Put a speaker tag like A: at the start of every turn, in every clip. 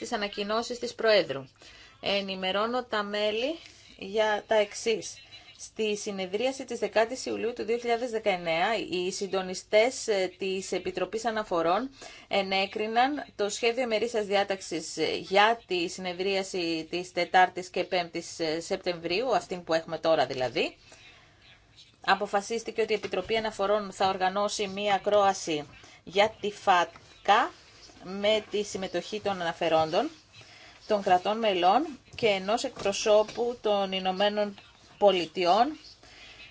A: τις ανακοινώσεις της Προέδρου. Ενημερώνω τα μέλη για τα εξής. Στη συνεδρίαση της 10ης Ιουλίου του 2019, οι συντονιστές ε, της Επιτροπής Αναφορών ενέκριναν το σχέδιο μερίσας διάταξης ε, για τη συνεδρίαση της 4ης και 5ης ε, Σεπτεμβρίου, αυτή που έχουμε τώρα δηλαδή. Αποφασίστηκε ότι η Επιτροπή Αναφορών θα οργανώσει μία ακρόαση για τη ΦΑΤΚΑ με τη συμμετοχή των αναφερόντων, των κρατών μελών και ενός εκπροσώπου των Ηνωμένων Πολιτειών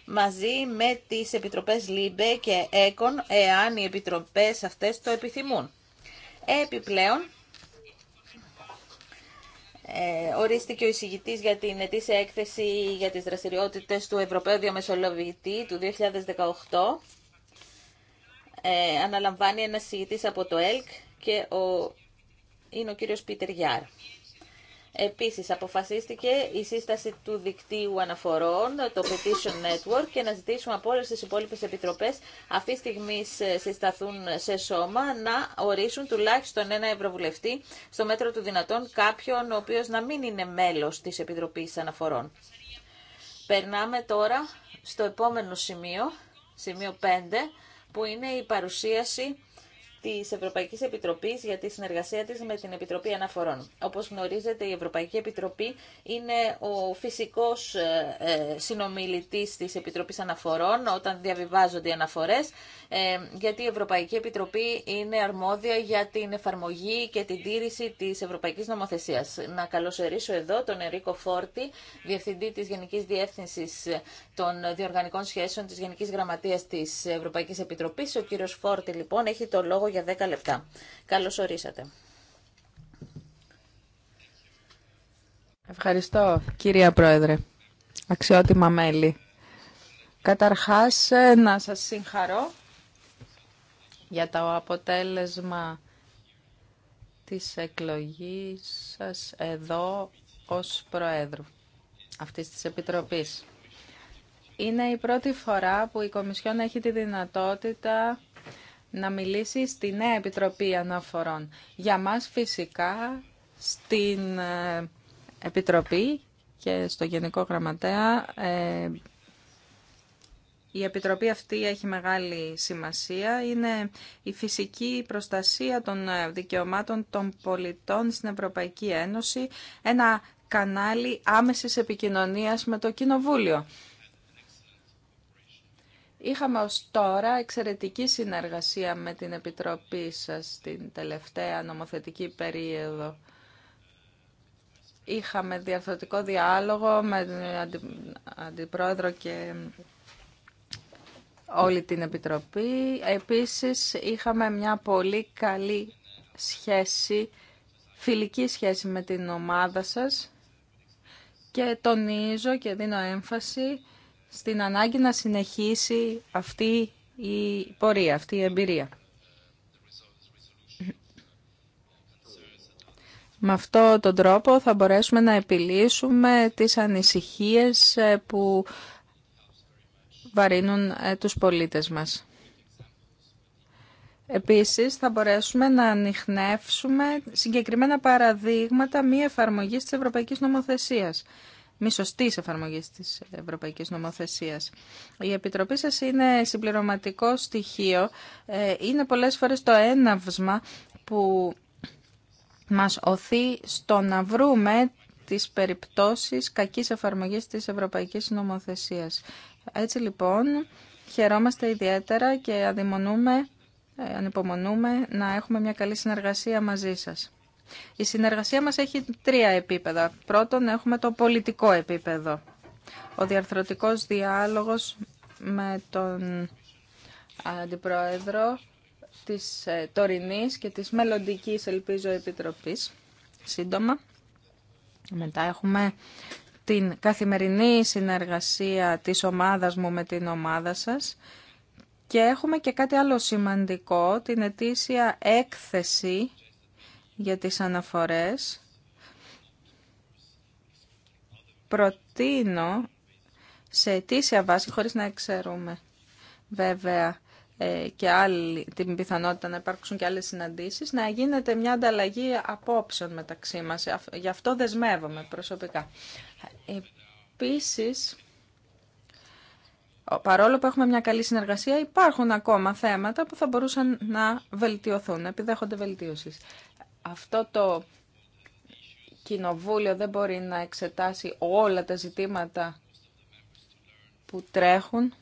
A: μαζί με τις Επιτροπές ΛΥΜΠΕ και ΕΚΟΝ, εάν οι Επιτροπές αυτές το επιθυμούν. Επιπλέον, ε, ορίστηκε ο εισηγητής για την ετήσια έκθεση για τις δραστηριότητες του Ευρωπαίου Διαμεσολαβητή του 2018. Ε, αναλαμβάνει ένας εισηγητής από το ΕΛΚ και ο... είναι ο κύριος Πίτερ Γιάρ. Επίσης, αποφασίστηκε η σύσταση του δικτύου αναφορών, το Petition Network, και να ζητήσουμε από όλες τις υπόλοιπες επιτροπές, αυτή τη στιγμή συσταθούν σε σώμα, να ορίσουν τουλάχιστον ένα ευρωβουλευτή, στο μέτρο του δυνατόν κάποιον ο οποίος να μην είναι μέλος της Επιτροπής Αναφορών. Περνάμε τώρα στο επόμενο σημείο, σημείο 5, που είναι η παρουσίαση Τη Ευρωπαϊκή Επιτροπή για τη συνεργασία τη με την Επιτροπή Αναφορών. Όπω γνωρίζετε, η Ευρωπαϊκή Επιτροπή είναι ο φυσικός ε, ε, συνομιλητή τη Επιτροπής Αναφορών όταν διαβιβάζονται οι αναφορές, ε, γιατί η Ευρωπαϊκή Επιτροπή είναι αρμόδια για την εφαρμογή και την τήρηση τη Ευρωπαϊκή Νομοθεσία. Να καλωσορίσω εδώ τον Ερίκο Φόρτη, Διευθυντή τη Γενική Διεύθυνση των Διοργανικών Σχέσεων τη Γενική Γραμματεία τη Ευρωπαϊκή Επιτροπή. Ο κύριο Φόρτη, λοιπόν, έχει το λόγο για 10 λεπτά. Καλώς ορίσατε.
B: Ευχαριστώ, κυρία Πρόεδρε. Αξιότιμα μέλη. Καταρχάς, ε, να σας συγχαρώ για το αποτέλεσμα της εκλογής σας εδώ ως Προέδρου αυτής της Επιτροπής. Είναι η πρώτη φορά που η Κομισιόν έχει τη δυνατότητα να μιλήσει στη νέα Επιτροπή Αναφορών. Για μας φυσικά στην ε, Επιτροπή και στο Γενικό Γραμματέα ε, η Επιτροπή αυτή έχει μεγάλη σημασία. Είναι η φυσική προστασία των ε, δικαιωμάτων των πολιτών στην Ευρωπαϊκή Ένωση, ένα κανάλι άμεσης επικοινωνίας με το Κοινοβούλιο. Είχαμε ως τώρα εξαιρετική συνεργασία με την Επιτροπή σας την τελευταία νομοθετική περίοδο. Είχαμε διαρθρωτικό διάλογο με τον Αντιπρόεδρο και όλη την Επιτροπή. Επίσης είχαμε μια πολύ καλή σχέση, φιλική σχέση με την ομάδα σας και τονίζω και δίνω έμφαση στην ανάγκη να συνεχίσει αυτή η πορεία, αυτή η εμπειρία. Με αυτό τον τρόπο θα μπορέσουμε να επιλύσουμε τις ανησυχίες ε, που βαρύνουν ε, τους πολίτες μας. Επίσης, θα μπορέσουμε να ανοιχνεύσουμε συγκεκριμένα παραδείγματα μη εφαρμογής της Ευρωπαϊκής Νομοθεσίας μη σωστή εφαρμογή τη ευρωπαϊκή νομοθεσία. Η Επιτροπή σα είναι συμπληρωματικό στοιχείο. Ε, είναι πολλέ φορέ το έναυσμα που μας οθεί στο να βρούμε τις περιπτώσεις κακής εφαρμογή της ευρωπαϊκής νομοθεσίας. Έτσι λοιπόν, χαιρόμαστε ιδιαίτερα και αδειμονούμε, ε, ανυπομονούμε να έχουμε μια καλή συνεργασία μαζί σας. Η συνεργασία μας έχει τρία επίπεδα. Πρώτον, έχουμε το πολιτικό επίπεδο. Ο διαρθρωτικός διάλογος με τον Αντιπρόεδρο της ε, τωρινής και της μελλοντικής, ελπίζω, Επιτροπής. Σύντομα. Μετά έχουμε την καθημερινή συνεργασία της ομάδας μου με την ομάδα σας. Και έχουμε και κάτι άλλο σημαντικό, την ετήσια έκθεση για τις αναφορές προτείνω σε αιτήσια βάση, χωρίς να ξέρουμε βέβαια ε, και άλλη, την πιθανότητα να υπάρξουν και άλλες συναντήσεις, να γίνεται μια ανταλλαγή απόψεων μεταξύ μας. Ε, γι' αυτό δεσμεύομαι προσωπικά. Επίσης, παρόλο που έχουμε μια καλή συνεργασία, υπάρχουν ακόμα θέματα που θα μπορούσαν να βελτιωθούν, επιδέχονται βελτίωσης αυτό το κοινοβούλιο δεν μπορεί να εξετάσει όλα τα ζητήματα που τρέχουν.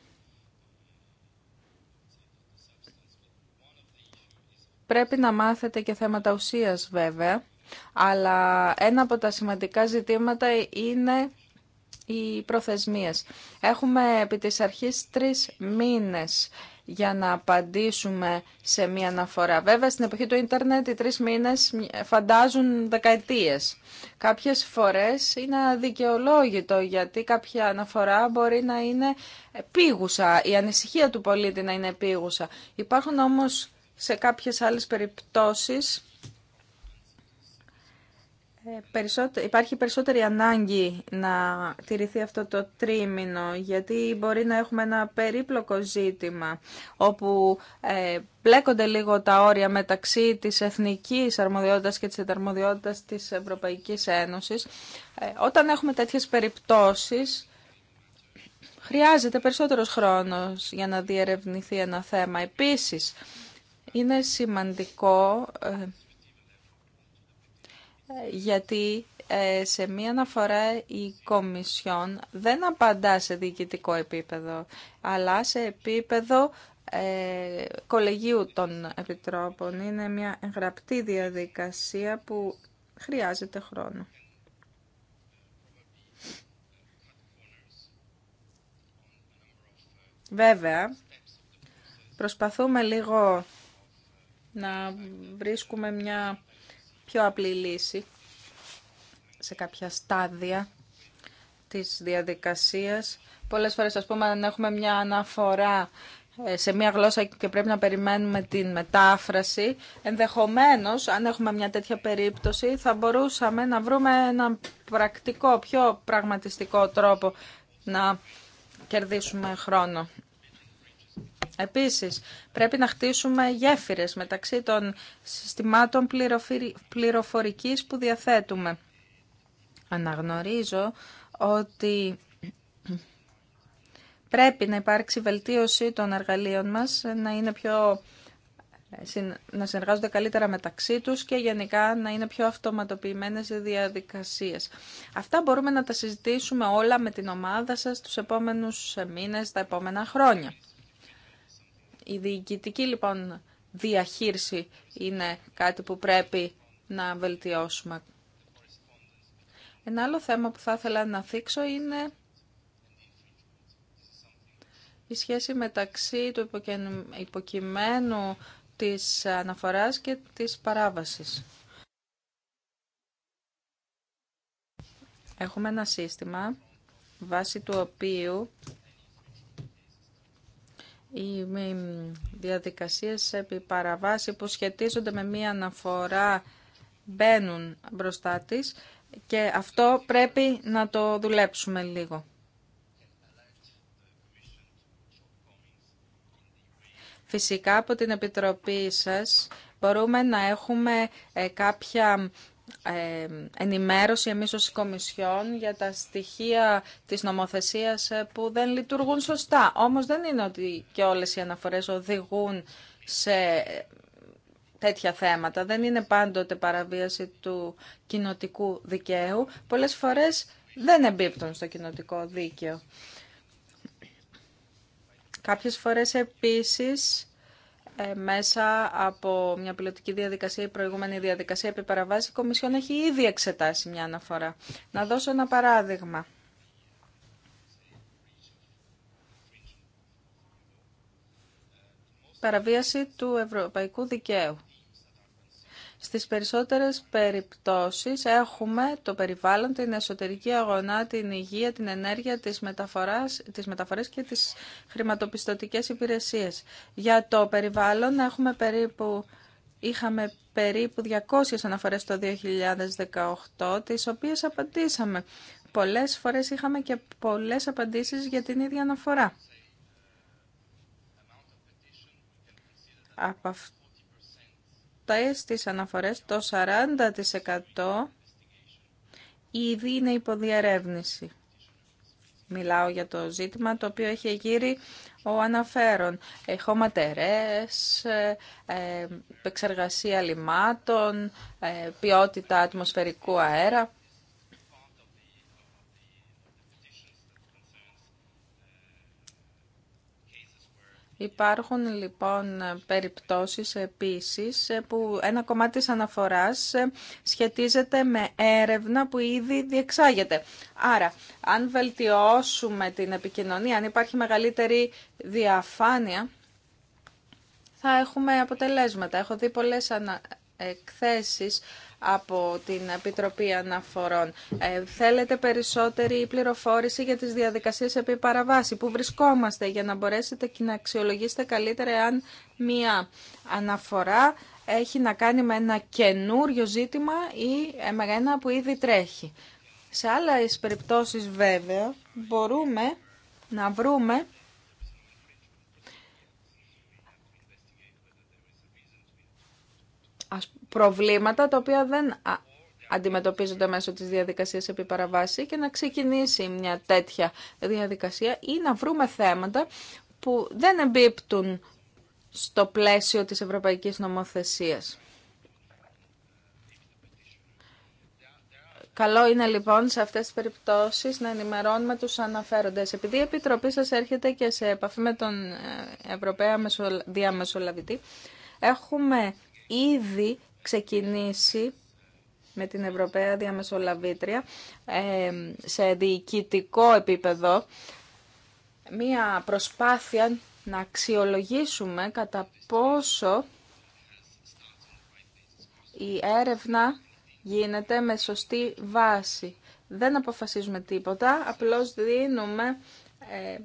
B: Πρέπει να μάθετε και θέματα ουσίας βέβαια, αλλά ένα από τα σημαντικά ζητήματα είναι οι προθεσμίες. Έχουμε επί της αρχής τρεις μήνες για να απαντήσουμε σε μία αναφορά. Βέβαια, στην εποχή του ίντερνετ οι τρεις μήνες φαντάζουν δεκαετίες. Κάποιες φορές είναι αδικαιολόγητο γιατί κάποια αναφορά μπορεί να είναι επίγουσα, η ανησυχία του πολίτη να είναι επίγουσα. Υπάρχουν όμως σε κάποιες άλλες περιπτώσεις Υπάρχει περισσότερη ανάγκη να τηρηθεί αυτό το τρίμηνο, γιατί μπορεί να έχουμε ένα περίπλοκο ζήτημα, όπου ε, πλέκονται λίγο τα όρια μεταξύ της εθνικής αρμοδιότητας και της αρμοδιότητας της Ευρωπαϊκής Ένωσης. Ε, όταν έχουμε τέτοιες περιπτώσεις, χρειάζεται περισσότερος χρόνος για να διερευνηθεί ένα θέμα. Επίσης, είναι σημαντικό ε, γιατί ε, σε μία αναφορά η Κομισιόν δεν απαντά σε διοικητικό επίπεδο, αλλά σε επίπεδο ε, κολεγίου των επιτρόπων. Είναι μια γραπτή διαδικασία που χρειάζεται χρόνο. Βέβαια, προσπαθούμε λίγο να βρίσκουμε μια πιο απλή λύση σε κάποια στάδια της διαδικασίας. Πολλές φορές, ας πούμε, αν έχουμε μια αναφορά ε, σε μια γλώσσα και πρέπει να περιμένουμε την μετάφραση, ενδεχομένως, αν έχουμε μια τέτοια περίπτωση, θα μπορούσαμε να βρούμε ένα πρακτικό, πιο πραγματιστικό τρόπο να κερδίσουμε χρόνο. Επίσης, πρέπει να χτίσουμε γέφυρες μεταξύ των συστημάτων πληροφορικής που διαθέτουμε. Αναγνωρίζω ότι πρέπει να υπάρξει βελτίωση των εργαλείων μας, να είναι πιο να συνεργάζονται καλύτερα μεταξύ τους και γενικά να είναι πιο αυτοματοποιημένες οι διαδικασίες. Αυτά μπορούμε να τα συζητήσουμε όλα με την ομάδα σας τους επόμενους μήνες, τα επόμενα χρόνια. Η διοικητική λοιπόν διαχείριση είναι κάτι που πρέπει να βελτιώσουμε. Ένα άλλο θέμα που θα ήθελα να θίξω είναι η σχέση μεταξύ του υποκειμένου της αναφοράς και της παράβασης. Έχουμε ένα σύστημα βάσει του οποίου οι διαδικασίες επί παραβάση που σχετίζονται με μία αναφορά μπαίνουν μπροστά της και αυτό πρέπει να το δουλέψουμε λίγο. Φυσικά από την Επιτροπή σας μπορούμε να έχουμε ε, κάποια ε, ενημέρωση εμείς ως Κομισιόν για τα στοιχεία της νομοθεσίας ε, που δεν λειτουργούν σωστά. Όμως δεν είναι ότι και όλες οι αναφορές οδηγούν σε τέτοια θέματα. Δεν είναι πάντοτε παραβίαση του κοινοτικού δικαίου. Πολλές φορές δεν εμπίπτουν στο κοινοτικό δίκαιο. Κάποιες φορές επίσης ε, μέσα από μια πιλωτική διαδικασία ή προηγούμενη διαδικασία επί παραβάση, η Κομισιόν έχει ήδη εξετάσει μια αναφορά. Να δώσω ένα παράδειγμα. Παραβίαση του ευρωπαϊκού δικαίου. Στις περισσότερες περιπτώσεις έχουμε το περιβάλλον, την εσωτερική αγωνά, την υγεία, την ενέργεια, τις, μεταφοράς, τις μεταφορές και τις χρηματοπιστωτικές υπηρεσίες. Για το περιβάλλον έχουμε περίπου, είχαμε περίπου 200 αναφορές το 2018, τις οποίες απαντήσαμε. Πολλές φορές είχαμε και πολλές απαντήσεις για την ίδια αναφορά τις αναφορές το 40% ήδη είναι υποδιαρεύνηση. Μιλάω για το ζήτημα το οποίο έχει γύρει ο αναφέρον. Έχω ε, ματερές, ε, ε, επεξεργασία λιμάτων, ποιότητα ατμοσφαιρικού αέρα. Υπάρχουν λοιπόν περιπτώσεις επίσης που ένα κομμάτι της αναφοράς σχετίζεται με έρευνα που ήδη διεξάγεται. Άρα, αν βελτιώσουμε την επικοινωνία, αν υπάρχει μεγαλύτερη διαφάνεια, θα έχουμε αποτελέσματα. Έχω δει πολλές εκθέσεις από την Επιτροπή Αναφορών. Ε, θέλετε περισσότερη πληροφόρηση για τις διαδικασίες επί παραβάση. Πού βρισκόμαστε για να μπορέσετε και να αξιολογήσετε καλύτερα αν μία αναφορά έχει να κάνει με ένα καινούριο ζήτημα ή με ένα που ήδη τρέχει. Σε άλλες περιπτώσεις βέβαια μπορούμε να βρούμε προβλήματα τα οποία δεν αντιμετωπίζονται μέσω της διαδικασίας επί παραβάση και να ξεκινήσει μια τέτοια διαδικασία ή να βρούμε θέματα που δεν εμπίπτουν στο πλαίσιο της ευρωπαϊκής νομοθεσίας. Καλό είναι λοιπόν σε αυτές τις περιπτώσεις να ενημερώνουμε τους αναφέροντες. Επειδή η Επιτροπή σας έρχεται και σε επαφή με τον ε, Ευρωπαίο Διαμεσολαβητή, έχουμε ήδη ξεκινήσει με την Ευρωπαία Διαμεσολαβήτρια ε, σε διοικητικό επίπεδο μία προσπάθεια να αξιολογήσουμε κατά πόσο η έρευνα γίνεται με σωστή βάση. Δεν αποφασίζουμε τίποτα, απλώς δίνουμε ε,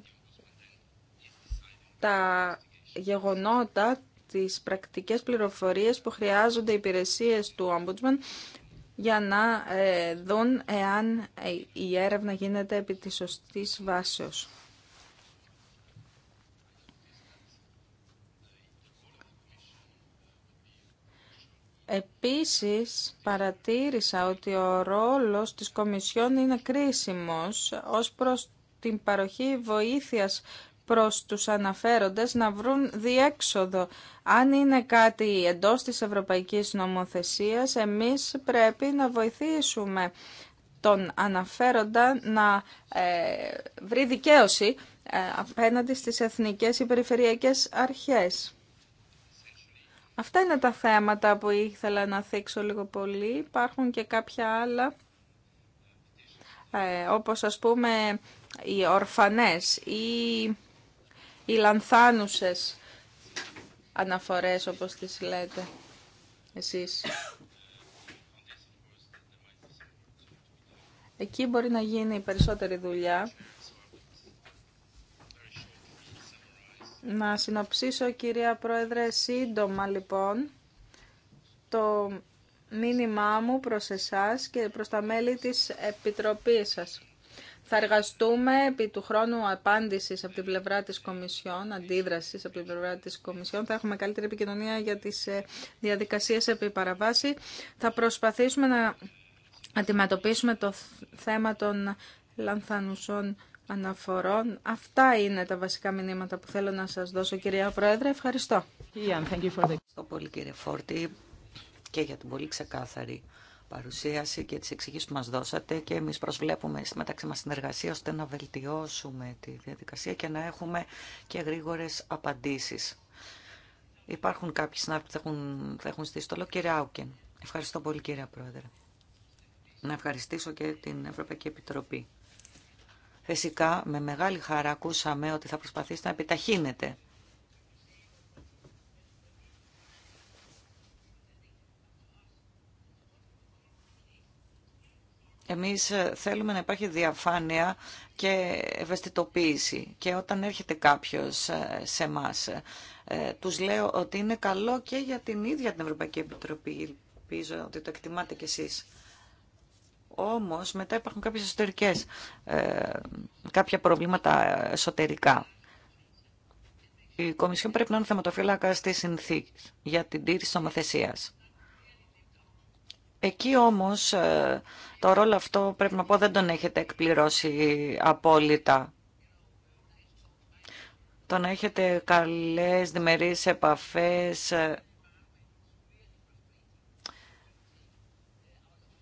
B: τα γεγονότα τις πρακτικές πληροφορίες που χρειάζονται οι υπηρεσίες του Ombudsman για να ε, δουν εάν ε, η έρευνα γίνεται επί της σωστής βάσεως. Επίσης παρατήρησα ότι ο ρόλος της Κομισιόν είναι κρίσιμος ως προς την παροχή βοήθειας προς τους αναφέροντες να βρουν διέξοδο. Αν είναι κάτι εντός της ευρωπαϊκής νομοθεσίας, εμείς πρέπει να βοηθήσουμε τον αναφέροντα να ε, βρει δικαίωση ε, απέναντι στις εθνικές ή περιφερειακές αρχές. Αυτά είναι τα θέματα που ήθελα να θίξω λίγο πολύ. Υπάρχουν και κάποια άλλα, ε, όπως ας πούμε οι ορφανές ή οι λανθάνουσες αναφορές όπως τις λέτε εσείς. Εκεί μπορεί να γίνει περισσότερη δουλειά. Να συνοψίσω, κυρία Πρόεδρε, σύντομα λοιπόν το μήνυμά μου προς εσάς και προς τα μέλη της Επιτροπής σας. Θα εργαστούμε επί του χρόνου απάντησης από την πλευρά της Κομισιόν, αντίδρασης από την πλευρά της Κομισιόν. Θα έχουμε καλύτερη επικοινωνία για τις ε, διαδικασίες επί παραβάση. Θα προσπαθήσουμε να αντιμετωπίσουμε το θέμα των λανθανουσών αναφορών. Αυτά είναι τα βασικά μηνύματα που θέλω να σας δώσω, κυρία Πρόεδρε. Ευχαριστώ. Ευχαριστώ πολύ, κύριε Φόρτη, και για την πολύ ξεκάθαρη παρουσίαση και
C: τις εξηγήσεις που μας δώσατε και εμείς προσβλέπουμε στη μεταξύ μας συνεργασία ώστε να βελτιώσουμε τη διαδικασία και να έχουμε και γρήγορες απαντήσεις. Υπάρχουν κάποιοι συνάδελφοι που θα έχουν, θα το λόγο. Κύριε Άουκεν, ευχαριστώ πολύ κύριε Πρόεδρε. Να ευχαριστήσω και την Ευρωπαϊκή Επιτροπή. Φυσικά, με μεγάλη χαρά ακούσαμε ότι θα προσπαθήσετε να επιταχύνετε Εμείς ε, θέλουμε να υπάρχει διαφάνεια και ευαισθητοποίηση. Και όταν έρχεται κάποιος ε, σε εμά, ε, τους λέω ότι είναι καλό και για την ίδια την Ευρωπαϊκή Επιτροπή. Ελπίζω ότι το εκτιμάτε κι εσείς. Όμως μετά υπάρχουν κάποιες εσωτερικές, κάποια προβλήματα εσωτερικά. Η Κομισιόν πρέπει να είναι θεματοφύλακα στις συνθήκες για την τήρηση της νομοθεσίας. Εκεί όμως ε, το ρόλο αυτό πρέπει να πω δεν τον έχετε εκπληρώσει απόλυτα. Το να έχετε καλές διμερείς επαφές ε,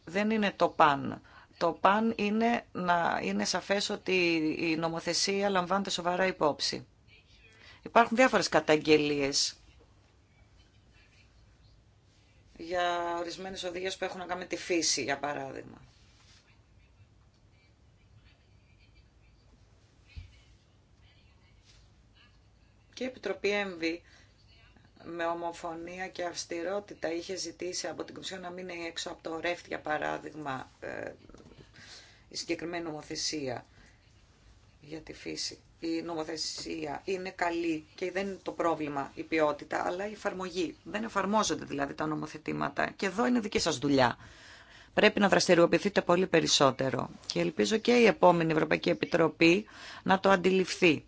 C: δεν είναι το παν. Το παν είναι να είναι σαφές ότι η νομοθεσία λαμβάνεται σοβαρά υπόψη. Υπάρχουν διάφορες καταγγελίες για ορισμένες οδηγίες που έχουν να κάνουν τη φύση, για παράδειγμα. Και η Επιτροπή ΕΜΒΗ με ομοφωνία και αυστηρότητα είχε ζητήσει από την Κομισιόν να είναι έξω από το ΡΕΦΤ, για παράδειγμα, ε, η συγκεκριμένη νομοθεσία για τη φύση. Η νομοθεσία είναι καλή και δεν είναι το πρόβλημα η ποιότητα, αλλά η εφαρμογή. Δεν εφαρμόζονται δηλαδή τα νομοθετήματα και εδώ είναι δική σας δουλειά. Πρέπει να δραστηριοποιηθείτε πολύ περισσότερο και ελπίζω και η επόμενη Ευρωπαϊκή Επιτροπή να το αντιληφθεί.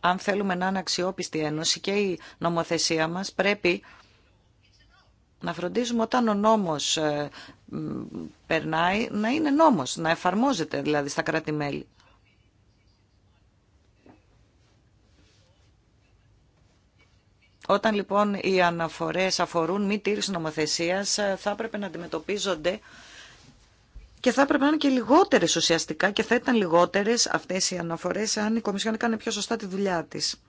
C: Αν θέλουμε να είναι αξιόπιστη ένωση και η νομοθεσία μας πρέπει να φροντίζουμε όταν ο νόμος ε, περνάει να είναι νόμος, να εφαρμόζεται δηλαδή στα κράτη-μέλη. Όταν λοιπόν οι αναφορές αφορούν μη τήρηση νομοθεσίας ε, θα έπρεπε να αντιμετωπίζονται και θα έπρεπε να είναι και λιγότερες ουσιαστικά και θα ήταν λιγότερες αυτές οι αναφορές αν η Κομισιόν έκανε πιο σωστά τη δουλειά της.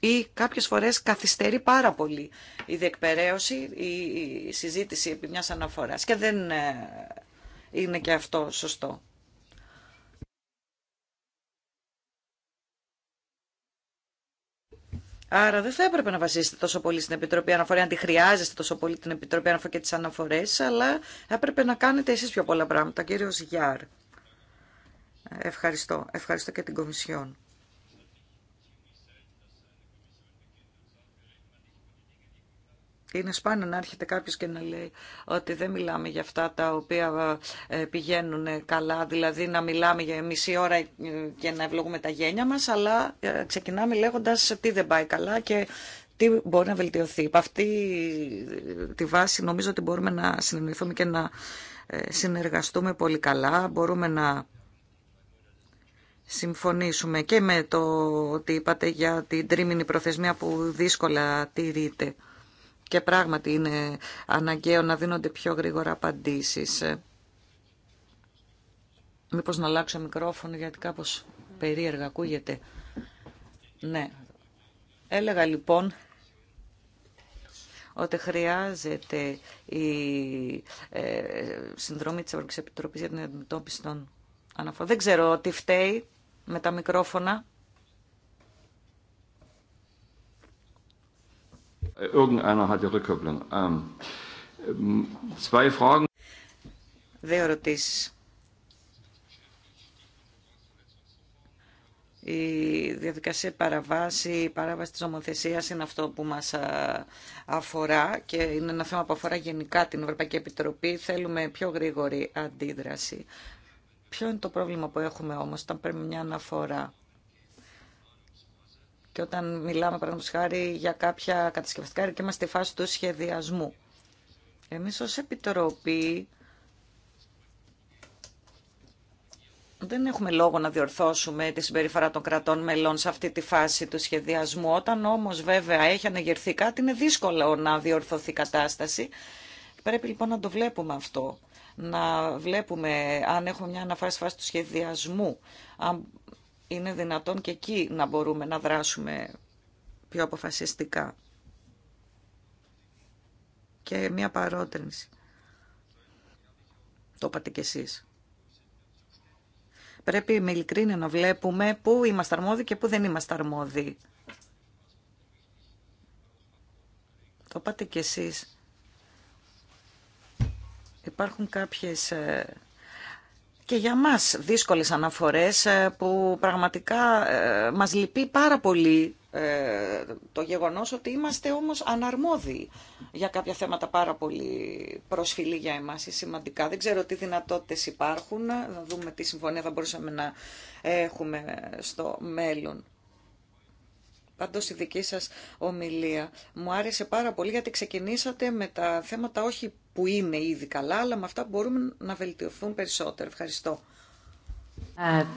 C: Ή κάποιες φορές καθυστερεί πάρα πολύ η διεκπαιρέωση, η συζήτηση επί μιας αναφοράς και δεν ε, είναι και αυτό σωστό. Άρα δεν θα έπρεπε να βασίσετε τόσο πολύ στην Επιτροπή Αναφορέ, αν τη χρειάζεστε τόσο πολύ την Επιτροπή Αναφορέ και τι αναφορέ, αλλά έπρεπε να κάνετε εσεί πιο πολλά πράγματα. Κύριο Γιάρ. Ευχαριστώ. Ευχαριστώ και την Κομισιόν. Είναι σπάνιο να έρχεται κάποιος και να λέει ότι δεν μιλάμε για αυτά τα οποία ε, πηγαίνουν καλά, δηλαδή να μιλάμε για μισή ώρα ε, και να ευλογούμε τα γένια μας, αλλά ε, ξεκινάμε λέγοντας τι δεν πάει καλά και τι μπορεί να βελτιωθεί. Από αυτή τη βάση νομίζω ότι μπορούμε να συνεννοηθούμε και να συνεργαστούμε πολύ καλά, μπορούμε να συμφωνήσουμε και με το ότι είπατε για την τρίμηνη προθεσμία που δύσκολα τηρείται και πράγματι είναι αναγκαίο να δίνονται πιο γρήγορα απαντήσεις. Μήπως να αλλάξω μικρόφωνο γιατί κάπως περίεργα ακούγεται. Ναι. Έλεγα λοιπόν ότι χρειάζεται η ε, συνδρομή της Ευρωπαϊκής Επιτροπής για την αντιμετώπιση των αναφορών. Δεν ξέρω τι φταίει με τα μικρόφωνα.
B: Irgendeiner hat die Rückkopplung. Ähm,
A: zwei Fragen.
C: Δύο ερωτήσει. Η διαδικασία παραβάση, η παράβαση της νομοθεσίας είναι αυτό που μας αφορά και είναι ένα θέμα που αφορά γενικά την Ευρωπαϊκή Επιτροπή. Θέλουμε πιο γρήγορη αντίδραση. Ποιο είναι το πρόβλημα που έχουμε όμως όταν πρέπει μια αναφορά και όταν μιλάμε, παραδείγματος χάρη, για κάποια κατασκευαστικά και είμαστε στη φάση του σχεδιασμού. Εμείς ως Επιτροπή δεν έχουμε λόγο να διορθώσουμε τη συμπεριφορά των κρατών μελών σε αυτή τη φάση του σχεδιασμού. Όταν όμως βέβαια έχει αναγερθεί κάτι, είναι δύσκολο να διορθωθεί η κατάσταση. Πρέπει λοιπόν να το βλέπουμε αυτό. Να βλέπουμε αν έχουμε μια αναφάση φάση του σχεδιασμού, είναι δυνατόν και εκεί να μπορούμε να δράσουμε πιο αποφασιστικά. Και μια παρότρινση. Το είπατε κι εσείς. Πρέπει με ειλικρίνεια να βλέπουμε πού είμαστε αρμόδιοι και πού δεν είμαστε αρμόδιοι. Το είπατε κι εσείς. Υπάρχουν κάποιες ε, και για μας δύσκολες αναφορές ε, που πραγματικά ε, μας λυπεί πάρα πολύ ε, το γεγονός ότι είμαστε όμως αναρμόδιοι για κάποια θέματα πάρα πολύ προσφυλή για εμάς ή σημαντικά. Δεν ξέρω τι δυνατότητες υπάρχουν, να δούμε τι συμφωνία θα μπορούσαμε να έχουμε στο μέλλον. Πάντω η δική σας ομιλία μου άρεσε πάρα πολύ γιατί ξεκινήσατε με τα θέματα όχι που είναι ήδη καλά, αλλά με αυτά που μπορούμε να βελτιωθούν περισσότερο. Ευχαριστώ.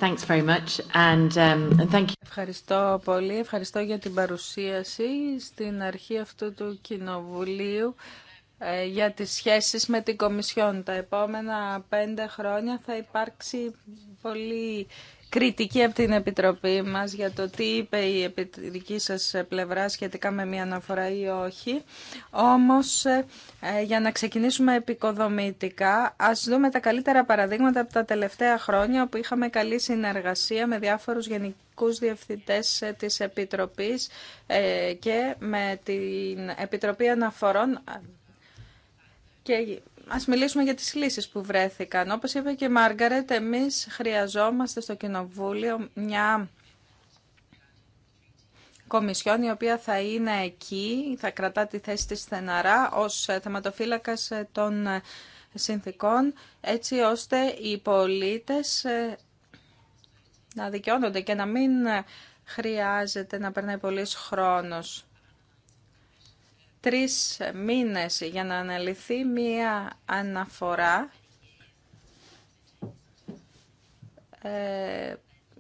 A: Ε, very much. Um,
B: Ευχαριστώ πολύ. Ευχαριστώ για την παρουσίαση στην αρχή αυτού του Κοινοβουλίου ε, για τις σχέσεις με την Κομισιόν. Τα επόμενα πέντε χρόνια θα υπάρξει πολύ κριτική από την Επιτροπή μας για το τι είπε η δική σας πλευρά σχετικά με μια αναφορά ή όχι. Όμως, ε, για να ξεκινήσουμε επικοδομητικά, ας δούμε τα καλύτερα παραδείγματα από τα τελευταία χρόνια όπου είχαμε καλή συνεργασία με διάφορους γενικούς διευθυντές της Επιτροπής ε, και με την Επιτροπή Αναφορών και ας μιλήσουμε για τις λύσεις που βρέθηκαν. Όπως είπε και η Μάργαρετ, εμείς χρειαζόμαστε στο Κοινοβούλιο μια κομισιόν η οποία θα είναι εκεί, θα κρατά τη θέση της στεναρά ως θεματοφύλακας των συνθήκων, έτσι ώστε οι πολίτες να δικαιώνονται και να μην χρειάζεται να περνάει πολύς χρόνος τρεις μήνες για να αναλυθεί μία αναφορά ε,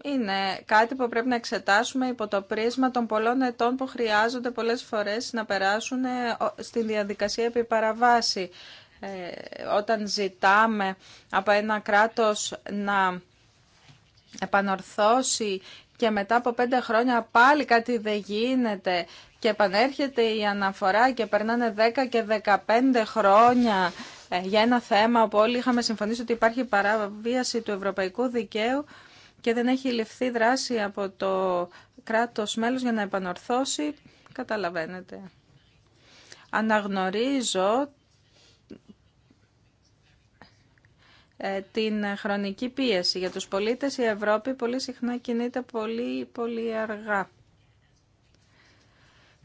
B: είναι κάτι που πρέπει να εξετάσουμε υπό το πρίσμα των πολλών ετών που χρειάζονται πολλές φορές να περάσουν ε, στην διαδικασία επί παραβάση. Ε, όταν ζητάμε από ένα κράτος να επανορθώσει και μετά από πέντε χρόνια πάλι κάτι δεν γίνεται και επανέρχεται η αναφορά και περνάνε 10 και 15 χρόνια ε, για ένα θέμα όπου όλοι είχαμε συμφωνήσει ότι υπάρχει παραβίαση του ευρωπαϊκού δικαίου και δεν έχει ληφθεί δράση από το κράτος μέλος για να επανορθώσει, καταλαβαίνετε. Αναγνωρίζω ε, την χρονική πίεση. Για τους πολίτες η Ευρώπη πολύ συχνά κινείται πολύ, πολύ αργά.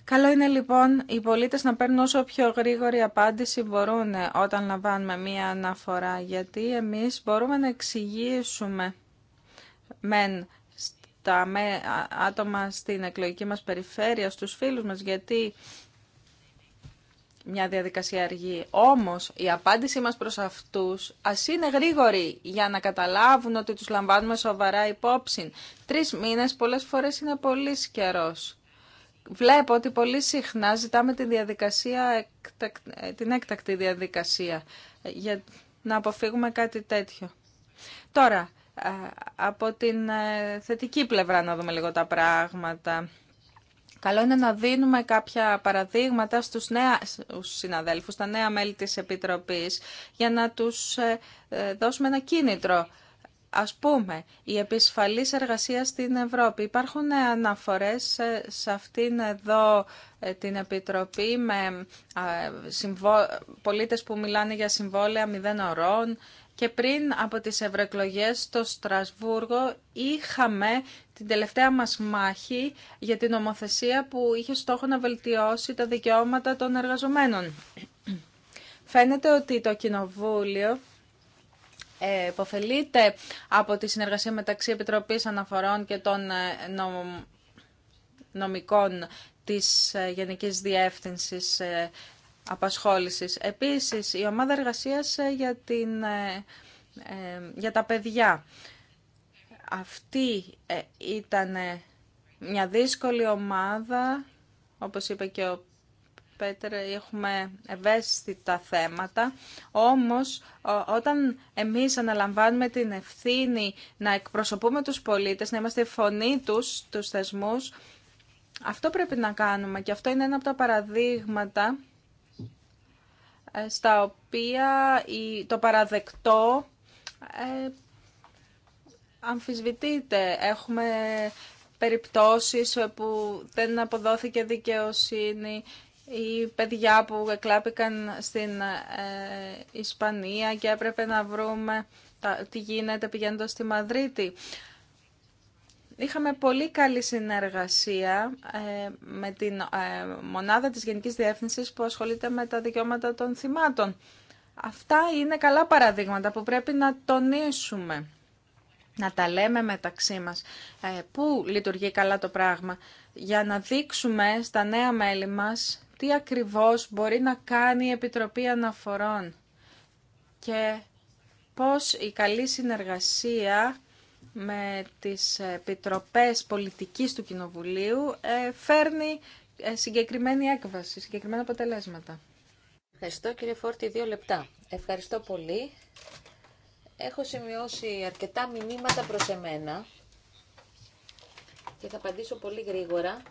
B: Καλό είναι λοιπόν οι πολίτες να παίρνουν όσο πιο γρήγορη απάντηση μπορούν όταν λαμβάνουμε μία αναφορά, γιατί εμείς μπορούμε να εξηγήσουμε μεν τα άτομα στην εκλογική μας περιφέρεια, στους φίλους μας, γιατί μια διαδικασία αργει Όμως η απάντησή μας προς αυτούς ας είναι γρήγορη για να καταλάβουν ότι του λαμβάνουμε σοβαρά υπόψη. Τρεις μήνες πολλές φορές είναι πολύ καιρός. Βλέπω ότι πολύ συχνά ζητάμε τη διαδικασία, την έκτακτη διαδικασία ε, για να αποφύγουμε κάτι τέτοιο. Τώρα, ε, από την ε, θετική πλευρά να δούμε λίγο τα πράγματα. Καλό είναι να δίνουμε κάποια παραδείγματα στους νέους συναδέλφους, τα νέα μέλη της Επιτροπής, για να τους δώσουμε ένα κίνητρο Ας πούμε, η επισφαλής εργασία στην Ευρώπη. Υπάρχουν ε, αναφορές ε, σε αυτήν εδώ ε, την Επιτροπή με πολίτες που μιλάνε για συμβόλαια μηδέν ωρών και πριν από τις ευρωεκλογέ στο Στρασβούργο είχαμε την τελευταία μας μάχη για την ομοθεσία που είχε στόχο να βελτιώσει τα δικαιώματα των εργαζομένων. Φαίνεται ότι το Κοινοβούλιο ε, υποφελείται από τη συνεργασία μεταξύ Επιτροπής Αναφορών και των ε, νομικών της ε, Γενικής Διεύθυνσης Απασχόλησης. Επίσης, η ομάδα εργασίας για, για τα παιδιά. Αυτή ήταν μια δύσκολη ομάδα, όπως είπε και ο Πέτερ, έχουμε ευαίσθητα θέματα, όμως όταν εμείς αναλαμβάνουμε την ευθύνη να εκπροσωπούμε τους πολίτες, να είμαστε φωνή τους τους θεσμούς, αυτό πρέπει να κάνουμε και αυτό είναι ένα από τα παραδείγματα ε, στα οποία το παραδεκτό ε, αμφισβητείται. Έχουμε περιπτώσεις που δεν αποδόθηκε δικαιοσύνη οι παιδιά που εκλάπηκαν στην ε, Ισπανία και έπρεπε να βρούμε τα, τι γίνεται πηγαίνοντα στη Μαδρίτη. Είχαμε πολύ καλή συνεργασία ε, με την ε, μονάδα της Γενικής Διεύθυνσης που ασχολείται με τα δικαιώματα των θυμάτων. Αυτά είναι καλά παραδείγματα που πρέπει να τονίσουμε, να τα λέμε μεταξύ μας. Πού λειτουργεί καλά το πράγμα για να δείξουμε στα νέα μέλη μας τι ακριβώς μπορεί να κάνει η Επιτροπή Αναφορών και πώς η καλή συνεργασία με τις επιτροπές πολιτικής του Κοινοβουλίου ε, φέρνει ε, συγκεκριμένη έκβαση, συγκεκριμένα αποτελέσματα.
A: Ευχαριστώ κύριε Φόρτη, δύο λεπτά. Ευχαριστώ πολύ. Έχω σημειώσει αρκετά μηνύματα προς εμένα και θα απαντήσω πολύ γρήγορα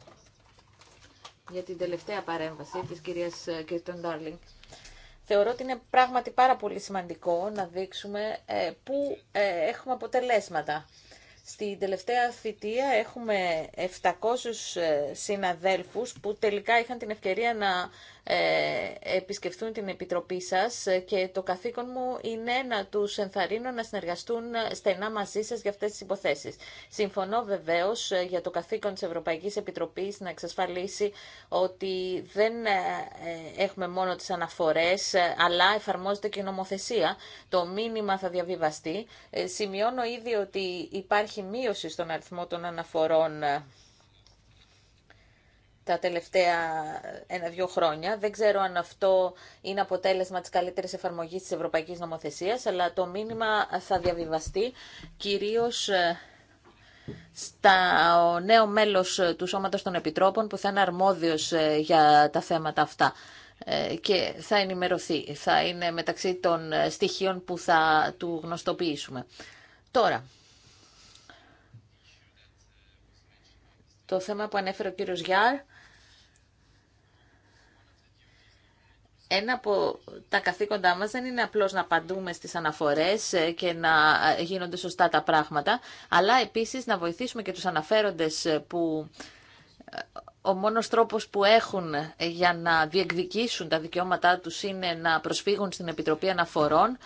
A: για την τελευταία παρέμβαση της κυρίας Κίρτον ε, Ντάρλινγκ. Θεωρώ ότι είναι πράγματι πάρα πολύ σημαντικό να δείξουμε ε, πού ε, έχουμε αποτελέσματα. Στην τελευταία θητεία έχουμε 700 συναδέλφους που τελικά είχαν την ευκαιρία να ε, επισκεφθούν την Επιτροπή σας και το καθήκον μου είναι να τους ενθαρρύνω να συνεργαστούν στενά μαζί σας για αυτές τις υποθέσεις. Συμφωνώ βεβαίως για το καθήκον της Ευρωπαϊκής Επιτροπής να εξασφαλίσει ότι δεν ε, έχουμε μόνο τις αναφορές αλλά εφαρμόζεται και η νομοθεσία. Το μήνυμα θα διαβιβαστεί. Ε, σημειώνω ήδη ότι υπάρχει μείωση στον αριθμό των αναφορών τα τελευταία ένα-δυο χρόνια. Δεν ξέρω αν αυτό είναι αποτέλεσμα της καλύτερης εφαρμογής της Ευρωπαϊκής Νομοθεσίας, αλλά το μήνυμα θα διαβιβαστεί κυρίως ε, στα νέο μέλος ε, του Σώματος των Επιτρόπων που θα είναι αρμόδιος ε, για τα θέματα αυτά και θα ενημερωθεί. Θα είναι μεταξύ των στοιχείων που θα του γνωστοποιήσουμε. Τώρα, το θέμα που ανέφερε ο κύριος Γιάρ, ένα από τα καθήκοντά μας δεν είναι απλώς να απαντούμε στις αναφορές ε, και να ε, γίνονται σωστά τα πράγματα, αλλά επίσης να βοηθήσουμε και τους αναφέροντες ε, που ο μόνος τρόπος που έχουν για να διεκδικήσουν τα δικαιώματά τους είναι να προσφύγουν στην Επιτροπή Αναφορών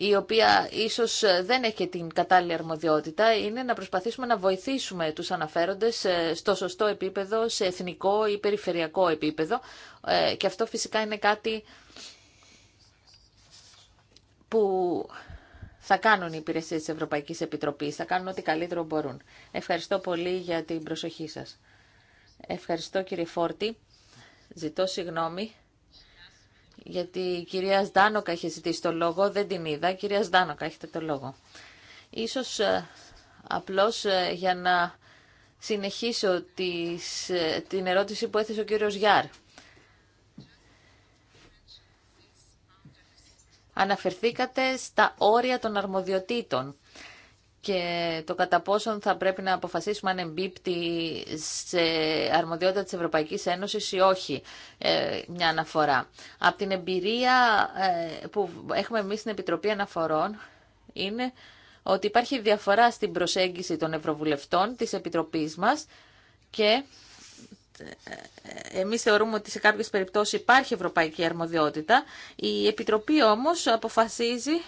A: η οποία ίσως δεν έχει την κατάλληλη αρμοδιότητα, είναι να προσπαθήσουμε να βοηθήσουμε τους αναφέροντες ε, στο σωστό επίπεδο, σε εθνικό ή περιφερειακό επίπεδο. Ε, και αυτό φυσικά είναι κάτι που θα κάνουν οι υπηρεσίες της Ευρωπαϊκής Επιτροπής, θα κάνουν ό,τι καλύτερο μπορούν. Ευχαριστώ πολύ για την προσοχή σας. Ευχαριστώ κύριε Φόρτη. Ζητώ συγγνώμη γιατί η κυρία Σδάνοκα είχε ζητήσει το λόγο, δεν την είδα. Κυρία Σδάνοκα, έχετε το λόγο. Ίσως ε, απλώς ε, για να συνεχίσω τις, ε, την ερώτηση που έθεσε ο κύριος Γιάρ. Αναφερθήκατε στα όρια των αρμοδιοτήτων και το κατά πόσον θα πρέπει να αποφασίσουμε αν εμπίπτει σε αρμοδιότητα της Ευρωπαϊκής Ένωσης ή όχι ε, μια αναφορά. Από την εμπειρία ε, που έχουμε εμείς στην Επιτροπή Αναφορών είναι ότι υπάρχει διαφορά στην προσέγγιση των Ευρωβουλευτών της Επιτροπής μας και ε, εμείς θεωρούμε ότι σε κάποιες περιπτώσεις υπάρχει ευρωπαϊκή αρμοδιότητα. Η Επιτροπή όμως αποφασίζει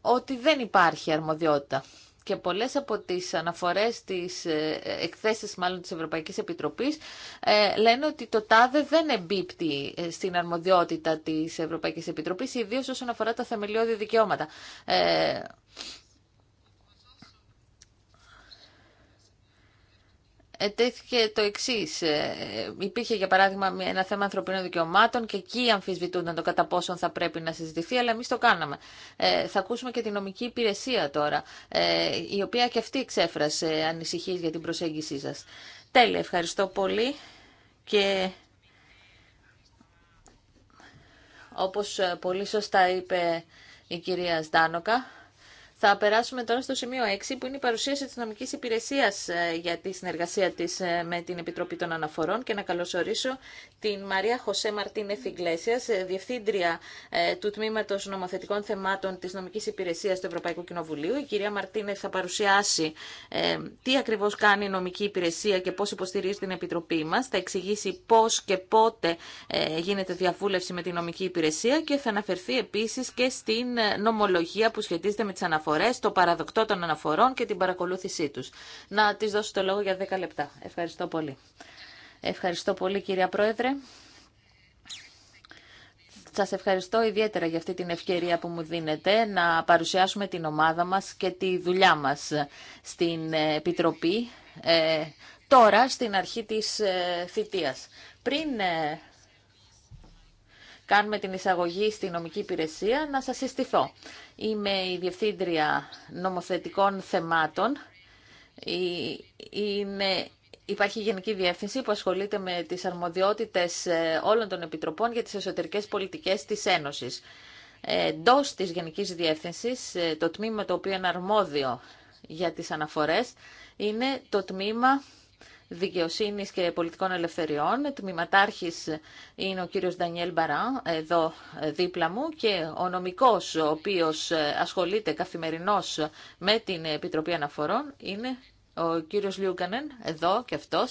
A: ότι δεν υπάρχει αρμοδιότητα. Και πολλές από τις αναφορές, της ε, εκθέσεις μάλλον της Ευρωπαϊκής Επιτροπής ε, λένε ότι το ΤΑΔΕ δεν εμπίπτει ε, στην αρμοδιότητα της Ευρωπαϊκής Επιτροπής, ιδίως όσον αφορά τα θεμελιώδη δικαιώματα. τέθηκε το εξή. Ε, υπήρχε για παράδειγμα ένα θέμα ανθρωπίνων δικαιωμάτων και εκεί αμφισβητούνταν το κατά πόσον θα πρέπει να συζητηθεί, αλλά εμεί το κάναμε. Ε, θα ακούσουμε και την νομική υπηρεσία τώρα, ε, η οποία και αυτή εξέφρασε ανησυχίε για την προσέγγιση σα. Τέλεια, ευχαριστώ πολύ. Και όπως πολύ σωστά είπε η κυρία Στάνοκα, θα περάσουμε τώρα στο σημείο 6 που είναι η παρουσίαση της νομικής υπηρεσίας ε, για τη συνεργασία της ε, με την Επιτροπή των Αναφορών και να καλωσορίσω την Μαρία Χωσέ Μαρτίνε Φιγκλέσιας, ε, Διευθύντρια του Τμήματος Νομοθετικών Θεμάτων της Νομικής Υπηρεσίας του Ευρωπαϊκού Κοινοβουλίου. Η κυρία Μαρτίνε θα παρουσιάσει τι ακριβώς κάνει η νομική υπηρεσία και πώς υποστηρίζει την Επιτροπή μας. Θα εξηγήσει πώς και πότε γίνεται διαβούλευση με την νομική υπηρεσία και θα αναφερθεί επίσης και στην νομολογία που σχετίζεται με τις αναφορέ αναφορέ, το παραδοκτό των αναφορών και την παρακολούθησή τους. Να τις δώσω το λόγο για 10 λεπτά. Ευχαριστώ πολύ. Ευχαριστώ πολύ κυρία Πρόεδρε. Σα ευχαριστώ ιδιαίτερα για αυτή την ευκαιρία που μου δίνετε να παρουσιάσουμε την ομάδα μας και τη δουλειά μας στην Επιτροπή ε, τώρα στην αρχή της ε, θητείας. Πριν ε, κάνουμε την εισαγωγή στη νομική υπηρεσία να σας συστηθώ. Είμαι η Διευθύντρια Νομοθετικών Θεμάτων. Είναι Υπάρχει Γενική Διεύθυνση που ασχολείται με τις αρμοδιότητες ε, όλων των επιτροπών για τις εσωτερικές πολιτικές της Ένωσης. Ε, Εντό της Γενικής Διεύθυνσης, ε, το τμήμα το οποίο είναι αρμόδιο για τις αναφορές είναι το τμήμα Δικαιοσύνη και Πολιτικών Ελευθεριών. Τμηματάρχη είναι ο κύριος Ντανιέλ Μπαρά, εδώ δίπλα μου, και ο νομικό ο οποίος ασχολείται καθημερινώς με την Επιτροπή Αναφορών, είναι ο κύριος Λιούκανεν, εδώ και αυτό.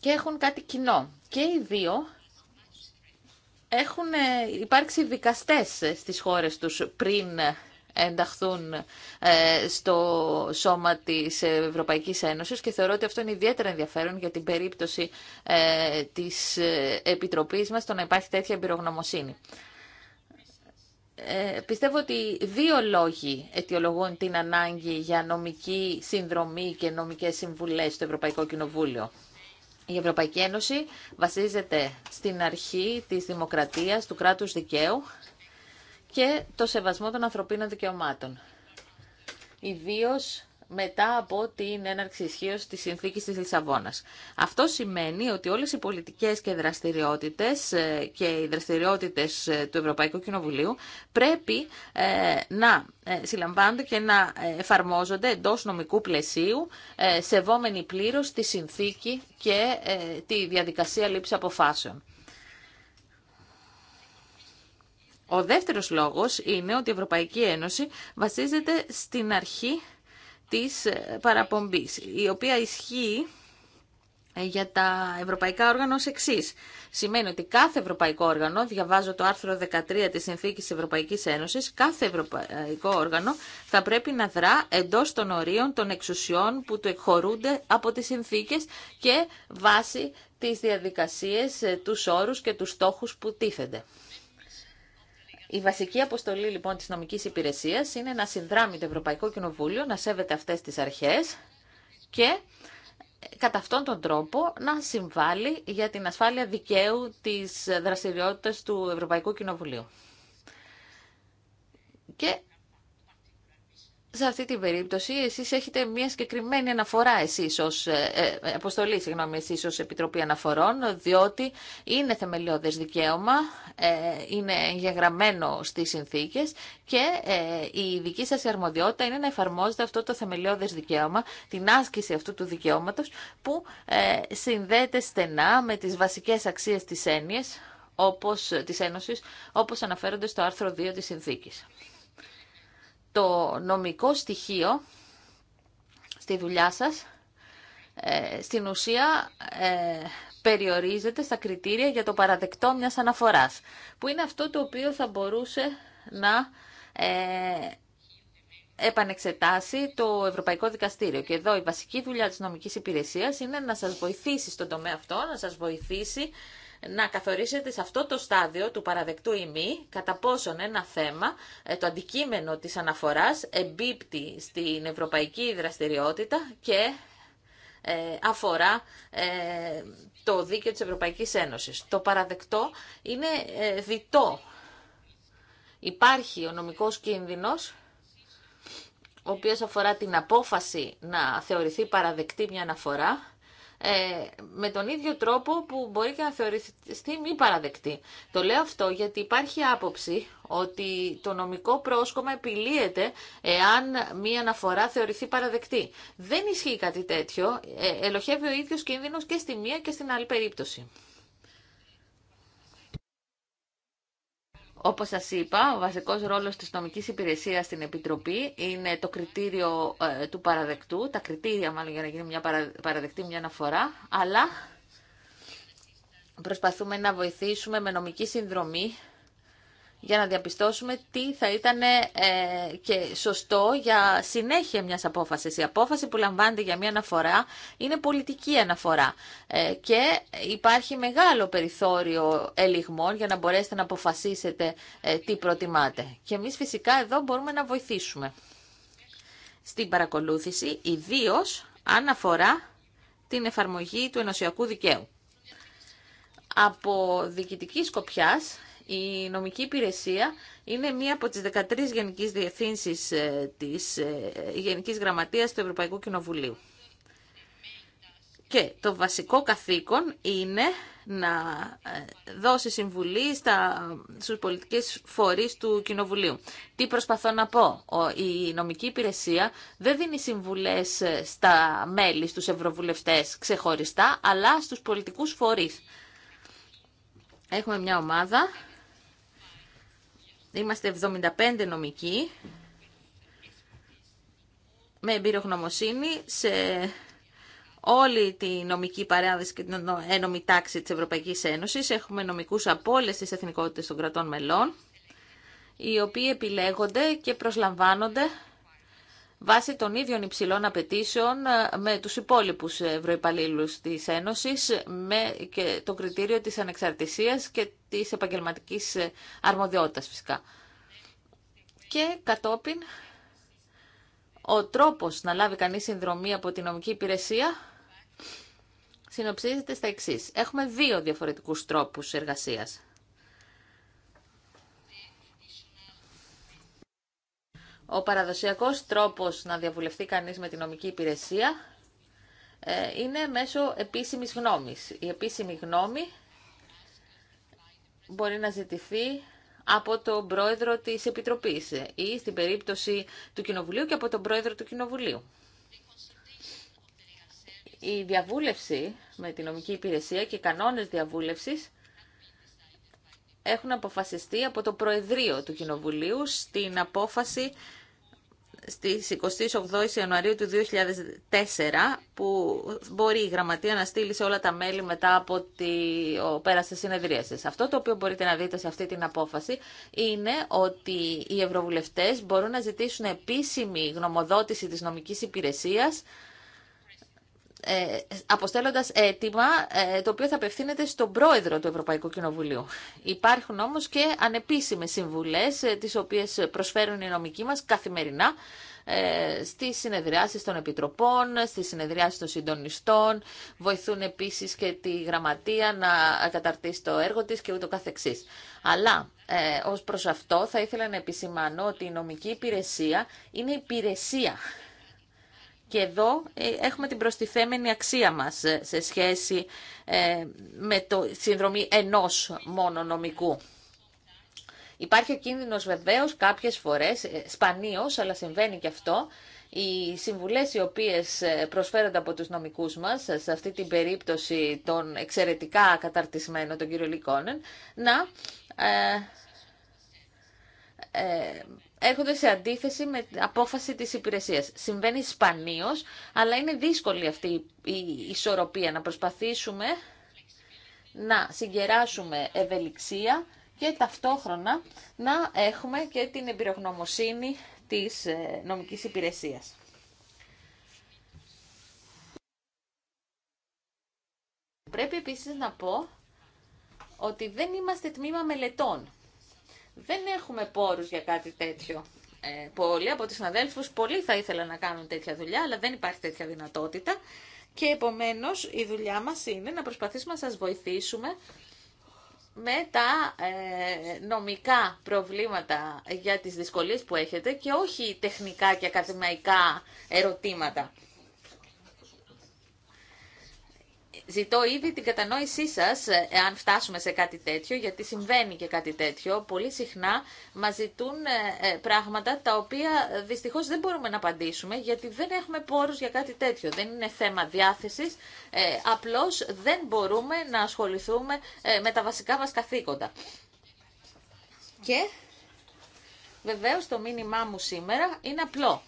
A: Και έχουν κάτι κοινό. Και οι δύο έχουν ε, υπάρξει δικαστές στις χώρες τους πριν ενταχθούν ε, στο σώμα της Ευρωπαϊκής Ένωσης και θεωρώ ότι αυτό είναι ιδιαίτερα ενδιαφέρον για την περίπτωση ε, της ε, Επιτροπής μας το να υπάρχει τέτοια εμπειρογνωμοσύνη. πιστεύω ότι δύο λόγοι αιτιολογούν την ανάγκη για νομική συνδρομή και νομικές συμβουλές στο Ευρωπαϊκό Κοινοβούλιο. Η Ευρωπαϊκή Ένωση βασίζεται στην αρχή της δημοκρατίας, του κράτους δικαίου και το σεβασμό των ανθρωπίνων δικαιωμάτων. Ιδίω μετά από την έναρξη ισχύω της συνθήκη της Λισαβόνα. Αυτό σημαίνει ότι όλες οι πολιτικές και δραστηριότητες ε, και οι δραστηριότητες ε, του Ευρωπαϊκού Κοινοβουλίου πρέπει ε, να συλλαμβάνονται και να εφαρμόζονται εντό νομικού πλαισίου σεβόμενοι πλήρως τη συνθήκη και τη διαδικασία λήψη αποφάσεων. Ο δεύτερος λόγος είναι ότι η Ευρωπαϊκή Ένωση βασίζεται στην αρχή της ε, παραπομπής, η οποία ισχύει ε, για τα ευρωπαϊκά όργανα ως εξής. Σημαίνει ότι κάθε ευρωπαϊκό όργανο, διαβάζω το άρθρο 13 της Συνθήκης της Ευρωπαϊκής Ένωσης, κάθε ευρωπαϊκό όργανο θα πρέπει να δρά εντός των ορίων των εξουσιών που του εκχωρούνται από τις συνθήκες και βάσει τις διαδικασίες, ε, τους όρους και τους στόχους που τίθενται. Η βασική αποστολή λοιπόν της νομικής υπηρεσίας είναι να συνδράμει το Ευρωπαϊκό Κοινοβούλιο, να σέβεται αυτές τις αρχές και κατά αυτόν τον τρόπο να συμβάλλει για την ασφάλεια δικαίου της δραστηριότητας του Ευρωπαϊκού Κοινοβουλίου σε αυτή την περίπτωση εσείς έχετε μια συγκεκριμένη αναφορά εσείς ως, ε, ε, αποστολή, συγγνώμη, εσείς ως Επιτροπή Αναφορών, διότι είναι θεμελιώδες δικαίωμα, ε, είναι εγγεγραμμένο στις συνθήκες και ε, η δική σας αρμοδιότητα είναι να εφαρμόζετε αυτό το θεμελιώδες δικαίωμα, την άσκηση αυτού του δικαιώματος που συνδέεται στενά με τις βασικές αξίες της έννοιας, όπως, της Ένωσης, όπως αναφέρονται στο άρθρο 2 της συνθήκης το νομικό στοιχείο στη δουλειά σας, ε, στην ουσία ε, περιορίζεται στα κριτήρια για το παραδεκτό μιας αναφοράς, που είναι αυτό το οποίο θα μπορούσε να ε, επανεξετάσει το Ευρωπαϊκό Δικαστήριο. Και εδώ η βασική δουλειά της νομικής υπηρεσίας είναι να σας βοηθήσει στον τομέα αυτό, να σας βοηθήσει να καθορίσετε σε αυτό το στάδιο του παραδεκτού ή μη, κατά πόσον ένα θέμα, ε, το αντικείμενο της αναφοράς, εμπίπτει στην ευρωπαϊκή δραστηριότητα και ε, αφορά ε, το δίκαιο της Ευρωπαϊκής Ένωσης. Το παραδεκτό είναι διτό. Υπάρχει ο νομικός κίνδυνος, ο οποίος αφορά την απόφαση να θεωρηθεί παραδεκτή μια αναφορά ε, με τον ίδιο τρόπο που μπορεί και να θεωρηθεί μη παραδεκτή. Το λέω αυτό γιατί υπάρχει άποψη ότι το νομικό πρόσκομα επιλύεται εάν μία αναφορά θεωρηθεί παραδεκτή. Δεν ισχύει κάτι τέτοιο. Ε, ελοχεύει ο ίδιος κίνδυνος και στη μία και στην άλλη περίπτωση. Όπως σας είπα, ο βασικός ρόλος της νομικής υπηρεσίας στην Επιτροπή είναι το κριτήριο ε, του παραδεκτού, τα κριτήρια μάλλον για να γίνει μια παραδεκτή μια αναφορά, αλλά προσπαθούμε να βοηθήσουμε με νομική συνδρομή για να διαπιστώσουμε τι θα ήταν ε, και σωστό για συνέχεια μιας απόφασης. Η απόφαση που λαμβάνεται για μια αναφορά είναι πολιτική αναφορά ε, και υπάρχει μεγάλο περιθώριο ελιγμών για να μπορέσετε να αποφασίσετε ε, τι προτιμάτε. Και εμείς φυσικά εδώ μπορούμε να βοηθήσουμε στην παρακολούθηση, ιδίω αν αφορά την εφαρμογή του ενωσιακού δικαίου. Από διοικητική σκοπιάς η νομική υπηρεσία είναι μία από τις 13 γενικές διευθύνσεις ε, της ε, Γενικής Γραμματείας του Ευρωπαϊκού Κοινοβουλίου. Και το βασικό καθήκον είναι να ε, δώσει συμβουλή στα, στους πολιτικές φορείς του Κοινοβουλίου. Τι προσπαθώ να πω. Η νομική υπηρεσία δεν δίνει συμβουλές στα μέλη, στους ευρωβουλευτές ξεχωριστά, αλλά στους πολιτικούς φορείς. Έχουμε μια ομάδα Είμαστε 75 νομικοί με εμπειρογνωμοσύνη σε όλη τη νομική παράδοση, και την ένομη τάξη της Ευρωπαϊκής Ένωσης. Έχουμε νομικούς από όλες τις εθνικότητες των κρατών μελών, οι οποίοι επιλέγονται και προσλαμβάνονται βάσει των ίδιων υψηλών απαιτήσεων ε, με τους υπόλοιπους ευρωϊπαλλήλους της Ένωσης με και το κριτήριο της ανεξαρτησίας και της επαγγελματικής ε, αρμοδιότητας φυσικά. Και κατόπιν ο τρόπος να λάβει κανείς συνδρομή από την νομική υπηρεσία συνοψίζεται στα εξής. Έχουμε δύο διαφορετικούς τρόπους εργασίας. Ο παραδοσιακός τρόπος να διαβουλευτεί κανείς με την νομική υπηρεσία ε, είναι μέσω επίσημης γνώμης. Η επίσημη γνώμη μπορεί να ζητηθεί από τον πρόεδρο της Επιτροπής ή στην περίπτωση του Κοινοβουλίου και από τον πρόεδρο του Κοινοβουλίου. Η διαβούλευση με την νομική υπηρεσία και οι κανόνες διαβούλευσης έχουν αποφασιστεί από το Προεδρείο του Κοινοβουλίου στην απόφαση στις 28 Ιανουαρίου του 2004 που μπορεί η γραμματεία να στείλει σε όλα τα μέλη μετά από το τη της Αυτό το οποίο μπορείτε να δείτε σε αυτή την απόφαση είναι ότι οι ευρωβουλευτές μπορούν να ζητήσουν επίσημη γνωμοδότηση της νομικής υπηρεσίας ε, αποστέλλοντας αίτημα ε, το οποίο θα απευθύνεται στον πρόεδρο του Ευρωπαϊκού Κοινοβουλίου. Υπάρχουν όμως και ανεπίσημες συμβουλές ε, τις οποίες προσφέρουν οι νομικοί μας καθημερινά στι συνεδριάσει των επιτροπών, στι συνεδριάσει των συντονιστών, βοηθούν επίσης και τη γραμματεία να καταρτήσει το έργο της και ούτω καθεξής. Αλλά ως προς αυτό θα ήθελα να επισημανώ ότι η νομική υπηρεσία είναι υπηρεσία και εδώ ε, έχουμε την προστιθέμενη αξία μας ε, σε σχέση ε, με το συνδρομή ενός μόνο νομικού. Υπάρχει ο κίνδυνος βεβαίως κάποιες φορές, σπανίως, αλλά συμβαίνει και αυτό, οι συμβουλές οι οποίες προσφέρονται από τους νομικούς μας, σε αυτή την περίπτωση των εξαιρετικά καταρτισμένων τον κύριο Λικόνεν, να ε, έρχονται σε αντίθεση με την απόφαση της υπηρεσίας. Συμβαίνει σπανίως, αλλά είναι δύσκολη αυτή η ισορροπία να προσπαθήσουμε να συγκεράσουμε ευελιξία και ταυτόχρονα να έχουμε και την εμπειρογνωμοσύνη της ε, νομικής υπηρεσίας. Πρέπει επίσης να πω ότι δεν είμαστε τμήμα μελετών. Δεν έχουμε πόρους για κάτι τέτοιο. Ε, πολλοί από τους συναδέλφους πολλοί θα ήθελαν να κάνουν τέτοια δουλειά, αλλά δεν υπάρχει τέτοια δυνατότητα. Και επομένως η δουλειά μας είναι να προσπαθήσουμε να σας βοηθήσουμε με τα ε, νομικά προβλήματα για τις δυσκολίες που έχετε και όχι τεχνικά και ακαδημαϊκά ερωτήματα. Ζητώ ήδη την κατανόησή σας, ε, αν φτάσουμε σε κάτι τέτοιο, γιατί συμβαίνει και κάτι τέτοιο. Πολύ συχνά μας ζητούν ε, ε, πράγματα τα οποία δυστυχώς δεν μπορούμε να απαντήσουμε, γιατί δεν έχουμε πόρους για κάτι τέτοιο. Δεν είναι θέμα διάθεσης, απλώς δεν μπορούμε να ασχοληθούμε με τα βασικά μας καθήκοντα. Και βεβαίως το μήνυμά μου σήμερα είναι απλό.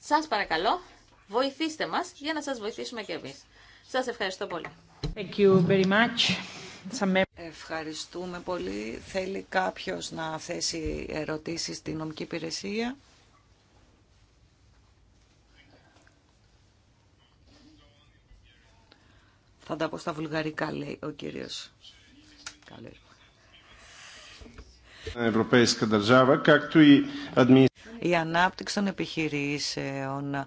A: Σας παρακαλώ, βοηθήστε μας για να σας βοηθήσουμε και εμείς. Σας ευχαριστώ πολύ.
B: Thank you very much.
C: Ευχαριστούμε πολύ. Θέλει κάποιος να θέσει ερωτήσεις στην νομική υπηρεσία. Θα τα πω στα βουλγαρικά, λέει ο κύριος. Η ανάπτυξη των επιχειρήσεων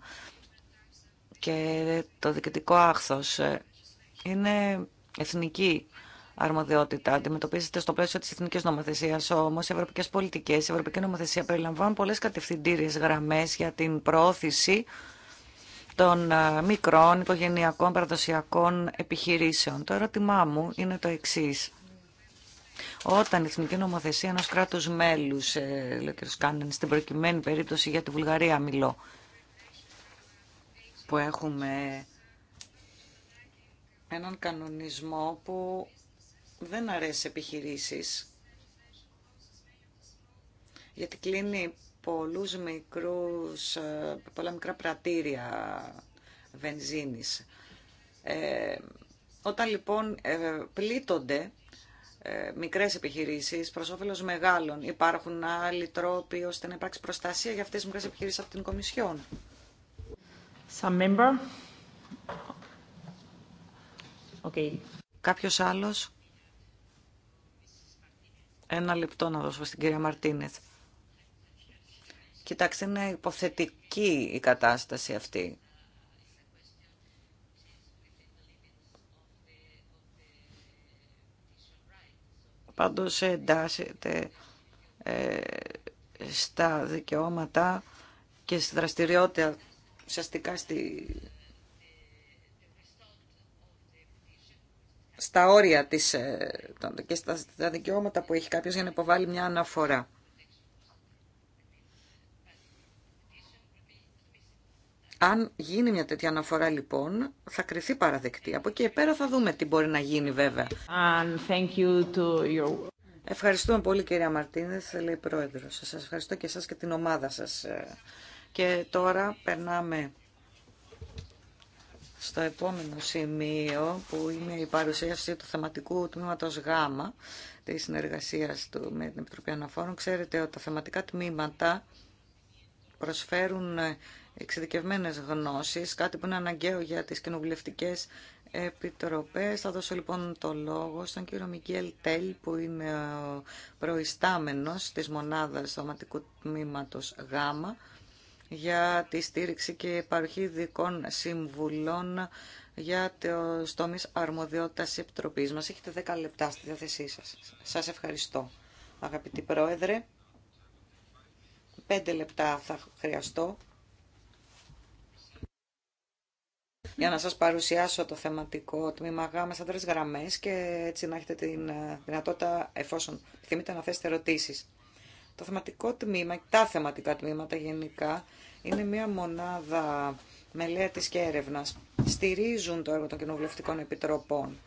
C: και το διοικητικό άχθος ε, είναι εθνική αρμοδιότητα. Αντιμετωπίζεται στο πλαίσιο τη εθνική νομοθεσία. Όμω, οι ευρωπαϊκέ πολιτικέ, η ευρωπαϊκή νομοθεσία περιλαμβάνουν πολλέ κατευθυντήριε γραμμέ για την προώθηση των ε, μικρών οικογενειακών παραδοσιακών επιχειρήσεων. Το ερώτημά μου είναι το εξή. Όταν η εθνική νομοθεσία ενό κράτου μέλου, ε, λέει ο κ. Κάνεν, στην προκειμένη περίπτωση για τη Βουλγαρία μιλώ, που έχουμε έναν κανονισμό που δεν αρέσει σε επιχειρήσεις γιατί κλείνει πολλούς μικρούς, ε, πολλά μικρά πρατήρια βενζίνης. Ε, όταν λοιπόν ε, πλήττονται ε, μικρές επιχειρήσεις προς όφελος μεγάλων υπάρχουν άλλοι τρόποι ώστε να υπάρξει προστασία για αυτές τις μικρές επιχειρήσεις από την Κομισιόν.
B: Some member?
C: Κάποιος άλλος? Ένα λεπτό να δώσω στην κυρία Μαρτίνεθ. Κοιτάξτε, είναι υποθετική η κατάσταση αυτή. Πάντως εντάσσεται ε, στα δικαιώματα και στη δραστηριότητα ουσιαστικά στη... στα όρια της, ε, και στα, δικαιώματα που έχει κάποιος για να υποβάλει μια αναφορά. Αν γίνει μια τέτοια αναφορά λοιπόν, θα κρυθεί παραδεκτή. Από εκεί πέρα θα δούμε τι μπορεί να γίνει βέβαια. And thank you to your... Ευχαριστούμε πολύ κυρία Μαρτίνεθ, λέει η Πρόεδρος. Σας ευχαριστώ και εσάς και την ομάδα σας ε, και τώρα περνάμε στο επόμενο σημείο που είναι η παρουσίαση του θεματικού τμήματος Γ της συνεργασίας του με την Επιτροπή Αναφόρων. Ξέρετε ότι τα θεματικά τμήματα προσφέρουν εξειδικευμένες γνώσεις, κάτι που είναι αναγκαίο για τις κοινοβουλευτικέ επιτροπές. Θα δώσω λοιπόν το λόγο στον κύριο Μικέλ Τέλ που είναι ο προϊστάμενος της μονάδας θεματικού τμήματος ΓΑΜΑ για τη στήριξη και παροχή ειδικών συμβουλών για το τομείς αρμοδιότητας της Επιτροπής μας. Έχετε 10 λεπτά στη διάθεσή σας. Σας ευχαριστώ, αγαπητή Πρόεδρε. 5 λεπτά θα χρειαστώ για να σας παρουσιάσω το θεματικό τμήμα γάμα σαν τρεις γραμμές και έτσι να έχετε την ε, δυνατότητα, εφόσον θυμείτε, να θέσετε ερωτήσεις. Το θεματικό τμήμα, τα θεματικά τμήματα γενικά, είναι μια μονάδα μελέτης και έρευνας. Στηρίζουν το έργο των κοινοβουλευτικών επιτροπών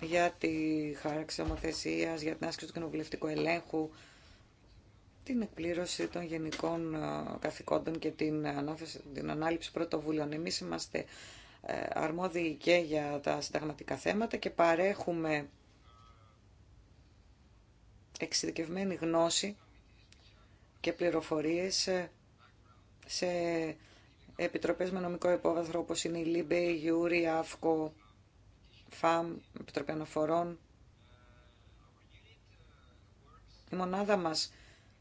C: για τη χάραξη ομοθεσία, για την άσκηση του κοινοβουλευτικού ελέγχου, την εκπλήρωση των γενικών ε, καθηκόντων και την, ανάθεση, την ανάληψη πρωτοβουλίων. Εμείς είμαστε ε, αρμόδιοι και για τα συνταγματικά θέματα και παρέχουμε εξειδικευμένη γνώση και πληροφορίες σε επιτροπές με νομικό υπόβαθρο όπως είναι η ΛΥΜΠΕ, η Γιούρη, η ΑΦΚΟ, ΦΑΜ, Επιτροπή Αναφορών. Η μονάδα μας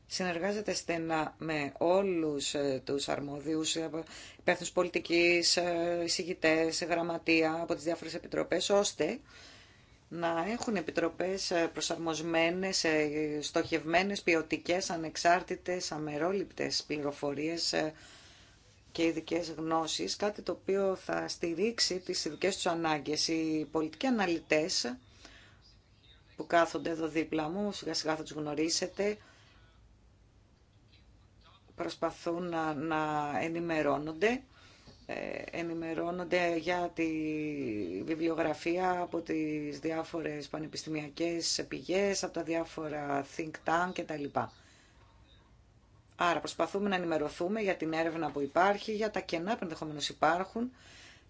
C: συνεργάζεται στενά με όλους ε, τους αρμοδίους ε, υπεύθυνους πολιτικής, ε, εισηγητές, γραμματεία από τις διάφορες επιτροπές, ώστε να έχουν επιτροπές ε, προσαρμοσμένες, ε, στοχευμένες, ποιοτικές, ανεξάρτητες, αμερόληπτες πληροφορίες ε, και ειδικέ γνώσεις, κάτι το οποίο θα στηρίξει τις ειδικές τους ανάγκες. Οι πολιτικοί αναλυτές που κάθονται εδώ δίπλα μου, σιγά σιγά θα τους γνωρίσετε, προσπαθούν να, να ενημερώνονται ε, ενημερώνονται για τη βιβλιογραφία από τις διάφορες πανεπιστημιακές πηγές, από τα διάφορα think tank κτλ. Άρα προσπαθούμε να ενημερωθούμε για την έρευνα που υπάρχει, για τα κενά που ενδεχομένως υπάρχουν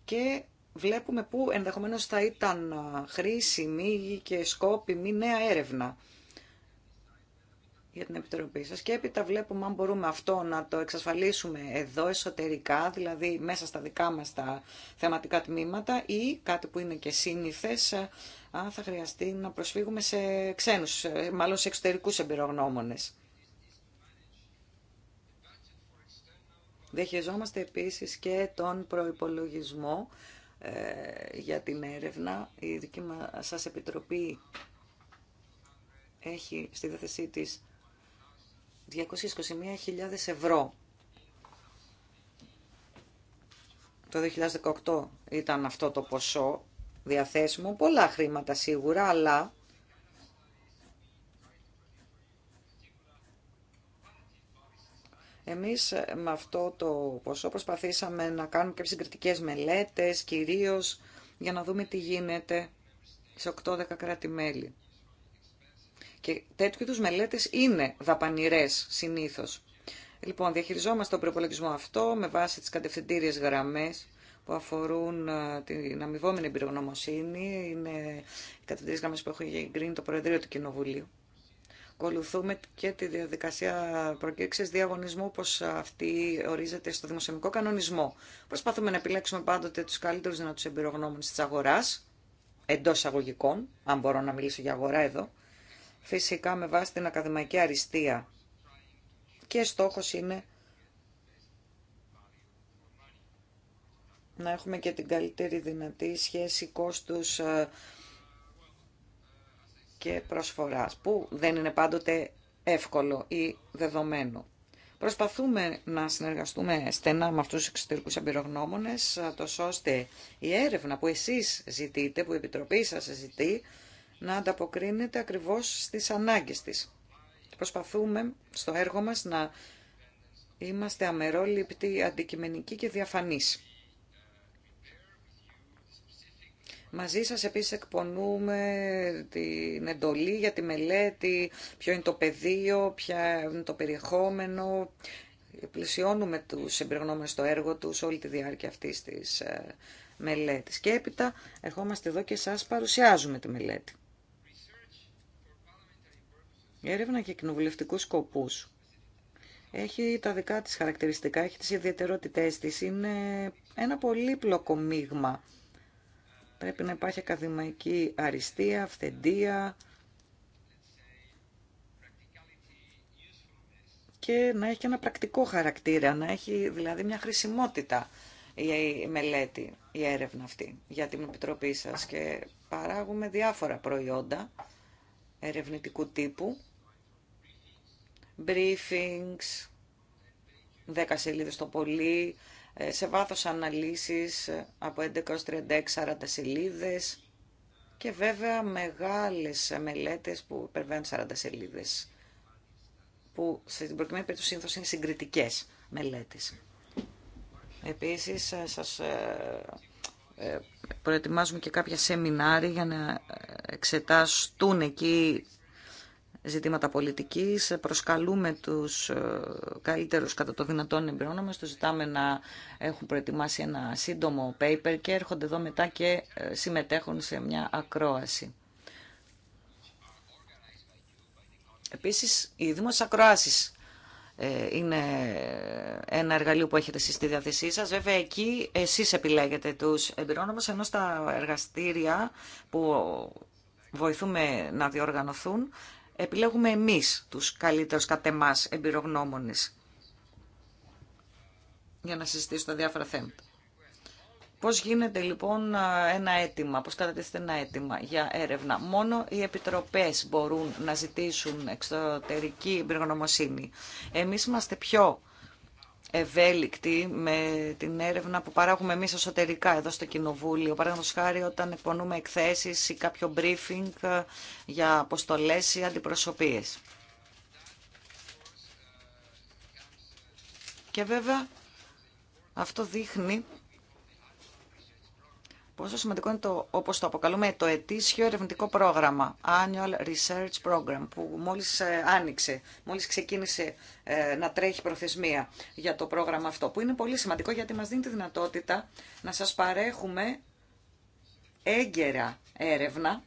C: και βλέπουμε πού ενδεχομένως θα ήταν χρήσιμη και σκόπιμη νέα έρευνα για την Επιτροπή σας και έπειτα βλέπουμε αν μπορούμε αυτό να το εξασφαλίσουμε εδώ εσωτερικά, δηλαδή μέσα στα δικά μας τα θεματικά τμήματα ή κάτι που είναι και σύνηθες, αν θα χρειαστεί να προσφύγουμε σε ξένους, ε, μάλλον σε εξωτερικούς εμπειρογνώμονες. Δεχεζόμαστε επίσης και τον προϋπολογισμό ε, για την έρευνα. Η δική σας επιτροπή έχει στη διάθεσή της 221.000 ευρώ. Το 2018 ήταν αυτό το ποσό διαθέσιμο, πολλά χρήματα σίγουρα, αλλά εμείς με αυτό το ποσό προσπαθήσαμε να κάνουμε και συγκριτικές μελέτες, κυρίως για να δούμε τι γίνεται σε 8-10 κράτη-μέλη. Και τέτοιου είδου μελέτε είναι δαπανηρέ συνήθω. Λοιπόν, διαχειριζόμαστε τον προπολογισμό αυτό με βάση τι κατευθυντήριε γραμμέ που αφορούν ε, την αμοιβόμενη εμπειρογνωμοσύνη. Είναι οι κατευθυντήριε γραμμέ που έχουν εγκρίνει το Προεδρείο του Κοινοβουλίου. Ακολουθούμε και τη διαδικασία προκήρυξη διαγωνισμού όπω αυτή ορίζεται στο δημοσιονομικό κανονισμό. Προσπαθούμε να επιλέξουμε πάντοτε του καλύτερου δυνατού εμπειρογνώμονε τη αγορά, εντό αγωγικών, αν μπορώ να μιλήσω για αγορά εδώ, φυσικά με βάση την ακαδημαϊκή αριστεία. Και στόχος είναι να έχουμε και την καλύτερη δυνατή σχέση κόστους ε, και προσφοράς, που δεν είναι πάντοτε εύκολο ή δεδομένο. Προσπαθούμε να συνεργαστούμε στενά με αυτούς τους εξωτερικούς εμπειρογνώμονες, ε, τόσο ώστε η έρευνα που εσείς ζητείτε, που η Επιτροπή σας ζητεί, να ανταποκρίνεται ακριβώς στις ανάγκες της. Προσπαθούμε στο έργο μας να είμαστε αμερόληπτοι, αντικειμενικοί και διαφανείς. Μαζί σας επίσης εκπονούμε την εντολή για τη μελέτη, ποιο είναι το πεδίο, ποιο είναι το περιεχόμενο. Πλησιώνουμε τους εμπειρογνώμενους στο έργο τους όλη τη διάρκεια αυτής της ε, μελέτης. Και έπειτα ερχόμαστε εδώ και σας παρουσιάζουμε τη μελέτη. Η έρευνα για κοινοβουλευτικούς σκοπούς έχει τα δικά της χαρακτηριστικά, έχει τις ιδιαιτερότητές της. Είναι ένα πολύπλοκο μείγμα. Πρέπει να υπάρχει ακαδημαϊκή αριστεία, αυθεντία και να έχει ένα πρακτικό χαρακτήρα, να έχει δηλαδή μια χρησιμότητα η μελέτη, η έρευνα αυτή για την Επιτροπή σας και παράγουμε διάφορα προϊόντα ερευνητικού τύπου briefings, 10 σελίδες το πολύ, ε, σε βάθος αναλύσεις ε, από 11 36, 40 σελίδες και βέβαια μεγάλες μελέτες που υπερβαίνουν 40 σελίδες που στην προκειμένη περίπτωση είναι συγκριτικές μελέτες. Επίσης ε, σας προετοιμάζουμε και κάποια σεμινάρια για να εξετάσουν εκεί ζητήματα πολιτικής. Προσκαλούμε τους ε, καλύτερους κατά το δυνατόν εμπειρόνομες, τους ζητάμε να έχουν προετοιμάσει ένα σύντομο paper και έρχονται εδώ μετά και ε, συμμετέχουν σε μια ακρόαση. Επίσης, οι δημόσιες ακροάσεις ε, είναι ένα εργαλείο που έχετε εσείς στη διάθεσή σας. Βέβαια εκεί εσείς επιλέγετε τους εμπειρόνομους, ενώ στα εργαστήρια που βοηθούμε να διοργανωθούν επιλέγουμε εμείς τους καλύτερους κατ' εμάς εμπειρογνώμονες για να συζητήσω τα διάφορα θέματα. Πώς γίνεται λοιπόν ένα αίτημα, πώς κατατίθεται ένα αίτημα για έρευνα. Μόνο οι επιτροπές μπορούν να ζητήσουν εξωτερική εμπειρογνωμοσύνη. Εμείς είμαστε πιο ευέλικτη με την έρευνα που παράγουμε εμείς εσωτερικά εδώ στο Κοινοβούλιο. Παραδείγματο χάρη όταν εκπονούμε εκθέσεις ή κάποιο briefing για αποστολές ή αντιπροσωπείες. Και βέβαια αυτό δείχνει πόσο σημαντικό είναι το, όπως το αποκαλούμε, το ετήσιο ερευνητικό πρόγραμμα, Annual Research Program, που μόλις ε, άνοιξε, μόλις ξεκίνησε ε, να τρέχει προθεσμία για το πρόγραμμα αυτό, που είναι πολύ σημαντικό γιατί μας δίνει τη δυνατότητα να σας παρέχουμε έγκαιρα έρευνα,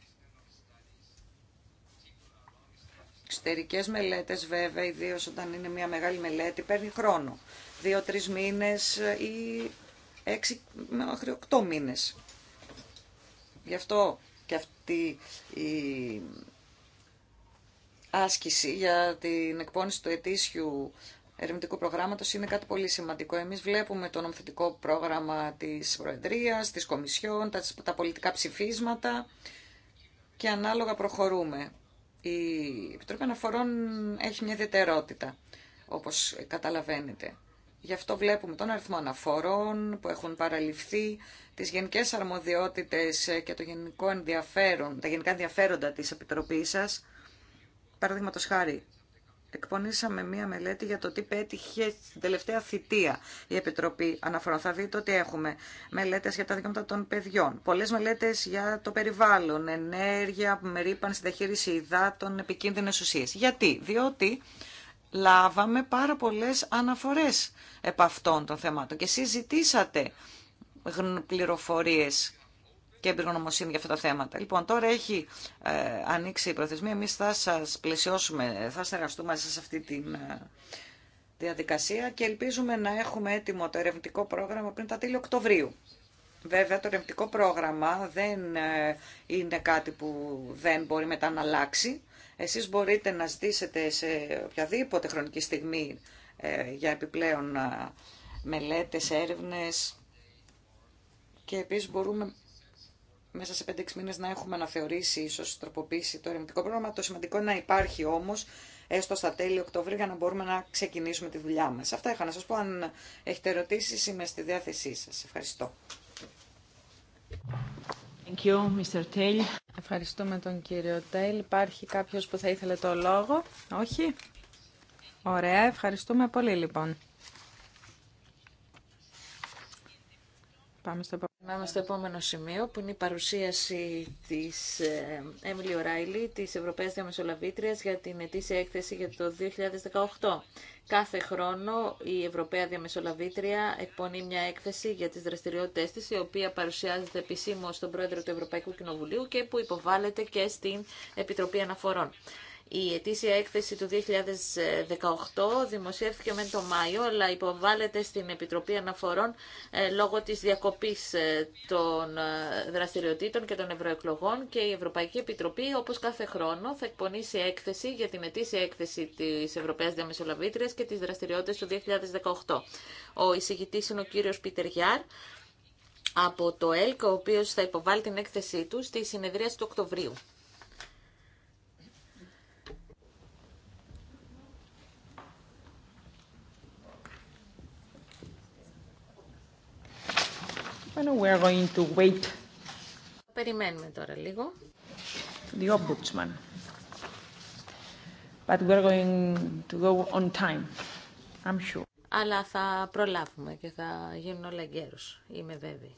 C: εξωτερικέ μελέτες βέβαια, ιδίω όταν είναι μια μεγάλη μελέτη, παίρνει χρόνο. Δύο-τρει μήνε ή έξι μέχρι οκτώ μήνε. Γι' αυτό και αυτή η άσκηση για την εκπόνηση του ετήσιου ερευνητικού προγράμματος είναι κάτι πολύ σημαντικό. Εμείς βλέπουμε το νομοθετικό πρόγραμμα της Προεδρίας, της Κομισιόν, τα, τα πολιτικά ψηφίσματα και ανάλογα προχωρούμε. Η Επιτροπή Αναφορών έχει μια ιδιαιτερότητα, όπως καταλαβαίνετε. Γι' αυτό βλέπουμε τον αριθμό αναφορών που έχουν παραληφθεί, τις γενικές αρμοδιότητες και το γενικό ενδιαφέρον, τα γενικά ενδιαφέροντα της Επιτροπής σας. Παραδείγματο χάρη, εκπονήσαμε μία μελέτη για το τι πέτυχε στην τελευταία θητεία η Επιτροπή Αναφορών. Θα δείτε ότι έχουμε μελέτες για τα δικαιώματα των παιδιών, πολλές μελέτες για το περιβάλλον, ενέργεια, με ρήπανση, διαχείριση υδάτων, επικίνδυνες ουσίες. Γιατί, διότι λάβαμε πάρα πολλές αναφορές επ' αυτών των θεμάτων και εσείς ζητήσατε πληροφορίες και εμπειρονομοσύνη για αυτά τα θέματα. Λοιπόν, τώρα έχει ε, ανοίξει η προθεσμία. Εμείς θα σας πλαισιώσουμε, θα συνεργαστούμε μαζί σε αυτή τη ε, διαδικασία και ελπίζουμε να έχουμε έτοιμο το ερευνητικό πρόγραμμα πριν τα τέλη Οκτωβρίου. Βέβαια, το ερευνητικό πρόγραμμα δεν ε, είναι κάτι που δεν μπορεί μετά να αλλάξει. Εσείς μπορείτε να ζητήσετε σε οποιαδήποτε χρονική στιγμή ε, για επιπλέον ε, μελέτες, έρευνες και επίσης μπορούμε μέσα σε 5-6 μήνες να έχουμε αναθεωρήσει ίσως τροποποίησει το ερευνητικό πρόγραμμα. Το σημαντικό είναι να υπάρχει όμως έστω στα τέλη Οκτωβρίου για να μπορούμε να ξεκινήσουμε τη δουλειά μας. Αυτά είχα να σας πω. Αν έχετε ερωτήσεις είμαι στη διάθεσή σας. Ευχαριστώ.
B: Thank you, Mr. Ευχαριστούμε τον κύριο Τέιλ. Υπάρχει κάποιος που θα ήθελε το λόγο. Όχι. Ωραία. Ευχαριστούμε πολύ λοιπόν.
A: Πάμε στο επόμενο. σημείο που είναι η παρουσίαση της Έμιλι ε, Οράιλι της Ευρωπαίας Διαμεσολαβήτριας για την ετήσια έκθεση για το 2018. Κάθε χρόνο η Ευρωπαία Διαμεσολαβήτρια εκπονεί μια έκθεση για τις δραστηριότητες της η οποία παρουσιάζεται επισήμως στον Πρόεδρο του Ευρωπαϊκού Κοινοβουλίου και που υποβάλλεται και στην Επιτροπή Αναφορών. Η ετήσια έκθεση του 2018 δημοσιεύθηκε μεν το Μάιο, αλλά υποβάλλεται στην Επιτροπή Αναφορών ε, λόγω της διακοπής ε, των ε, δραστηριοτήτων και των ευρωεκλογών και η Ευρωπαϊκή Επιτροπή, όπως κάθε χρόνο, θα εκπονήσει έκθεση για την ετήσια έκθεση της Ευρωπαίας Διαμεσολαβήτριας και τις δραστηριότητες του 2018. Ο εισηγητής είναι ο κύριος Πίτερ Γιάρ από το ΕΛΚ, ο οποίος θα υποβάλει την έκθεσή του στη συνεδρία του Οκτωβρίου.
B: And we are going to wait.
A: Περιμένουμε τώρα λίγο.
B: The ombudsman. But we are going to go on time. I'm sure.
A: Αλλά θα προλάβουμε και θα γίνουν όλα γέρος. Είμαι βέβαιη.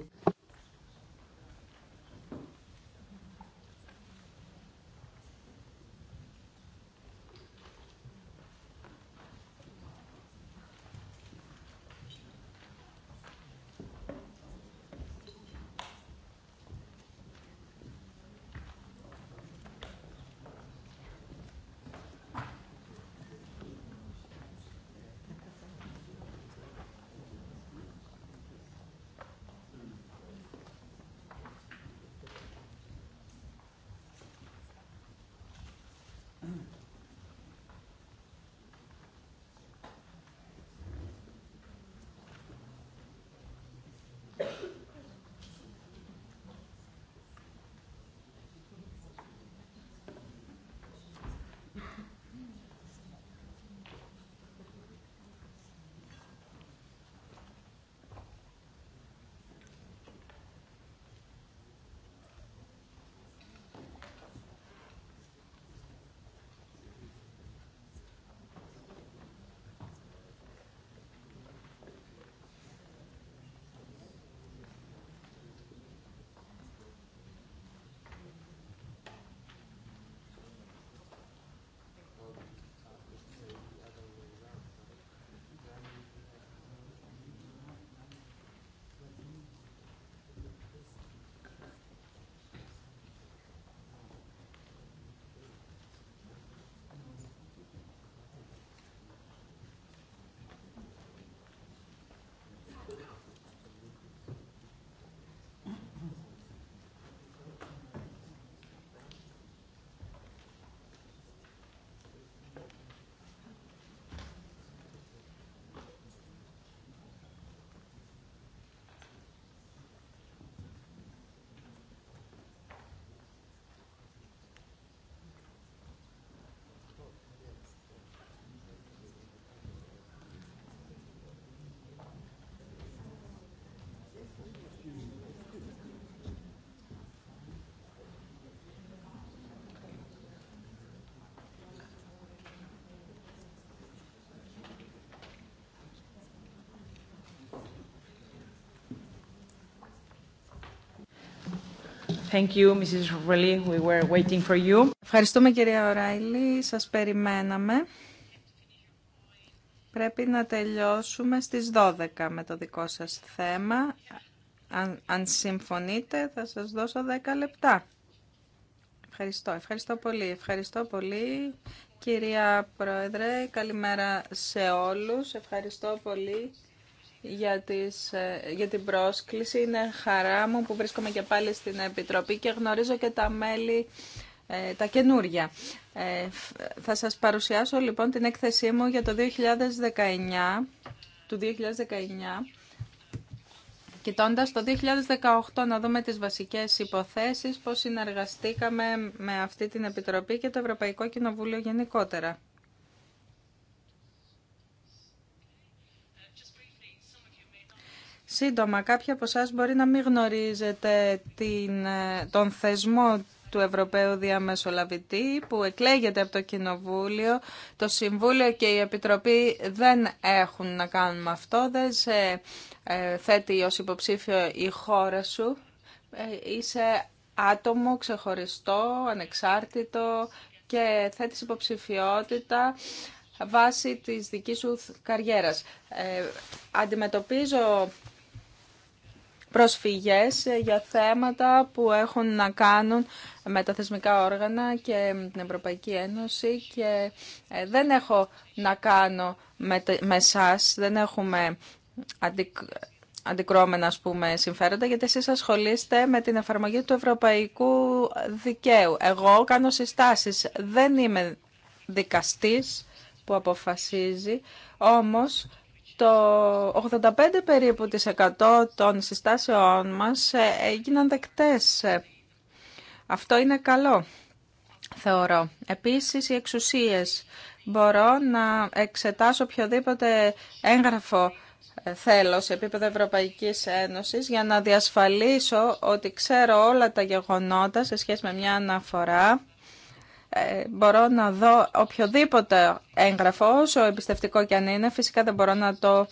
B: Thank you, Mrs. Ευχαριστούμε κυρία Ωραϊλή. σας περιμέναμε. Πρέπει να τελειώσουμε στις 12 με το δικό σας θέμα. Αν, αν συμφωνείτε θα σας δώσω 10 λεπτά. Ευχαριστώ, ευχαριστώ πολύ. Ευχαριστώ πολύ κυρία Πρόεδρε. Καλημέρα σε όλους. Ευχαριστώ πολύ για, τις, ε, για την πρόσκληση. Είναι χαρά μου που βρίσκομαι και πάλι στην Επιτροπή και γνωρίζω και τα μέλη ε, τα καινούρια. Ε, θα σας παρουσιάσω λοιπόν την έκθεσή μου για το 2019, του 2019, κοιτώντας το 2018 να δούμε τις βασικές υποθέσεις, πώς συνεργαστήκαμε με αυτή την Επιτροπή και το Ευρωπαϊκό Κοινοβούλιο γενικότερα. Σύντομα, κάποιοι από εσά μπορεί να μην γνωρίζετε την, ε, τον θεσμό του Ευρωπαίου Διαμεσολαβητή που εκλέγεται από το Κοινοβούλιο. Το Συμβούλιο και η Επιτροπή δεν έχουν να κάνουν με αυτό. Δεν σε ε, θέτει ως υποψήφιο η χώρα σου. Ε, είσαι άτομο ξεχωριστό, ανεξάρτητο και θέτεις υποψηφιότητα βάσει της δικής σου καριέρας. Ε, αντιμετωπίζω προσφυγές ε, για θέματα που έχουν να κάνουν με τα θεσμικά όργανα και με την Ευρωπαϊκή Ένωση και ε, δεν έχω να κάνω με, με δεν έχουμε αντικ, αντικρώμενα ας πούμε, συμφέροντα γιατί εσείς ασχολείστε με την εφαρμογή του ευρωπαϊκού δικαίου. Εγώ κάνω συστάσεις, δεν είμαι δικαστής που αποφασίζει, όμως το 85 περίπου των συστάσεών μας ε, έγιναν δεκτές. Αυτό είναι καλό, θεωρώ. Επίσης, οι εξουσίες. Μπορώ να εξετάσω οποιοδήποτε έγγραφο ε, θέλω σε επίπεδο Ευρωπαϊκής Ένωσης για να διασφαλίσω ότι ξέρω όλα τα γεγονότα σε σχέση με μια αναφορά ε, μπορώ να δω οποιοδήποτε έγγραφο, όσο εμπιστευτικό και αν είναι, φυσικά δεν μπορώ να το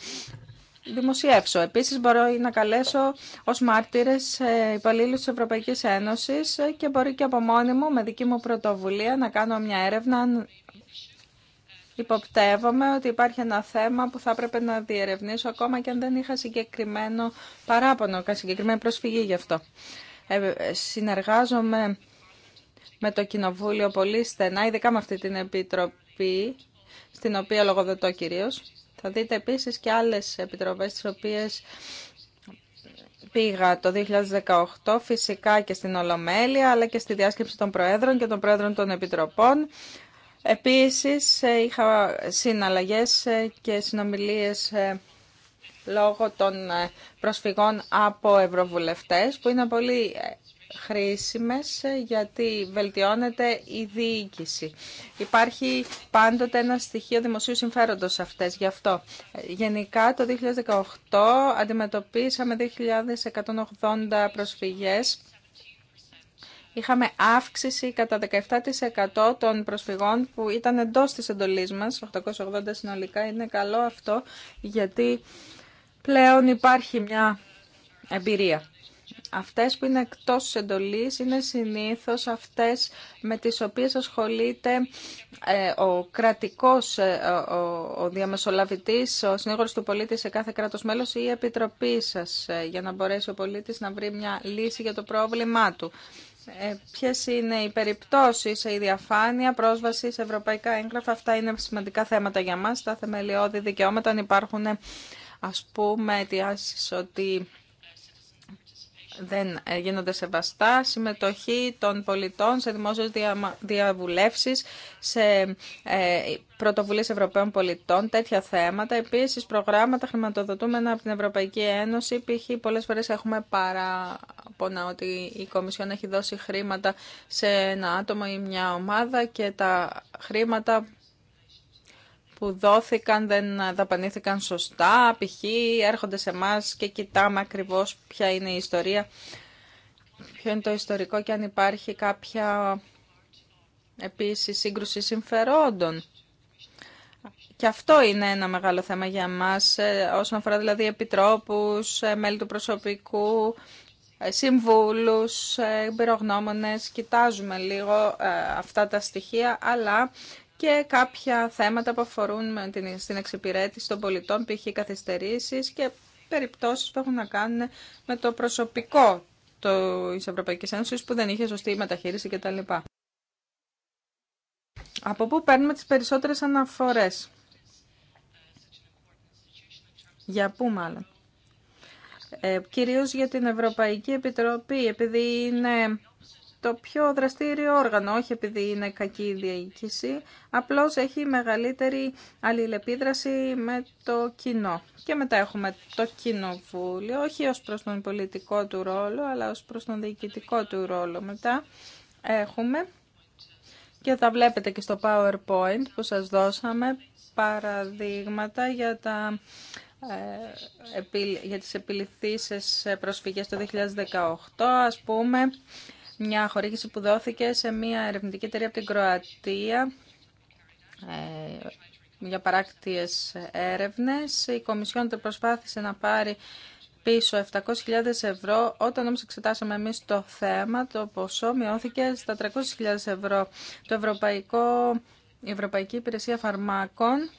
B: δημοσιεύσω. Επίσης μπορώ να καλέσω ως μάρτυρες ε, υπαλλήλους της Ευρωπαϊκής Ένωσης ε, και μπορεί και από μόνη μου, με δική μου πρωτοβουλία, να κάνω μια έρευνα Υποπτεύομαι ότι υπάρχει ένα θέμα που θα έπρεπε να διερευνήσω ακόμα και αν δεν είχα συγκεκριμένο παράπονο, συγκεκριμένη προσφυγή γι' αυτό. συνεργάζομαι με το Κοινοβούλιο πολύ στενά, ειδικά με αυτή την Επιτροπή, στην οποία λογοδοτώ κυρίω. Θα δείτε επίσης και άλλες επιτροπές τι οποίε πήγα το 2018 φυσικά και στην Ολομέλεια αλλά και στη διάσκεψη των Προέδρων και των Προέδρων των Επιτροπών. Επίσης ε, είχα συναλλαγές ε, και συνομιλίες ε, λόγω των προσφυγών από ευρωβουλευτές που είναι πολύ χρήσιμες ε, γιατί βελτιώνεται η διοίκηση. Υπάρχει πάντοτε ένα στοιχείο δημοσίου συμφέροντος σε αυτές. Γι' αυτό ε, γενικά το 2018 αντιμετωπίσαμε 2.180 προσφυγές. Είχαμε αύξηση κατά 17% των προσφυγών που ήταν εντός της εντολής μας, 880 συνολικά. Είναι καλό αυτό γιατί πλέον υπάρχει μια εμπειρία. Αυτές που είναι εκτός εντολής είναι συνήθως αυτές με τις οποίες ασχολείται ε, ο κρατικός, ε, ο διαμεσολαβητής, ο συνήγορος του πολίτη σε κάθε κράτος μέλος ή η επιτροπή σας ε, για να μπορέσει ο πολίτης να βρει μια λύση για το πρόβλημά του. Ε, είναι οι περιπτώσεις, η διαφάνεια, πρόσβαση σε ευρωπαϊκά έγγραφα, αυτά είναι σημαντικά θέματα για μας, τα θεμελιώδη δικαιώματα, αν υπάρχουν ας πούμε αιτιάσεις ότι δεν γίνονται σεβαστά, συμμετοχή των πολιτών σε δημόσιες διαβουλεύσεις, σε ε, πρωτοβουλίες Ευρωπαίων πολιτών, τέτοια θέματα. Επίσης, προγράμματα χρηματοδοτούμενα από την Ευρωπαϊκή Ένωση, π.χ. πολλές φορές έχουμε παράπονα ότι η Κομισιόν έχει δώσει χρήματα σε ένα άτομο ή μια ομάδα και τα χρήματα που δόθηκαν δεν δαπανήθηκαν σωστά, π.χ. έρχονται σε εμά και κοιτάμε ακριβώς ποια είναι η ιστορία, ποιο είναι το ιστορικό και αν υπάρχει κάποια επίσης σύγκρουση συμφερόντων. Και αυτό είναι ένα μεγάλο θέμα για μας, ε, όσον αφορά δηλαδή επιτρόπους, ε, μέλη του προσωπικού, ε, συμβούλους, εμπειρογνώμονες. Κοιτάζουμε λίγο αυτά τα στοιχεία, αλλά και κάποια θέματα που αφορούν στην εξυπηρέτηση των πολιτών, π.χ. καθυστερήσεις και περιπτώσεις που έχουν να κάνουν με το προσωπικό τη Ευρωπαϊκή Ένωση που δεν είχε σωστή μεταχείριση κτλ. Από πού παίρνουμε τις περισσότερες αναφορές. Για πού μάλλον. Ε, κυρίως για την Ευρωπαϊκή Επιτροπή, επειδή είναι το πιο δραστήριο όργανο, όχι επειδή είναι κακή η διοίκηση, απλώς έχει μεγαλύτερη αλληλεπίδραση με το κοινό. Και μετά έχουμε το κοινοβούλιο, όχι ως προς τον πολιτικό του ρόλο, αλλά ως προς τον διοικητικό του ρόλο. Μετά έχουμε, και τα βλέπετε και στο PowerPoint που σας δώσαμε, παραδείγματα για τα ε, για τις επιληθήσεις ε, προσφυγές το 2018, ας πούμε, μια χορήγηση που δόθηκε σε μια ερευνητική εταιρεία από την Κροατία ε, για παράκτιες έρευνες. Η Κομισιόν προσπάθησε να πάρει πίσω 700.000 ευρώ. Όταν όμως εξετάσαμε εμείς το θέμα, το ποσό μειώθηκε στα 300.000 ευρώ. Το Ευρωπαϊκό, η Ευρωπαϊκή Υπηρεσία Φαρμάκων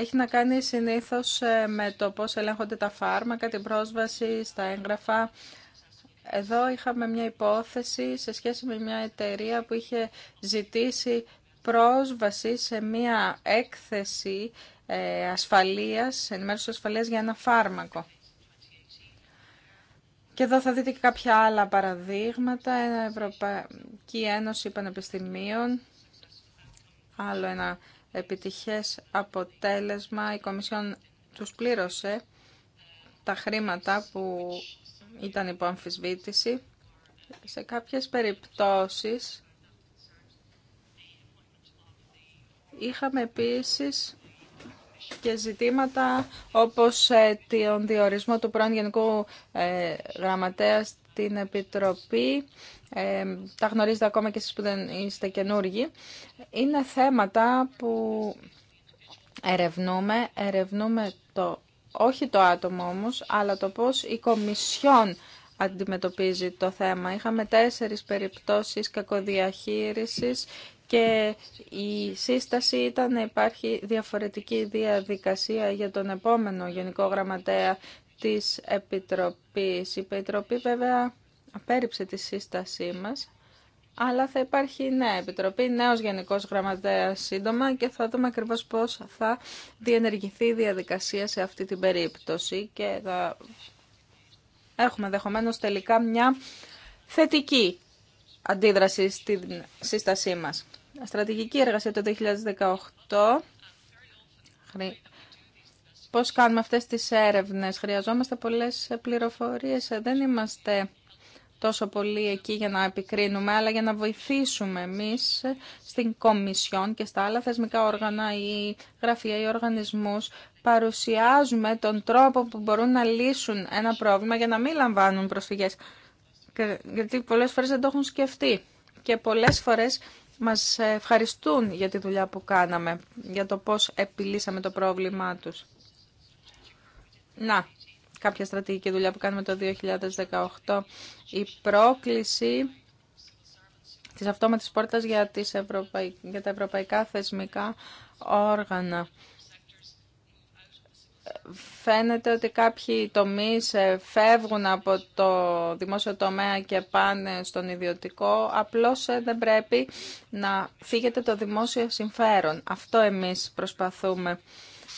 B: έχει να κάνει συνήθως ε, με το πώς ελέγχονται τα φάρμακα, την πρόσβαση στα έγγραφα. Εδώ είχαμε μια υπόθεση σε σχέση με μια εταιρεία που είχε ζητήσει πρόσβαση σε μια έκθεση ε, ασφαλείας, ενημέρωση ασφαλείας για ένα φάρμακο. Και εδώ θα δείτε και κάποια άλλα παραδείγματα. Ένα Ευρωπαϊκή Ένωση Πανεπιστημίων, άλλο ένα επιτυχές αποτέλεσμα. Η Κομισιόν τους πλήρωσε τα χρήματα που ήταν υπό αμφισβήτηση. Σε κάποιες περιπτώσεις είχαμε επίσης και ζητήματα όπως ε, τον διορισμό του πρώην Γενικού ε, Γραμματέα την Επιτροπή, ε, τα γνωρίζετε ακόμα και εσείς που δεν είστε καινούργοι, είναι θέματα που ερευνούμε, ερευνούμε το, όχι το άτομο όμως, αλλά το πώς η Κομισιόν αντιμετωπίζει το θέμα. Είχαμε τέσσερις περιπτώσεις κακοδιαχείρισης και η σύσταση ήταν να υπάρχει διαφορετική διαδικασία για τον επόμενο Γενικό Γραμματέα της Επιτροπής. Η Επιτροπή βέβαια απέρριψε τη σύστασή μας, αλλά θα υπάρχει νέα Επιτροπή, νέος Γενικός Γραμματέας σύντομα και θα δούμε ακριβώς πώς θα διενεργηθεί η διαδικασία σε αυτή την περίπτωση και θα έχουμε δεχομένως τελικά μια θετική αντίδραση στην σύστασή μας. Στρατηγική εργασία το 2018 πώς κάνουμε αυτές τις έρευνες. Χρειαζόμαστε πολλές πληροφορίες. Δεν είμαστε τόσο πολύ εκεί για να επικρίνουμε, αλλά για να βοηθήσουμε εμείς στην Κομισιόν και στα άλλα θεσμικά όργανα ή γραφεία ή οργανισμούς, παρουσιάζουμε τον τρόπο που μπορούν να λύσουν ένα πρόβλημα για να μην λαμβάνουν προσφυγές. Γιατί πολλές φορές δεν το έχουν σκεφτεί και πολλές φορές μας ευχαριστούν για τη δουλειά που κάναμε, για το πώς επιλύσαμε το πρόβλημά τους. Να, κάποια στρατηγική δουλειά που κάνουμε το 2018. Η πρόκληση της αυτόματης πόρτας για, τις για τα ευρωπαϊκά θεσμικά όργανα. Φαίνεται ότι κάποιοι τομείς ε, φεύγουν από το δημόσιο τομέα και πάνε στον ιδιωτικό. Απλώς ε, δεν πρέπει να φύγετε το δημόσιο συμφέρον. Αυτό εμείς προσπαθούμε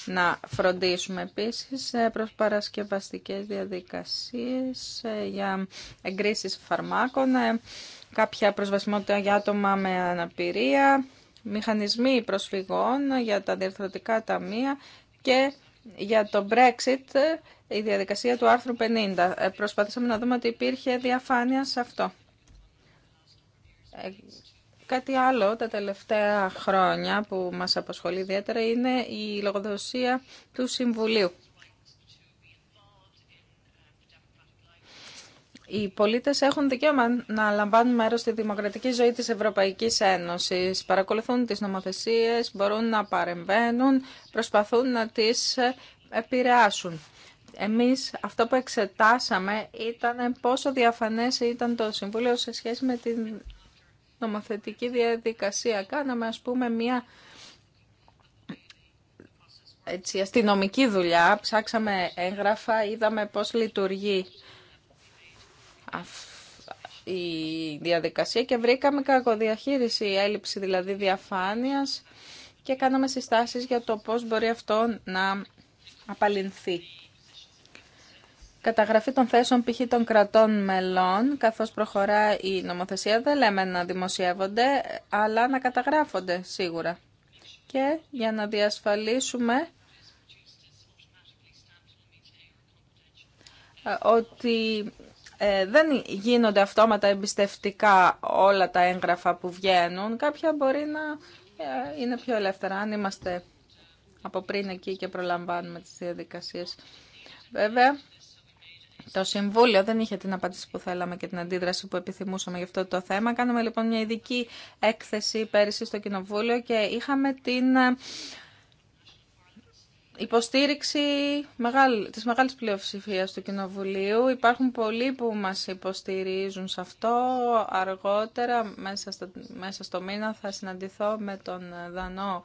B: να φροντίσουμε επίσης ε, προς παρασκευαστικές διαδικασίες ε, για εγκρίσεις φαρμάκων, ε, κάποια προσβασιμότητα για άτομα με αναπηρία, μηχανισμοί προσφυγών για τα διαρθρωτικά ταμεία και για το Brexit η διαδικασία του άρθρου 50. Προσπαθήσαμε να δούμε ότι υπήρχε διαφάνεια σε αυτό. Κάτι άλλο τα τελευταία χρόνια που μας απασχολεί ιδιαίτερα είναι η λογοδοσία του Συμβουλίου. Οι πολίτες έχουν δικαίωμα να λαμβάνουν μέρος στη δημοκρατική ζωή της Ευρωπαϊκής Ένωσης. Παρακολουθούν τις νομοθεσίες, μπορούν να παρεμβαίνουν, προσπαθούν να τις επηρεάσουν. Εμείς αυτό που εξετάσαμε ήταν πόσο διαφανές ήταν το Συμβούλιο σε σχέση με την νομοθετική διαδικασία. Κάναμε, ας πούμε, μια έτσι, αστυνομική δουλειά. Ψάξαμε έγγραφα, είδαμε πώς λειτουργεί η διαδικασία και βρήκαμε κακοδιαχείριση, έλλειψη δηλαδή διαφάνειας και κάναμε συστάσεις για το πώς μπορεί αυτό να απαλληλθεί καταγραφή των θέσεων π.χ. των κρατών μελών, καθώς προχωρά η νομοθεσία, δεν λέμε να δημοσιεύονται, αλλά να καταγράφονται σίγουρα. Και για να διασφαλίσουμε ε, ότι ε, δεν γίνονται αυτόματα εμπιστευτικά όλα τα έγγραφα που βγαίνουν. Κάποια μπορεί να ε, είναι πιο ελεύθερα, αν είμαστε από πριν εκεί και προλαμβάνουμε τις διαδικασίες. Βέβαια, το Συμβούλιο δεν είχε την απάντηση που θέλαμε και την αντίδραση που επιθυμούσαμε για αυτό το θέμα. Κάναμε λοιπόν μια ειδική έκθεση πέρυσι στο Κοινοβούλιο και είχαμε την ε, υποστήριξη μεγάλη, της μεγάλης πλειοψηφίας του Κοινοβουλίου. Υπάρχουν πολλοί που μας υποστηρίζουν σε αυτό. Αργότερα, μέσα στο, μέσα στο μήνα, θα συναντηθώ με τον Δανό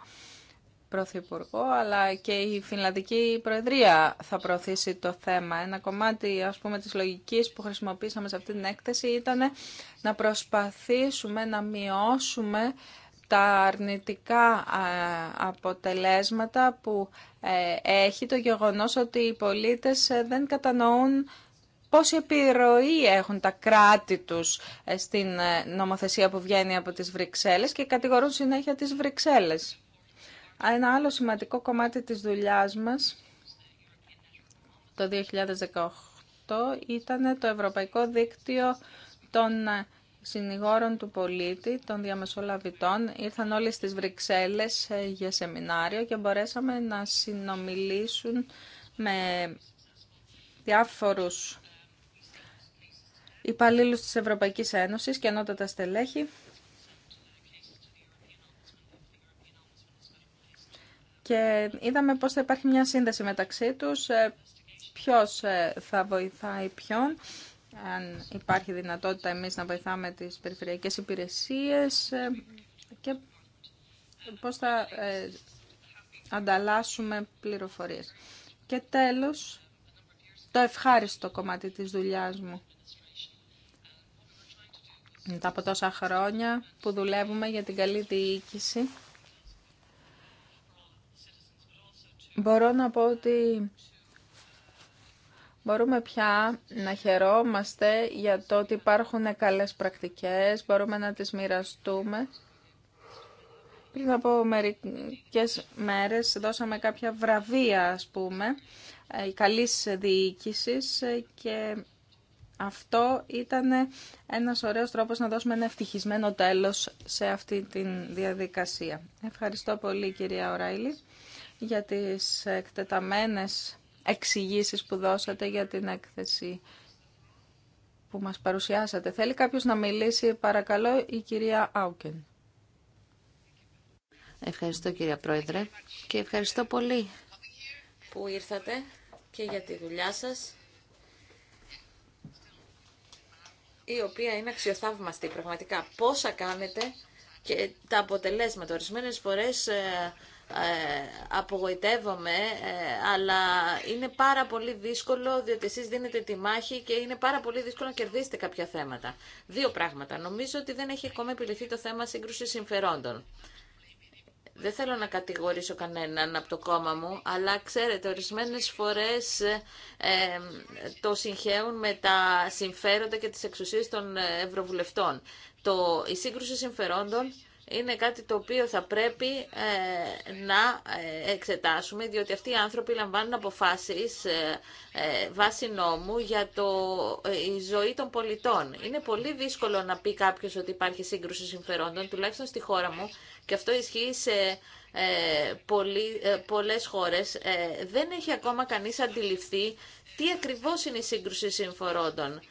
B: Πρωθυπουργό, αλλά και η Φινλανδική Προεδρία θα προωθήσει το θέμα. Ένα κομμάτι ας πούμε, της λογικής που χρησιμοποίησαμε σε αυτή την έκθεση ήταν να προσπαθήσουμε να μειώσουμε τα αρνητικά αποτελέσματα που ε, έχει το γεγονός ότι οι πολίτες ε, δεν κατανοούν πόση επιρροή έχουν τα κράτη τους ε, στην νομοθεσία που βγαίνει από τις Βρυξέλλες και κατηγορούν συνέχεια τις Βρυξέλλες. Ένα άλλο σημαντικό κομμάτι της δουλειάς μας το 2018 ήταν το Ευρωπαϊκό Δίκτυο των Συνηγόρων του Πολίτη, των Διαμεσολαβητών. Ήρθαν όλοι στις Βρυξέλλες ε, για σεμινάριο και μπορέσαμε να συνομιλήσουν με διάφορους υπαλλήλους της Ευρωπαϊκής Ένωσης και ανώτατα στελέχη και είδαμε πώς θα υπάρχει μια σύνδεση μεταξύ τους, ε, ποιος ε, θα βοηθάει ποιον, αν υπάρχει δυνατότητα εμείς να βοηθάμε τις περιφερειακές υπηρεσίες ε, και πώς θα ανταλλάσσουμε πληροφορίες. Και τέλος, το ευχάριστο κομμάτι της δουλειάς μου. Μετά από τόσα χρόνια που δουλεύουμε για την καλή διοίκηση, Μπορώ να πω ότι μπορούμε πια να χαιρόμαστε για το ότι υπάρχουν καλές πρακτικές, μπορούμε να τις μοιραστούμε. Πριν από μερικές μέρες δώσαμε κάποια βραβεία, ας πούμε, ε, καλής διοίκησης ε, και αυτό ήταν ένας ωραίος τρόπος να δώσουμε ένα ευτυχισμένο τέλος σε αυτή τη διαδικασία. Ευχαριστώ πολύ κυρία Οράιλη για τις εκτεταμένες εξηγήσεις που δώσατε για την έκθεση που μας παρουσιάσατε. Θέλει κάποιος να μιλήσει, παρακαλώ, η κυρία Άουκεν.
A: Ευχαριστώ κυρία Πρόεδρε και ευχαριστώ πολύ που ήρθατε και για τη δουλειά σας η οποία είναι αξιοθαύμαστη πραγματικά. Πόσα κάνετε και τα αποτελέσματα. Ορισμένες φορές ε, ε, απογοητεύομαι, ε, αλλά είναι πάρα πολύ δύσκολο, διότι εσείς δίνετε τη μάχη και είναι πάρα πολύ δύσκολο να κερδίσετε κάποια θέματα. Δύο πράγματα. Νομίζω ότι δεν έχει ακόμα επιληθεί το θέμα σύγκρουση συμφερόντων. Δεν θέλω να κατηγορήσω κανέναν από το κόμμα μου, αλλά ξέρετε, ορισμένες φορές ε, το συγχέουν με τα συμφέροντα και τις εξουσίες των ευρωβουλευτών. Το, η σύγκρουση συμφερόντων είναι κάτι το οποίο θα πρέπει ε, να ε, εξετάσουμε, διότι αυτοί οι άνθρωποι λαμβάνουν αποφάσεις ε, ε βάσει νόμου για το, η ζωή των πολιτών. Είναι πολύ δύσκολο να πει κάποιος ότι υπάρχει σύγκρουση συμφερόντων, τουλάχιστον στη χώρα μου, και αυτό ισχύει σε πολλές χώρες. Δεν έχει ακόμα κανείς αντιληφθεί τι ακριβώς είναι η σύγκρουση συμφερόντων.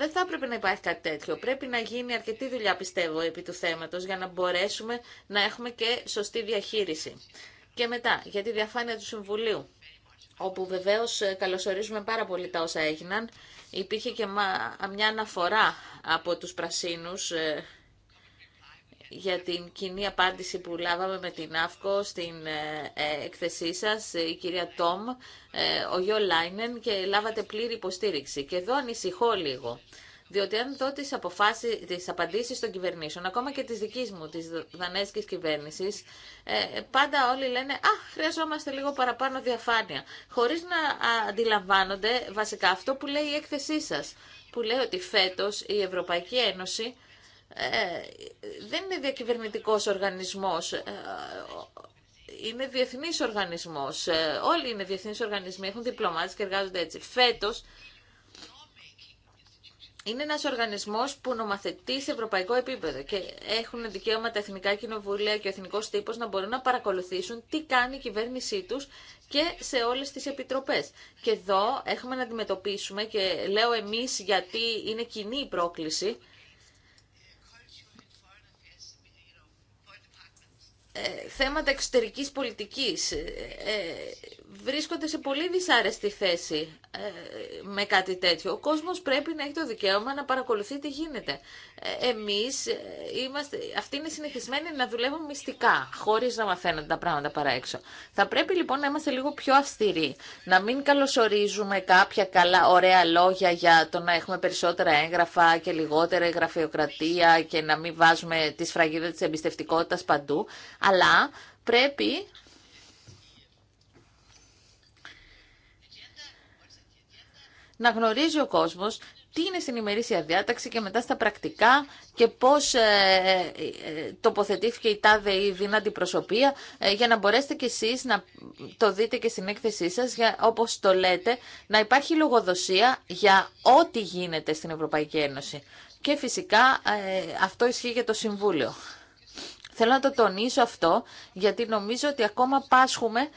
A: Δεν θα έπρεπε να υπάρχει κάτι τέτοιο. Πρέπει να γίνει αρκετή δουλειά, πιστεύω, επί του θέματος, για να μπορέσουμε να έχουμε και σωστή διαχείριση. Και μετά, για τη διαφάνεια του Συμβουλίου, όπου βεβαίως ε, καλωσορίζουμε πάρα πολύ τα όσα έγιναν. Υπήρχε και μια αναφορά από τους πρασίνους ε, για την κοινή απάντηση που λάβαμε με την ΑΦΚΟ στην εκθεσή ε, σας, η κυρία Τόμ, ε, ο Γιώ Λάινεν και λάβατε πλήρη υποστήριξη. Και εδώ ανησυχώ λίγο. Διότι αν δω τις, αποφάσεις, τις απαντήσεις των κυβερνήσεων, ακόμα και της δικής μου, της δανέσκης κυβέρνησης, ε, πάντα όλοι λένε «Α, χρειαζόμαστε λίγο παραπάνω διαφάνεια», χωρίς να αντιλαμβάνονται βασικά αυτό που λέει η έκθεσή σας, που λέει ότι φέτος η Ευρωπαϊκή Ένωση ε, δεν είναι διακυβερνητικός οργανισμός ε, είναι διεθνή οργανισμό. Ε, όλοι είναι διεθνείς οργανισμοί, έχουν διπλωμάτες και εργάζονται έτσι. Φέτος, είναι ένα οργανισμό που νομαθετεί σε ευρωπαϊκό επίπεδο και έχουν δικαίωμα τα εθνικά κοινοβούλια και ο εθνικό τύπο να μπορούν να παρακολουθήσουν τι κάνει η κυβέρνησή τους και σε όλες τις επιτροπές. Και εδώ έχουμε να αντιμετωπίσουμε και λέω εμείς γιατί είναι κοινή η πρόκληση. Ε, θέματα εξωτερικής πολιτικής ε, ε, βρίσκονται σε πολύ δυσάρεστη θέση με κάτι τέτοιο. Ο κόσμος πρέπει να έχει το δικαίωμα να παρακολουθεί τι γίνεται. Εμείς είμαστε, αυτοί είναι συνηθισμένοι να δουλεύουν μυστικά, χωρίς να μαθαίνουν τα πράγματα παρά έξω. Θα πρέπει λοιπόν να είμαστε λίγο πιο αυστηροί, να μην καλωσορίζουμε κάποια καλά ωραία λόγια για το να έχουμε περισσότερα έγγραφα και λιγότερα γραφειοκρατία και να μην βάζουμε τη σφραγίδα της εμπιστευτικότητας παντού, αλλά πρέπει να γνωρίζει ο κόσμος τι είναι στην ημερήσια διάταξη και μετά στα πρακτικά και πώς ε, ε, ε τοποθετήθηκε η τάδε ή δύνατη προσωπία ε, για να μπορέσετε κι εσείς να το δείτε και στην έκθεσή σας για, όπως το λέτε να υπάρχει λογοδοσία για ό,τι γίνεται στην Ευρωπαϊκή Ένωση. Και φυσικά αυτό ισχύει για το Συμβούλιο. Θέλω να το τονίσω αυτό, γιατί νομίζω ότι ακόμα πάσχουμε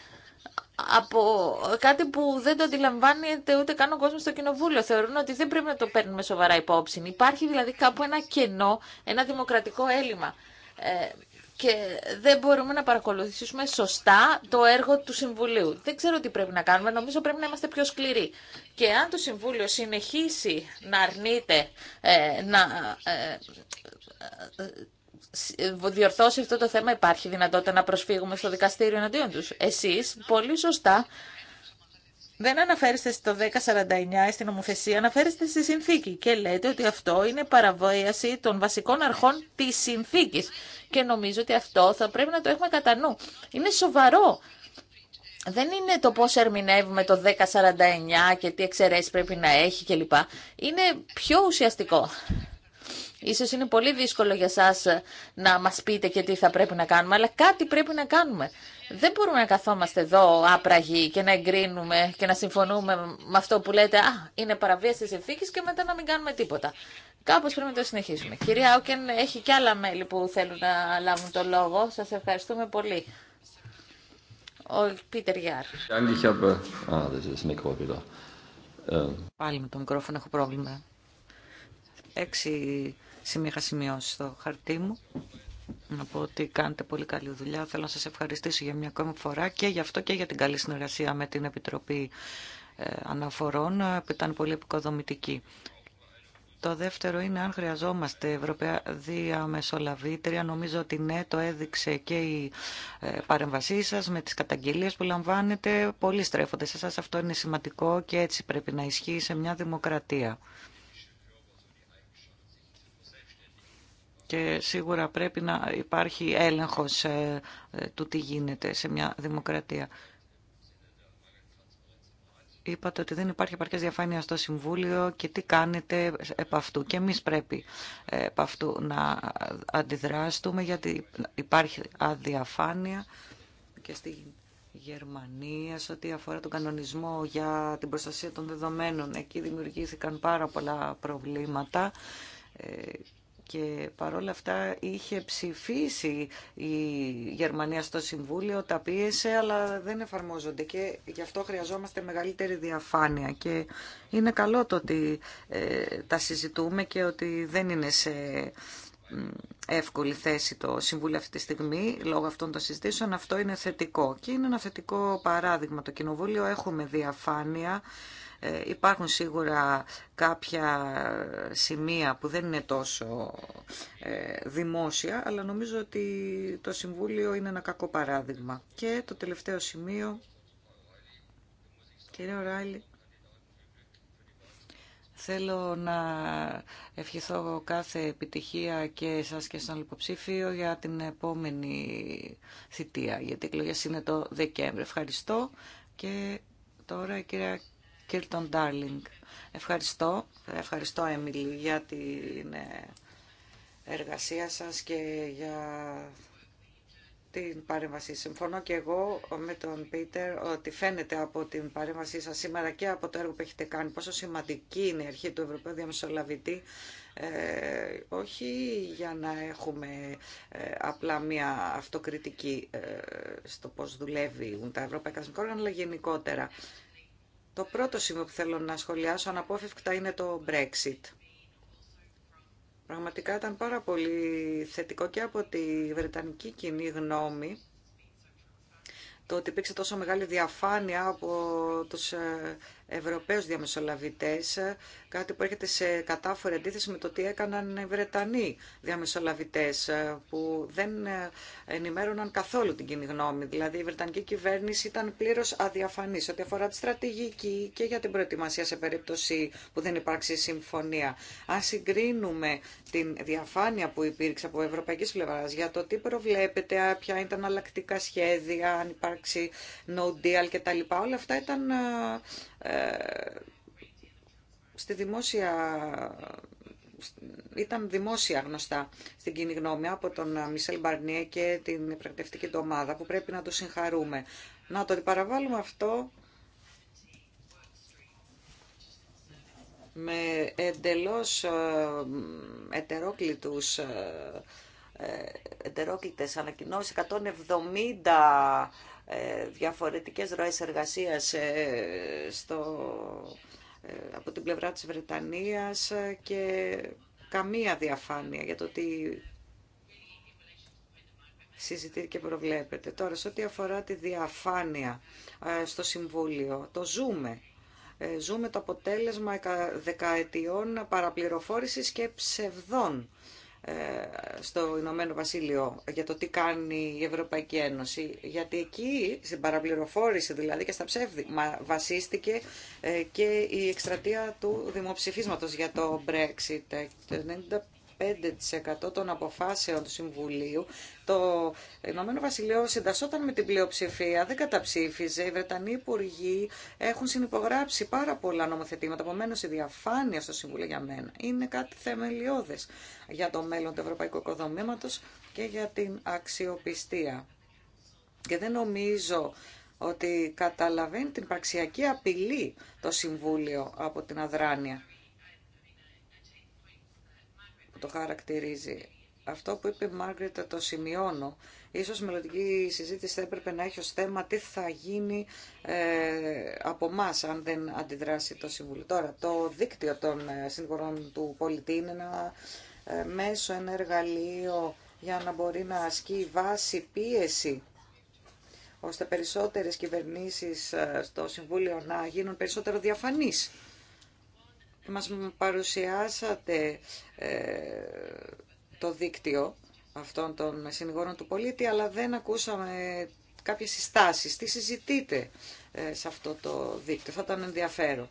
A: από κάτι που δεν το αντιλαμβάνεται ούτε καν ο κόσμο στο κοινοβούλιο. Θεωρούν ότι δεν πρέπει να το παίρνουμε σοβαρά υπόψη. Υπάρχει δηλαδή κάπου ένα κενό, ένα δημοκρατικό έλλειμμα. Ε, και δεν μπορούμε να παρακολουθήσουμε σωστά το έργο του Συμβουλίου. Δεν ξέρω τι πρέπει να κάνουμε, νομίζω πρέπει να είμαστε πιο σκληροί. Και αν το Συμβούλιο συνεχίσει να αρνείται ε, να, ε, ε, διορθώσει αυτό το θέμα, υπάρχει δυνατότητα να προσφύγουμε στο δικαστήριο εναντίον του. Εσεί, πολύ σωστά, δεν αναφέρεστε στο 1049 στην νομοθεσία, αναφέρεστε στη συνθήκη και λέτε ότι αυτό είναι παραβίαση των βασικών αρχών τη συνθήκη. Και νομίζω ότι αυτό θα πρέπει να το έχουμε κατά νου. Είναι σοβαρό δεν είναι το πώς ερμηνεύουμε το 1049 και τι εξαιρέσει πρέπει να έχει κλπ. Είναι πιο ουσιαστικό. Ίσως είναι πολύ δύσκολο για σας ε, να μας πείτε και τι θα πρέπει να κάνουμε, αλλά κάτι πρέπει να κάνουμε. Δεν μπορούμε να καθόμαστε εδώ άπραγοι και να εγκρίνουμε και να συμφωνούμε με αυτό που λέτε «Α, είναι παραβίαση της και μετά να μην κάνουμε τίποτα. Κάπως πρέπει να το συνεχίσουμε. Κυρία Όκεν, έχει και άλλα μέλη που θέλουν να λάβουν το λόγο. Σας ευχαριστούμε πολύ. Ο Πίτερ Γιάρ. Ah, Πάλι με το μικρόφωνο έχω πρόβλημα.
C: Έξι είχα σημειώσει στο χαρτί μου. Να πω ότι κάνετε πολύ καλή δουλειά. Θέλω να σας ευχαριστήσω για μια ακόμη φορά και γι' αυτό και για την καλή συνεργασία με την Επιτροπή ε, Αναφορών ε, που ήταν πολύ επικοδομητική. Το δεύτερο είναι αν χρειαζόμαστε Ευρωπαία διαμεσολαβήτρια. Νομίζω ότι ναι, το έδειξε και η ε, παρεμβασή σα με τι καταγγελίε που λαμβάνετε. Πολλοί στρέφονται σε εσά, Αυτό είναι σημαντικό και έτσι πρέπει να ισχύει σε μια δημοκρατία. και σίγουρα πρέπει να υπάρχει έλεγχος ε, ε, του τι γίνεται σε μια δημοκρατία. Είπατε ότι δεν υπάρχει επαρκέ διαφάνεια στο Συμβούλιο και τι κάνετε επ' αυτού. Και εμεί πρέπει ε, επ' αυτού να αντιδράσουμε γιατί υπάρχει αδιαφάνεια και στη Γερμανία σε ό,τι αφορά τον κανονισμό για την προστασία των δεδομένων. Εκεί δημιουργήθηκαν πάρα πολλά προβλήματα και παρόλα αυτά είχε ψηφίσει η Γερμανία στο Συμβούλιο, τα πίεσε, αλλά δεν εφαρμόζονται και γι' αυτό χρειαζόμαστε μεγαλύτερη διαφάνεια και είναι καλό το ότι ε, τα συζητούμε και ότι δεν είναι σε εύκολη θέση το Συμβούλιο αυτή τη στιγμή λόγω αυτών των συζητήσεων. Αυτό είναι θετικό και είναι ένα θετικό παράδειγμα. Το Κοινοβούλιο έχουμε διαφάνεια ε, υπάρχουν σίγουρα κάποια σημεία που δεν είναι τόσο ε, δημόσια, αλλά νομίζω ότι το Συμβούλιο είναι ένα κακό παράδειγμα. Και το τελευταίο σημείο, κύριε Ράιλι, Θέλω να ευχηθώ κάθε επιτυχία και σας και στον υποψήφιο για την επόμενη θητεία, γιατί η εκλογές είναι το Δεκέμβριο. Ευχαριστώ και τώρα η κυρία Κίρτον Ντάρλινγκ. Ευχαριστώ, ευχαριστώ Έμιλι για την ε, εργασία σας και για την παρέμβασή. Συμφωνώ και εγώ με τον Πίτερ ότι φαίνεται από την παρέμβασή σας σήμερα και από το έργο που έχετε κάνει πόσο σημαντική είναι η αρχή του Ευρωπαίου Διαμεσολαβητή ε, όχι για να έχουμε ε, απλά μια αυτοκριτική στο πώς δουλεύουν τα ευρωπαϊκά όργανα, αλλά γενικότερα το πρώτο σημείο που θέλω να σχολιάσω αναπόφευκτα είναι το Brexit. Πραγματικά ήταν πάρα πολύ θετικό και από τη Βρετανική κοινή γνώμη το ότι υπήρξε τόσο μεγάλη διαφάνεια από τους ε, Ευρωπαίους διαμεσολαβητές, ε, κάτι που έρχεται σε κατάφορη αντίθεση με το τι έκαναν οι Βρετανοί διαμεσολαβητές, ε, που δεν ε, ενημέρωναν καθόλου την κοινή γνώμη. Δηλαδή η Βρετανική κυβέρνηση ήταν πλήρως αδιαφανής ό,τι αφορά τη στρατηγική και για την προετοιμασία σε περίπτωση που δεν υπάρξει συμφωνία. Αν συγκρίνουμε την διαφάνεια που υπήρξε από ευρωπαϊκή πλευρά για το τι προβλέπεται, ποια ήταν αλλακτικά σχέδια, αν υπάρξει no deal κτλ. Όλα αυτά ήταν ε, στη δημόσια ήταν δημόσια γνωστά στην κοινή γνώμη από τον Μισελ Μπαρνιέ και την πρακτευτική του ομάδα που πρέπει να το συγχαρούμε. Να το παραβάλουμε αυτό με εντελώς ε, ετερόκλητους ε, ετερόκλητες ανακοινώσεις 170 ε, διαφορετικές ροές εργασίας ε, στο, ε, από την πλευρά της Βρετανίας και καμία διαφάνεια για το τι συζητεί και προβλέπεται. Τώρα, σε ό,τι αφορά τη διαφάνεια στο Συμβούλιο, το ζούμε. Ζούμε το αποτέλεσμα δεκαετιών παραπληροφόρησης και ψευδών ε, στο Ηνωμένο Βασίλειο για το τι κάνει η Ευρωπαϊκή Ένωση. Γιατί εκεί, στην παραπληροφόρηση δηλαδή και στα ψεύδη, βασίστηκε ε, και η εκστρατεία του δημοψηφίσματος για το Brexit. Ε, 95% των αποφάσεων του Συμβουλίου. Το Ηνωμένο Βασιλείο συντασσόταν με την πλειοψηφία, δεν καταψήφιζε. Οι Βρετανοί υπουργοί έχουν συνυπογράψει πάρα πολλά νομοθετήματα. Επομένω, η διαφάνεια στο Συμβούλιο για μένα είναι κάτι θεμελιώδε για το μέλλον του Ευρωπαϊκού Οικοδομήματο και για την αξιοπιστία. Και δεν νομίζω ότι καταλαβαίνει την πραξιακή απειλή το Συμβούλιο από την αδράνεια το χαρακτηρίζει. Αυτό που είπε η Μάγκριτα το σημειώνω. Ίσως η μελλοντική συζήτηση θα έπρεπε να έχει ως θέμα τι θα γίνει ε, από εμά αν δεν αντιδράσει το Συμβούλιο. Τώρα, το δίκτυο των ε, συνηγορών του πολιτή είναι ένα ε, μέσο, ένα εργαλείο για να μπορεί να ασκεί βάση πίεση ώστε περισσότερες κυβερνήσεις στο Συμβούλιο να γίνουν περισσότερο διαφανείς μας παρουσιάσατε ε, το δίκτυο αυτών των συνηγόρων του πολίτη, αλλά δεν ακούσαμε κάποιες συστάσεις. Τι συζητείτε ε, σε αυτό το δίκτυο. Θα ήταν ενδιαφέρον.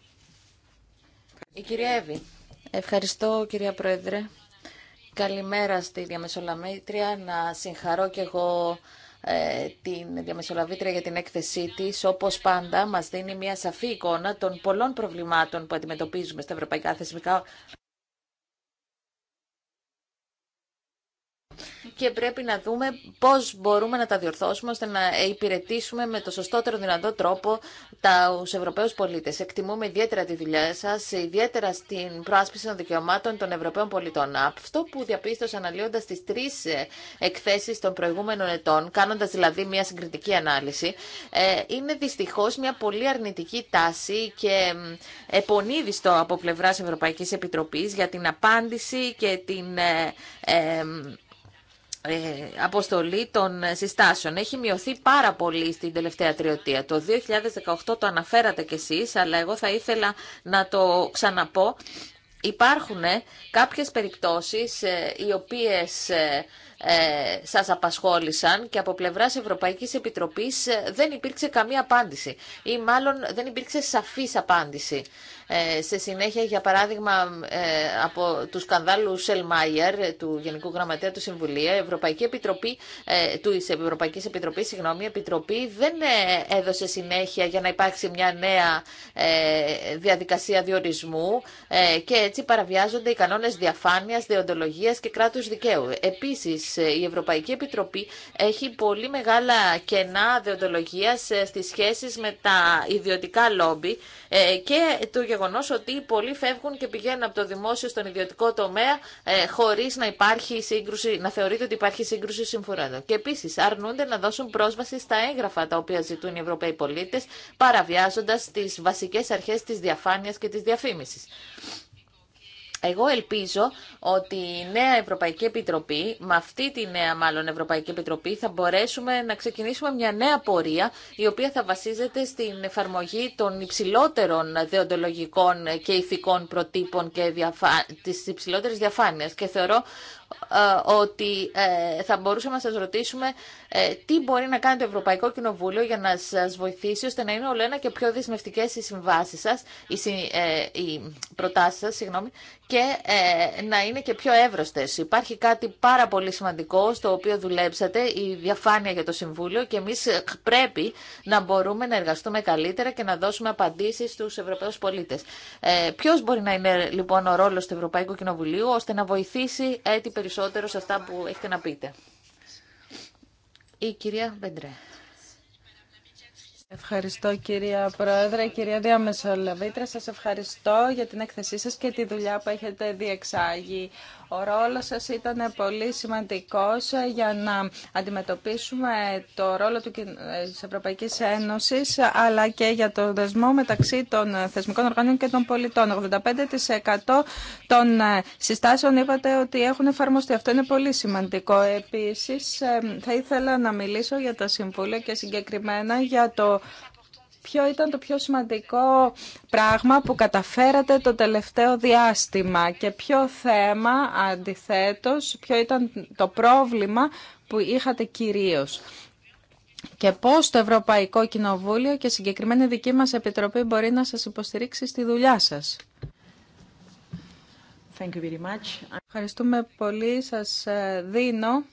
C: Η κυρία Εύη.
A: Ευχαριστώ κυρία Πρόεδρε. Καλημέρα στη Διαμεσολαμήτρια. Να συγχαρώ και εγώ ε, την διαμεσολαβήτρια για την έκθεσή τη, όπω πάντα μα δίνει μια σαφή εικόνα των πολλών προβλημάτων που αντιμετωπίζουμε στα ευρωπαϊκά θεσμικά και πρέπει να δούμε πώς μπορούμε να τα διορθώσουμε ώστε να υπηρετήσουμε με το σωστότερο δυνατό τρόπο τους Ευρωπαίους πολίτες. Εκτιμούμε ιδιαίτερα τη δουλειά σας, ιδιαίτερα στην προάσπιση των δικαιωμάτων των Ευρωπαίων πολιτών. Αυτό που διαπίστωσα αναλύοντας τις τρεις ε, εκθέσεις των προηγούμενων ετών, κάνοντας δηλαδή μια συγκριτική ανάλυση, ε, είναι δυστυχώ μια πολύ αρνητική τάση και επονίδιστο από πλευρά Ευρωπαϊκή Επιτροπή για την απάντηση και την ε, ε ε, αποστολή των συστάσεων έχει μειωθεί πάρα πολύ στην τελευταία τριωτία. Το 2018 το αναφέρατε κι εσείς, αλλά εγώ θα ήθελα να το ξαναπώ. Υπάρχουν ε, κάποιες περιπτώσεις ε, οι οποίες ε, σας απασχόλησαν και από πλευράς Ευρωπαϊκής Επιτροπής δεν υπήρξε καμία απάντηση ή μάλλον δεν υπήρξε σαφής απάντηση. Ε, σε συνέχεια, για παράδειγμα, ε, από του σκανδάλου Σελμάιερ, του Γενικού Γραμματέα του Συμβουλίου, η Ευρωπαϊκή Επιτροπή, ε, του Ευρωπαϊκής Επιτροπής, συγγνώμη, Επιτροπή δεν έδωσε συνέχεια για να υπάρξει μια νέα διαδικασία διορισμού και έτσι παραβιάζονται οι κανόνες διαφάνειας, δεοντολογίας και κράτους δικαίου. Επίση, η Ευρωπαϊκή Επιτροπή έχει πολύ μεγάλα κενά δεοντολογίας στι σχέσεις με τα ιδιωτικά λόμπι και το γεγονό ότι πολλοί φεύγουν και πηγαίνουν από το δημόσιο στον ιδιωτικό τομέα ε, χωρίς να υπάρχει σύγκρουση, να θεωρείται ότι υπάρχει σύγκρουση συμφωνών. Και επίση αρνούνται να δώσουν πρόσβαση στα έγγραφα τα οποία ζητούν οι Ευρωπαίοι πολίτε, παραβιάζοντα τι βασικέ αρχέ τη διαφάνεια και τη διαφήμιση. Εγώ ελπίζω ότι η νέα Ευρωπαϊκή Επιτροπή, με αυτή τη νέα μάλλον Ευρωπαϊκή Επιτροπή, θα μπορέσουμε να ξεκινήσουμε μια νέα πορεία, η οποία θα βασίζεται στην εφαρμογή των υψηλότερων δεοντολογικών και ηθικών προτύπων και διαφα... της υψηλότερης διαφάνειας. Και θεωρώ ε, ότι ε, θα μπορούσαμε να σας ρωτήσουμε ε, τι μπορεί να κάνει το Ευρωπαϊκό Κοινοβούλιο για να σας βοηθήσει ώστε να είναι όλο ένα και πιο δυσμευτικές οι συμβάσεις σας, οι, συ, οι συγγνώμη, και ε, να είναι και πιο εύρωστες. Υπάρχει κάτι πάρα πολύ σημαντικό στο οποίο δουλέψατε, η διαφάνεια για το Συμβούλιο και εμείς πρέπει να μπορούμε να εργαστούμε καλύτερα και να δώσουμε απαντήσεις στους Ευρωπαίους πολίτες. Ε, ποιος μπορεί να είναι λοιπόν ο ρόλος του Ευρωπαϊκού Κοινοβουλίου ώστε να βοηθήσει έτσι ε, περισσότερο σε αυτά που έχετε να πείτε. Η κυρία Μπεντρέ.
B: Ευχαριστώ κυρία Πρόεδρε, κυρία Διαμεσολαβήτρα, Σας ευχαριστώ για την έκθεσή σας και τη δουλειά που έχετε διεξάγει ο ρόλος σας ήταν πολύ σημαντικός ε, για να αντιμετωπίσουμε το ρόλο του, ε, της Ευρωπαϊκής Ένωσης αλλά και για το δεσμό μεταξύ των ε, θεσμικών οργάνων και των πολιτών. 85% των συστάσεων είπατε ότι έχουν εφαρμοστεί. Αυτό είναι πολύ σημαντικό. Επίσης θα ήθελα να μιλήσω για τα συμβούλια και συγκεκριμένα για το ποιο ήταν το πιο σημαντικό πράγμα που καταφέρατε το τελευταίο διάστημα και ποιο θέμα αντιθέτως, ποιο ήταν το πρόβλημα που είχατε κυρίως. Και πώς το Ευρωπαϊκό Κοινοβούλιο και συγκεκριμένη δική μας Επιτροπή μπορεί να σας υποστηρίξει στη δουλειά σας. Thank you very much. Ευχαριστούμε πολύ. Σας ε, δίνω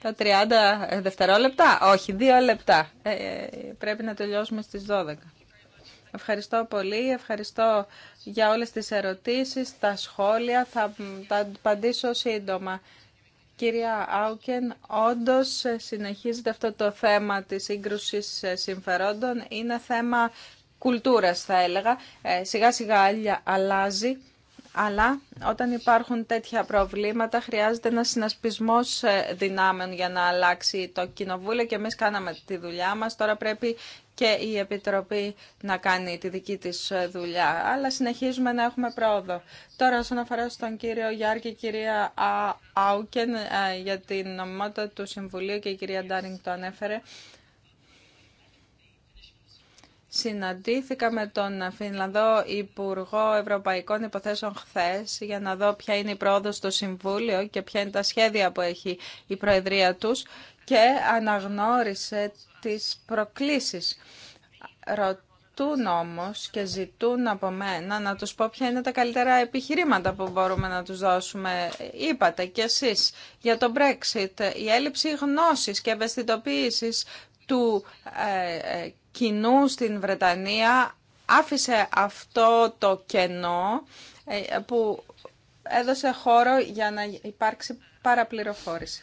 B: τα 30 δευτερόλεπτα. Όχι, δύο λεπτά. Ε, ε πρέπει να τελειώσουμε στις 12. Ευχαριστώ πολύ. Ευχαριστώ για όλες τις ερωτήσεις, τα σχόλια. Θα τα απαντήσω σύντομα. Κυρία Άουκεν, όντως ε, συνεχίζεται αυτό το θέμα της σύγκρουση ε, συμφερόντων. Είναι θέμα κουλτούρας, θα έλεγα. Ε, σιγά σιγά αλλάζει. Αλλά όταν υπάρχουν τέτοια προβλήματα χρειάζεται ένα συνασπισμός ε, δυνάμεων για να αλλάξει το κοινοβούλιο και εμείς κάναμε τη δουλειά μας. Τώρα πρέπει και η Επιτροπή να κάνει τη δική της ε, δουλειά. Αλλά συνεχίζουμε να έχουμε πρόοδο. Τώρα όσον αφορά στον κύριο Γιάρ και κυρία Άουκεν ε, για την νομιμότητα του Συμβουλίου και η κυρία Ντάρινγκ το ανέφερε. Συναντήθηκα με τον Φινλανδό Υπουργό Ευρωπαϊκών Υποθέσεων χθε για να δω ποια είναι η πρόοδο στο Συμβούλιο και ποια είναι τα σχέδια που έχει η Προεδρία τους και αναγνώρισε τις προκλήσεις. Ρωτούν όμως και ζητούν από μένα να τους πω ποια είναι τα καλύτερα επιχειρήματα που μπορούμε να του δώσουμε. Είπατε κι εσείς για το Brexit, η έλλειψη γνώσης και ευαισθητοποίησης του ε, ε, κοινού στην Βρετανία άφησε αυτό το κενό ε, που έδωσε χώρο για να υπάρξει παραπληροφόρηση.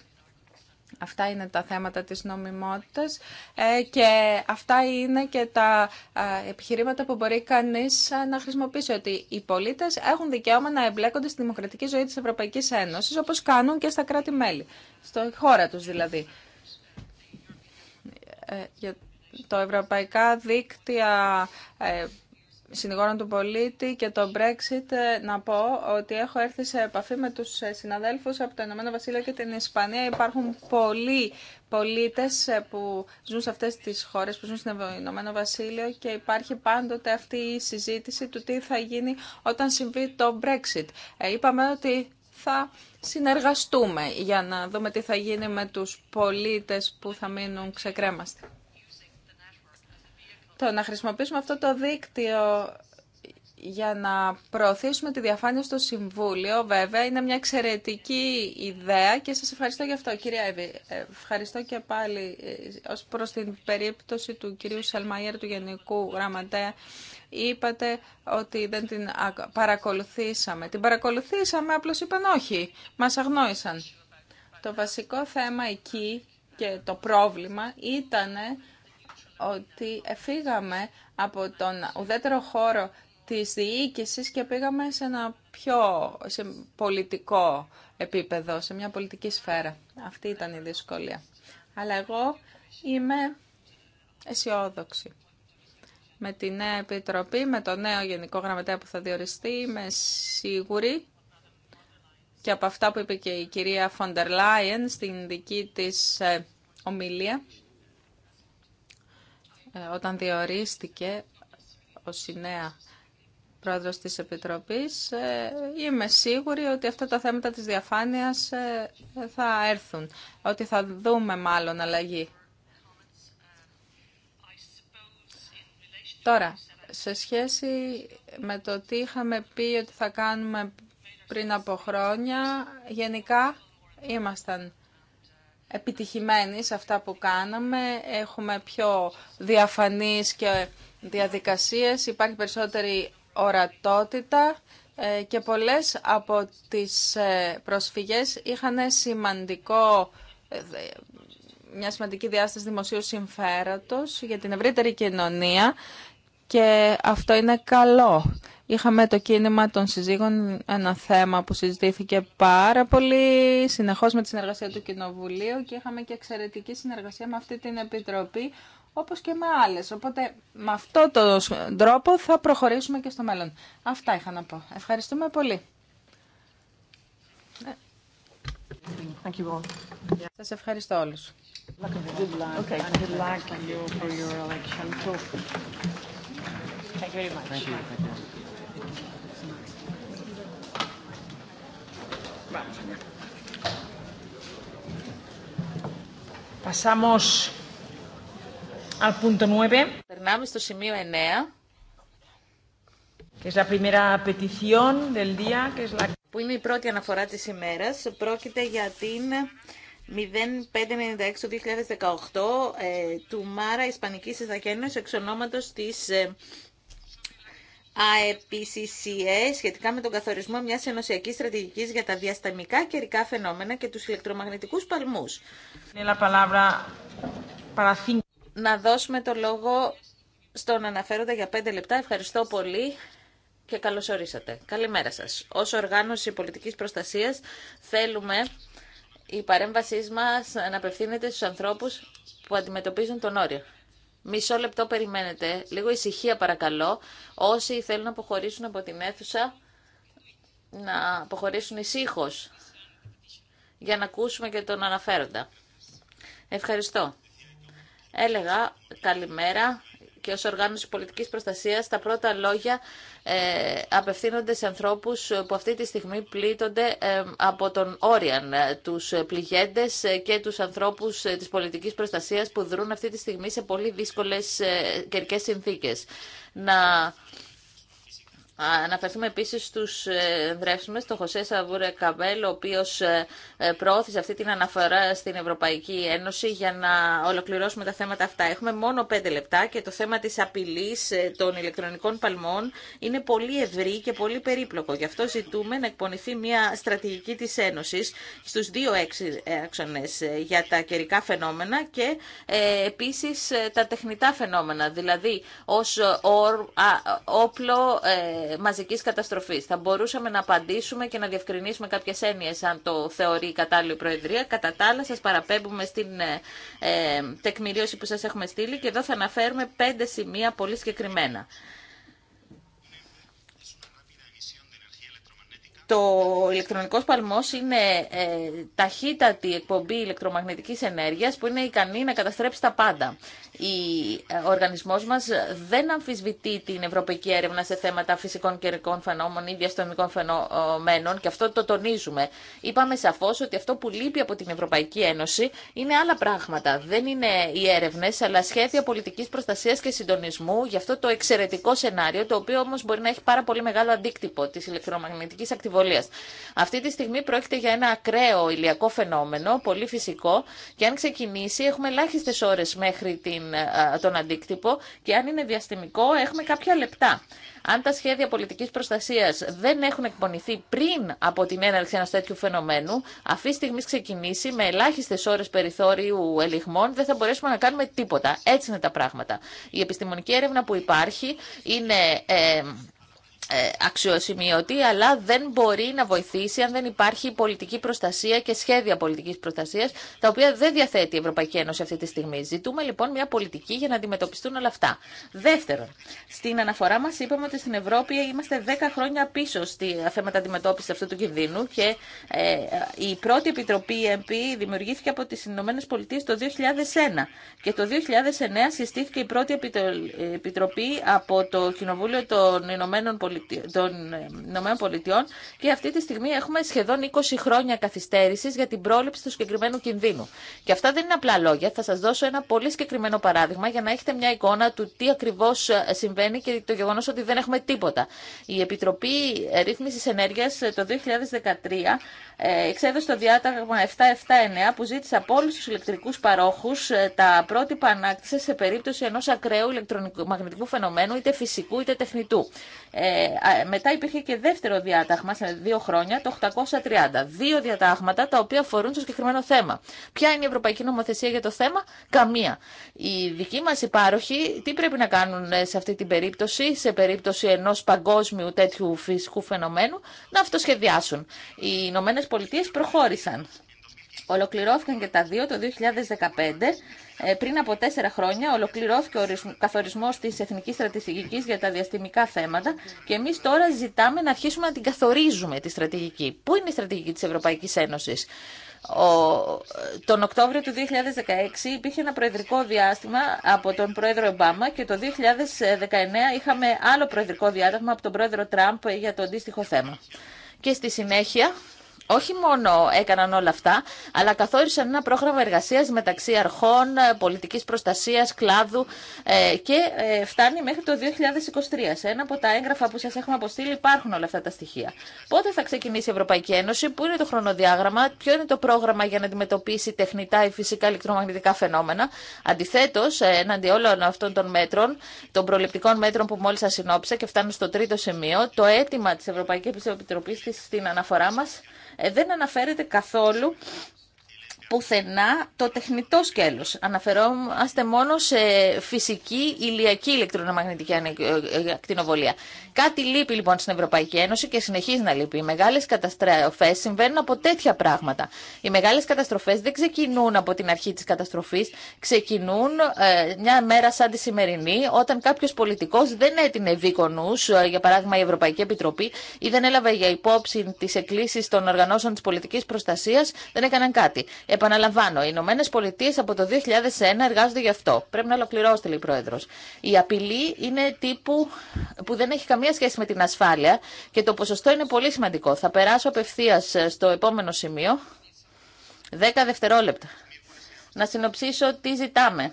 B: Αυτά είναι τα θέματα της νομιμότητας ε, και αυτά είναι και τα ε, επιχειρήματα που μπορεί κανείς να χρησιμοποιήσει ότι οι πολίτες έχουν δικαίωμα να εμπλέκονται στη δημοκρατική ζωή της Ευρωπαϊκής Ένωσης όπως κάνουν και στα κράτη-μέλη, στο χώρα τους δηλαδή. για το ευρωπαϊκά δίκτυα ε, συνηγόρων του πολίτη και το Brexit ε, να πω ότι έχω έρθει σε επαφή με τους ε, συναδέλφους από το Ηνωμένο Βασίλειο και την Ισπανία. Υπάρχουν πολλοί πολίτες που ζουν σε αυτές τις χώρες που ζουν στο Ηνωμένο Βασίλειο και υπάρχει πάντοτε αυτή η συζήτηση του τι θα γίνει όταν συμβεί το Brexit. Είπαμε ότι θα συνεργαστούμε για να δούμε τι θα γίνει με τους πολίτες που θα μείνουν ξεκρέμαστοι να χρησιμοποιήσουμε αυτό το δίκτυο για να προωθήσουμε τη διαφάνεια στο Συμβούλιο, βέβαια, είναι μια εξαιρετική ιδέα και σας ευχαριστώ για αυτό, κυρία Εύη. Ε, ευχαριστώ και πάλι ε, ως προς την περίπτωση του κυρίου Σαλμαϊέρ, του Γενικού Γραμματέα. Είπατε ότι δεν την παρακολουθήσαμε. Την παρακολουθήσαμε, απλώς είπαν όχι. Μας αγνόησαν. Το βασικό θέμα εκεί και το πρόβλημα ήτανε ότι φύγαμε από τον ουδέτερο χώρο της διοίκησης και πήγαμε σε ένα πιο σε πολιτικό επίπεδο, σε μια πολιτική σφαίρα. Αυτή ήταν η δυσκολία. Αλλά εγώ είμαι αισιόδοξη. Με την νέα επιτροπή, με το νέο γενικό γραμματέα που θα διοριστεί, είμαι σίγουρη και από αυτά που είπε και η κυρία Φοντερ Λάιεν στην δική της ε, ομιλία, ε, όταν διορίστηκε ο Σινέα πρόεδρος της Επιτροπής, ε, είμαι σίγουρη ότι αυτά τα θέματα της διαφάνειας ε, θα έρθουν, ότι θα δούμε μάλλον αλλαγή. Τώρα, σε σχέση με το τι είχαμε πει ότι θα κάνουμε πριν από χρόνια, γενικά ήμασταν επιτυχημένοι σε αυτά που κάναμε. Έχουμε πιο διαφανείς και διαδικασίες, υπάρχει περισσότερη ορατότητα ε, και πολλές από τις ε, προσφυγές είχαν σημαντικό ε, μια σημαντική διάσταση δημοσίου συμφέροντος για την ευρύτερη κοινωνία και αυτό είναι καλό. Είχαμε το κίνημα των συζύγων, ένα θέμα που συζητήθηκε πάρα πολύ συνεχώς με τη συνεργασία του Κοινοβουλίου και είχαμε και εξαιρετική συνεργασία με αυτή την Επιτροπή, όπως και με άλλες. Οπότε με αυτό τον τρόπο θα προχωρήσουμε και στο μέλλον. Αυτά είχα να πω. Ευχαριστούμε πολύ. Thank Σας ευχαριστώ όλους.
A: Thank you very Pasamos al punto 9. Περνάμε στο σημείο 9. Que es la primera petición del día, que es la... Που είναι η πρώτη αναφορά της ημέρας. Πρόκειται για την 0596 του 2018 ε, του Μάρα Ισπανικής Ιθακένωσης εξ ονόματος της ε, ΑΕΠΣΙΣΙΕ σχετικά με τον καθορισμό μια ενωσιακή στρατηγική για τα διασταμικά καιρικά φαινόμενα και του ηλεκτρομαγνητικού παλμού. Να δώσουμε το λόγο στον αναφέροντα για πέντε λεπτά. Ευχαριστώ πολύ και καλώ ορίσατε. Καλημέρα σα. Ως οργάνωση πολιτική Προστασία θέλουμε η παρέμβασή μα να απευθύνεται στου ανθρώπου που αντιμετωπίζουν τον όριο. Μισό λεπτό περιμένετε. Λίγο ησυχία παρακαλώ. Όσοι θέλουν να αποχωρήσουν από την αίθουσα, να αποχωρήσουν ησύχω για να ακούσουμε και τον αναφέροντα. Ευχαριστώ. Έλεγα καλημέρα και ως οργάνωση πολιτικής προστασίας τα πρώτα λόγια ε, απευθύνονται σε ανθρώπους που αυτή τη στιγμή πλήττονται ε, από τον Όριαν, ε, τους πληγέντες και τους ανθρώπους της πολιτικής προστασίας που δρούν αυτή τη στιγμή σε πολύ δύσκολες καιρικές συνθήκες. Να Αναφερθούμε επίσης στους ε, μα, τον Χωσέ Σαβούρε Καμπέλ, ο οποίο ε, ε, προώθησε αυτή την αναφορά στην Ευρωπαϊκή Ένωση για να ολοκληρώσουμε τα θέματα αυτά. Έχουμε μόνο πέντε λεπτά και το θέμα της απειλής των ηλεκτρονικών παλμών είναι πολύ ευρύ και πολύ περίπλοκο. Γι' αυτό ζητούμε να εκπονηθεί μια στρατηγική τη Ένωση, στου δύο έξονες για τα καιρικά φαινόμενα και επίσης τα τεχνητά φαινόμενα, δηλαδή ω όπλο μαζικής καταστροφής. Θα μπορούσαμε να απαντήσουμε και να διευκρινίσουμε κάποιες έννοιες αν το θεωρεί η κατάλληλη Προεδρία. Κατά τα άλλα σας παραπέμπουμε στην ε, ε, τεκμηρίωση που σας έχουμε στείλει και εδώ θα αναφέρουμε πέντε σημεία πολύ συγκεκριμένα. το ηλεκτρονικό παλμός είναι ε, ταχύτατη εκπομπή ηλεκτρομαγνητικής ενέργειας που είναι ικανή να καταστρέψει τα πάντα. Ε, ο οργανισμός μας δεν αμφισβητεί την ευρωπαϊκή έρευνα σε θέματα φυσικών καιρικών φαινόμενων ή διαστομικών φαινομένων και αυτό το τονίζουμε. Είπαμε σαφώς ότι αυτό που λείπει από την Ευρωπαϊκή Ένωση είναι άλλα πράγματα. Δεν είναι οι έρευνε αλλά σχέδια πολιτικής προστασίας και συντονισμού για αυτό το εξαιρετικό σενάριο το οποίο όμως μπορεί να έχει πάρα πολύ μεγάλο αντίκτυπο τη ηλεκτρομαγνητικής ακτιβολίας αυτή τη στιγμή πρόκειται για ένα ακραίο ηλιακό φαινόμενο, πολύ φυσικό, και αν ξεκινήσει έχουμε ελάχιστε ώρε μέχρι την, ε, τον αντίκτυπο και αν είναι διαστημικό έχουμε κάποια λεπτά. Αν τα σχέδια πολιτική προστασία δεν έχουν εκπονηθεί πριν από την έναρξη ενό τέτοιου φαινομένου, αυτή τη στιγμή ξεκινήσει με ελάχιστε ώρε περιθώριου ελιγμών, δεν θα μπορέσουμε να κάνουμε τίποτα. Έτσι είναι τα πράγματα. Η επιστημονική έρευνα που υπάρχει είναι. Ε, ε, αξιοσημειωτή, αλλά δεν μπορεί να βοηθήσει αν δεν υπάρχει πολιτική προστασία και σχέδια πολιτική προστασία, τα οποία δεν διαθέτει η Ευρωπαϊκή Ένωση αυτή τη στιγμή. Ζητούμε λοιπόν μια πολιτική για να αντιμετωπιστούν όλα αυτά. Δεύτερον, στην αναφορά μα είπαμε ότι στην Ευρώπη είμαστε 10 χρόνια πίσω στη ε, θέματα αντιμετώπιση αυτού του κινδύνου και ε, η πρώτη επιτροπή EMP δημιουργήθηκε από τι Ηνωμένες Πολιτείε το 2001 και το 2009 συστήθηκε η πρώτη ε, επιτροπή από το Κοινοβούλιο των Ηνωμένων των ε, ΗΠΑ και αυτή τη στιγμή έχουμε σχεδόν 20 χρόνια καθυστέρηση για την πρόληψη του συγκεκριμένου κινδύνου. Και αυτά δεν είναι απλά λόγια. Θα σα δώσω ένα πολύ συγκεκριμένο παράδειγμα για να έχετε μια εικόνα του τι ακριβώ ε, συμβαίνει και το γεγονό ότι δεν έχουμε τίποτα. Η Επιτροπή Ρύθμιση Ενέργεια ε, το 2013 εξέδωσε το διάταγμα 779 που ζήτησε από όλου του ηλεκτρικού παρόχου τα πρότυπα ανάκτηση σε περίπτωση ενό ακραίου ηλεκτρομαγνητικού φαινομένου, είτε φυσικού είτε τεχνητού. Ε, μετά υπήρχε και δεύτερο διάταγμα σε δύο χρόνια, το 830. Δύο διατάγματα τα οποία αφορούν στο συγκεκριμένο θέμα. Ποια είναι η Ευρωπαϊκή Νομοθεσία για το θέμα? Καμία. Οι δικοί μας υπάροχοι τι πρέπει να κάνουν σε αυτή την περίπτωση, σε περίπτωση ενός παγκόσμιου τέτοιου φυσικού φαινομένου, να αυτοσχεδιάσουν. Οι Ηνωμένε Πολιτείε προχώρησαν. Ολοκληρώθηκαν και τα δύο το 2015. Ε, πριν από τέσσερα χρόνια ολοκληρώθηκε ο καθορισμό τη Εθνική Στρατηγική για τα διαστημικά θέματα και εμεί τώρα ζητάμε να αρχίσουμε να την καθορίζουμε τη στρατηγική. Πού είναι η στρατηγική τη Ευρωπαϊκή Ένωση. Τον Οκτώβριο του 2016 υπήρχε ένα προεδρικό διάστημα από τον πρόεδρο Ομπάμα και το 2019 είχαμε άλλο προεδρικό διάταγμα από τον πρόεδρο Τραμπ για το αντίστοιχο θέμα. Και στη συνέχεια όχι μόνο έκαναν όλα αυτά, αλλά καθόρισαν ένα πρόγραμμα εργασίας μεταξύ αρχών, ε, πολιτικής προστασίας, κλάδου ε, και ε, φτάνει μέχρι το 2023. Σε ένα από τα έγγραφα που σας έχουμε αποστείλει υπάρχουν όλα αυτά τα στοιχεία. Πότε θα ξεκινήσει η Ευρωπαϊκή Ένωση, πού είναι το χρονοδιάγραμμα, ποιο είναι το πρόγραμμα για να αντιμετωπίσει τεχνητά ή φυσικά ηλεκτρομαγνητικά φαινόμενα. Αντιθέτω, έναντι όλων αυτών των μέτρων, των προληπτικών μέτρων που μόλι σα συνόψα και φτάνουν στο τρίτο σημείο, το αίτημα τη Ευρωπαϊκή Επιτροπή στην αναφορά μα ε, δεν αναφέρεται καθόλου πουθενά το τεχνητό σκέλος. Αναφερόμαστε μόνο σε φυσική ηλιακή ηλεκτρονομαγνητική ε, ε, ακτινοβολία. Κάτι λείπει λοιπόν στην Ευρωπαϊκή Ένωση και συνεχίζει να λείπει. Οι μεγάλε καταστροφέ συμβαίνουν από τέτοια πράγματα. Οι μεγάλες καταστροφέ δεν ξεκινούν από την αρχή τη καταστροφή, ξεκινούν ε, μια μέρα σαν τη σημερινή όταν κάποιο πολιτικό δεν έτεινε ε, για παράδειγμα η Ευρωπαϊκή Επιτροπή ή δεν έλαβε για υπόψη τι εκκλήσει των οργανώσεων τη πολιτική προστασία, δεν έκαναν κάτι. Επαναλαμβάνω, οι Ηνωμένε Πολιτείε από το 2001 εργάζονται γι' αυτό. Πρέπει να ολοκληρώσετε, λέει η Πρόεδρο. Η απειλή είναι τύπου που δεν έχει καμία σχέση με την ασφάλεια και το ποσοστό είναι πολύ σημαντικό. Θα περάσω απευθεία ε, στο επόμενο σημείο. Δέκα δευτερόλεπτα. Να συνοψίσω τι ζητάμε.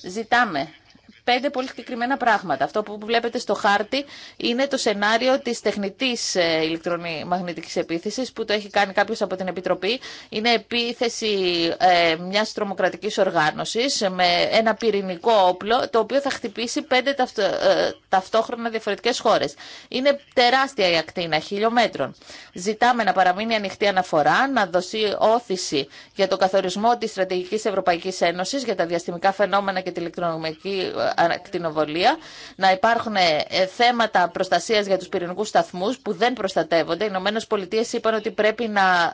A: Ζητάμε πέντε πολύ συγκεκριμένα πράγματα. Αυτό που βλέπετε στο χάρτη είναι το σενάριο της τεχνητής ε, ηλεκτρομαγνητικής επίθεσης που το έχει κάνει κάποιος από την Επιτροπή. Είναι επίθεση ε, μιας τρομοκρατικής οργάνωσης με ένα πυρηνικό όπλο το οποίο θα χτυπήσει πέντε ε, ταυτόχρονα διαφορετικές χώρες. Είναι τεράστια η ακτίνα, χιλιόμετρων. Ζητάμε να παραμείνει ανοιχτή αναφορά, να δοθεί όθηση για το καθορισμό της στρατηγικής Ευρωπαϊκής Ένωσης για τα διαστημικά φαινόμενα και τη ηλεκτρονομική ακτινοβολία, να υπάρχουν ε, θέματα προστασίας για τους πυρηνικού σταθμού που δεν προστατεύονται. Οι Ηνωμένε Πολιτείε είπαν ότι πρέπει να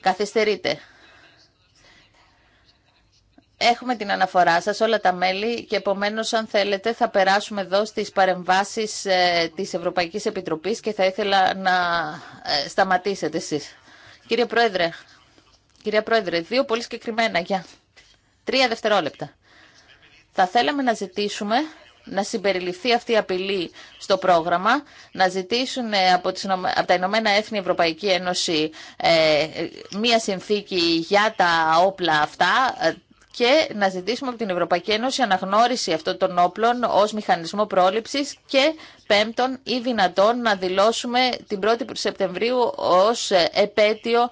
A: καθυστερείτε. Έχουμε την αναφορά σας όλα τα μέλη και επομένως αν θέλετε θα περάσουμε εδώ στις παρεμβάσεις ε, της Ευρωπαϊκής Επιτροπής και θα ήθελα να ε, σταματήσετε εσείς. Κύριε Πρόεδρε, κυρία Πρόεδρε, δύο πολύ συγκεκριμένα, για τρία δευτερόλεπτα. Θα θέλαμε να ζητήσουμε να συμπεριληφθεί αυτή η απειλή στο πρόγραμμα, να ζητήσουν ε, από, τις, από τα Ηνωμένα Έθνη Ευρωπαϊκή Ένωση ε, μία συνθήκη για τα όπλα αυτά, ε, και να ζητήσουμε από την Ευρωπαϊκή Ένωση αναγνώριση αυτών των όπλων ως μηχανισμό πρόληψης και πέμπτον ή δυνατόν να δηλώσουμε την 1η Σεπτεμβρίου ως επέτειο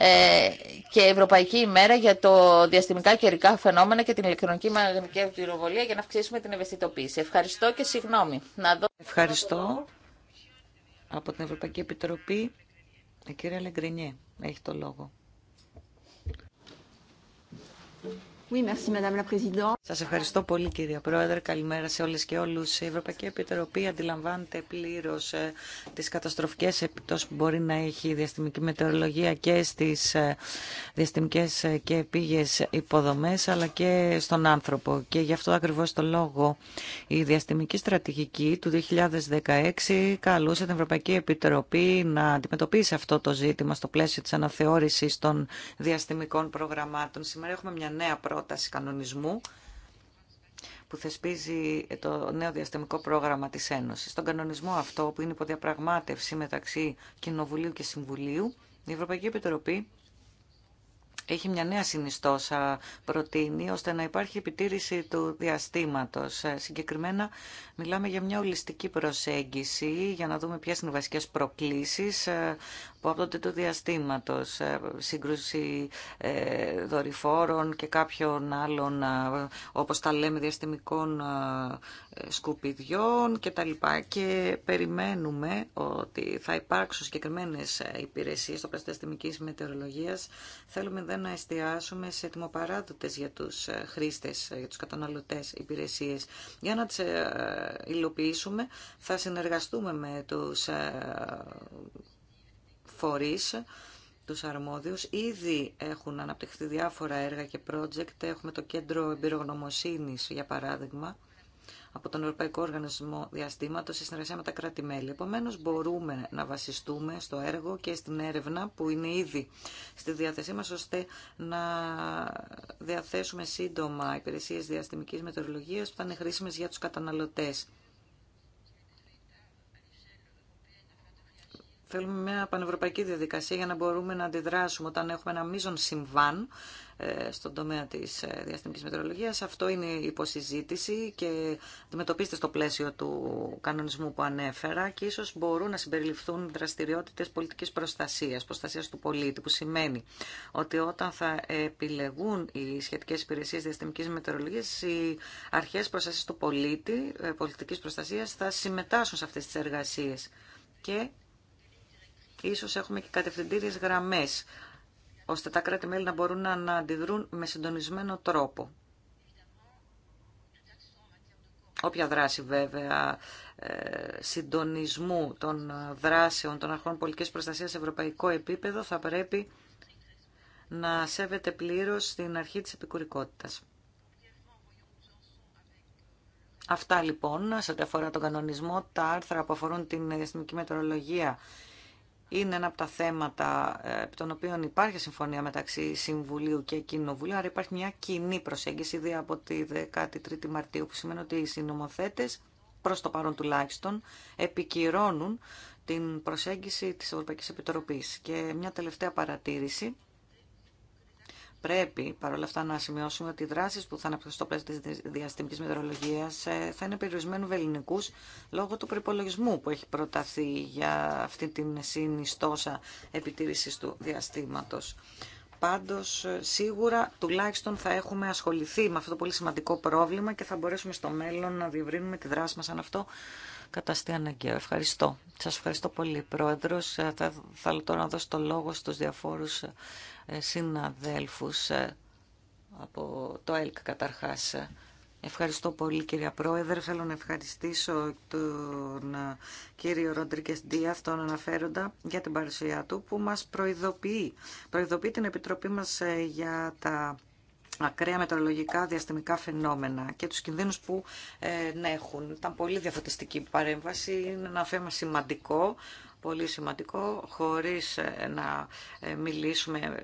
A: ε, και Ευρωπαϊκή ημέρα για το διαστημικά καιρικά φαινόμενα και την ηλεκτρονική μαγνητική πυροβολία για να αυξήσουμε την ευαισθητοποίηση. Ευχαριστώ και συγγνώμη. Να δω... Ευχαριστώ
C: από την Ευρωπαϊκή Επιτροπή. Η κυρία Λεγκρινιέ έχει το λόγο. Σα Σας ευχαριστώ πολύ κύριε Πρόεδρε. Καλημέρα σε όλες και όλους. Η Ευρωπαϊκή Επιτροπή αντιλαμβάνεται πλήρως ε, τις καταστροφικές επιπτώσεις που μπορεί να έχει η διαστημική μετεωρολογία και στις ε, διαστημικές ε, και πήγες υποδομές αλλά και στον άνθρωπο. Και γι' αυτό ακριβώς το λόγο η διαστημική στρατηγική του 2016 καλούσε την Ευρωπαϊκή Επιτροπή να αντιμετωπίσει αυτό το ζήτημα στο πλαίσιο της αναθεώρησης των διαστημικών προγραμμάτων. Σήμερα έχουμε μια νέα πρόταση κανονισμού που θεσπίζει το νέο διαστημικό πρόγραμμα της Ένωσης. Στον κανονισμό αυτό που είναι υποδιαπραγμάτευση μεταξύ Κοινοβουλίου και Συμβουλίου, η Ευρωπαϊκή Επιτροπή έχει μια νέα συνιστόσα προτείνει ώστε να υπάρχει επιτήρηση του διαστήματος. Ε, συγκεκριμένα μιλάμε για μια ολιστική προσέγγιση για να δούμε ποιες είναι οι βασικές προκλήσεις ε, που τότε του διαστήματος, ε, σύγκρουση ε, δορυφόρων και κάποιων άλλων, ε, όπως τα λέμε, διαστημικών σκουπιδιών και Και περιμένουμε ότι θα υπάρξουν συγκεκριμένε υπηρεσίες στο πλαίσιο διαστημικής μετεωρολογίας. Θέλουμε δεν να εστιάσουμε σε τιμοπαράδοτες για τους χρήστες, για τους καταναλωτές υπηρεσίες. Για να τις υλοποιήσουμε θα συνεργαστούμε με τους φορείς, τους αρμόδιους. Ήδη έχουν αναπτυχθεί διάφορα έργα και project. Έχουμε το Κέντρο Εμπειρογνωμοσύνης, για παράδειγμα, από τον Ευρωπαϊκό Οργανισμό Διαστήματος σε συνεργασία με τα κράτη-μέλη. Επομένως, μπορούμε να βασιστούμε στο έργο και στην έρευνα που είναι ήδη στη διάθεσή μας, ώστε να διαθέσουμε σύντομα υπηρεσίες διαστημικής μετεωρολογίας που θα είναι χρήσιμες για τους καταναλωτές. Θέλουμε μια πανευρωπαϊκή διαδικασία για να μπορούμε να αντιδράσουμε όταν έχουμε ένα μείζον συμβάν ε, στον τομέα τη ε, Διαστημική μετεωρολογία. Αυτό είναι η υποσυζήτηση και αντιμετωπίστε στο πλαίσιο του κανονισμού που ανέφερα και ίσω μπορούν να συμπεριληφθούν δραστηριότητε πολιτική προστασία, προστασία του πολίτη, που σημαίνει ότι όταν θα επιλεγούν οι σχετικέ υπηρεσίε Διαστημική Μετρολογία, οι αρχέ προστασία του πολίτη, ε, πολιτική προστασία, θα συμμετάσχουν σε αυτέ τι εργασίε. και Ίσως έχουμε και κατευθυντήριες γραμμές, ώστε τα κράτη-μέλη να μπορούν να αντιδρούν με συντονισμένο τρόπο. Όποια δράση βέβαια ε, συντονισμού των δράσεων των αρχών πολιτικής προστασίας σε ευρωπαϊκό επίπεδο θα πρέπει να σέβεται πλήρως την αρχή της επικουρικότητας. Αυτά λοιπόν, σε ό,τι αφορά τον κανονισμό, τα άρθρα που αφορούν την εθνική μετρολογία είναι ένα από τα θέματα ε, επί των οποίων υπάρχει συμφωνία μεταξύ Συμβουλίου και Κοινοβουλίου, άρα υπάρχει μια κοινή προσέγγιση ήδη από τη 13η Μαρτίου, που σημαίνει ότι οι συνομοθέτες, προς το παρόν τουλάχιστον, επικυρώνουν την προσέγγιση της Ευρωπαϊκής Επιτροπής. Και μια τελευταία παρατήρηση πρέπει παρόλα αυτά να σημειώσουμε ότι οι δράσεις που θα αναπτυχθούν στο πλαίσιο τη διαστημική Μετρολογία ε, θα είναι περιορισμένου βεληνικού λόγω του προπολογισμού που έχει προταθεί για αυτή την συνιστόσα επιτήρηση του διαστήματος. Πάντως, ε, σίγουρα, τουλάχιστον θα έχουμε ασχοληθεί με αυτό το πολύ σημαντικό πρόβλημα και θα μπορέσουμε στο μέλλον να διευρύνουμε τη δράση μα αν αυτό καταστεί αναγκαίο. Ευχαριστώ. Σας ευχαριστώ πολύ, Πρόεδρος. Ε, θα θέλω τώρα να δώσω το λόγο στους διαφόρους ε, συναδέλφους ε, από το ΕΛΚ καταρχάς. Ευχαριστώ πολύ κυρία Πρόεδρε. Θέλω να ευχαριστήσω τον κύριο Ροντρίκε Ντία, τον αναφέροντα, για την παρουσία του που μας προειδοποιεί. Προειδοποιεί την Επιτροπή μας για τα ακραία μετρολογικά διαστημικά φαινόμενα και τους κινδύνους που ε, έχουν. Ήταν πολύ διαφωτιστική παρέμβαση, είναι ένα θέμα σημαντικό πολύ σημαντικό, χωρίς ε, να ε, μιλήσουμε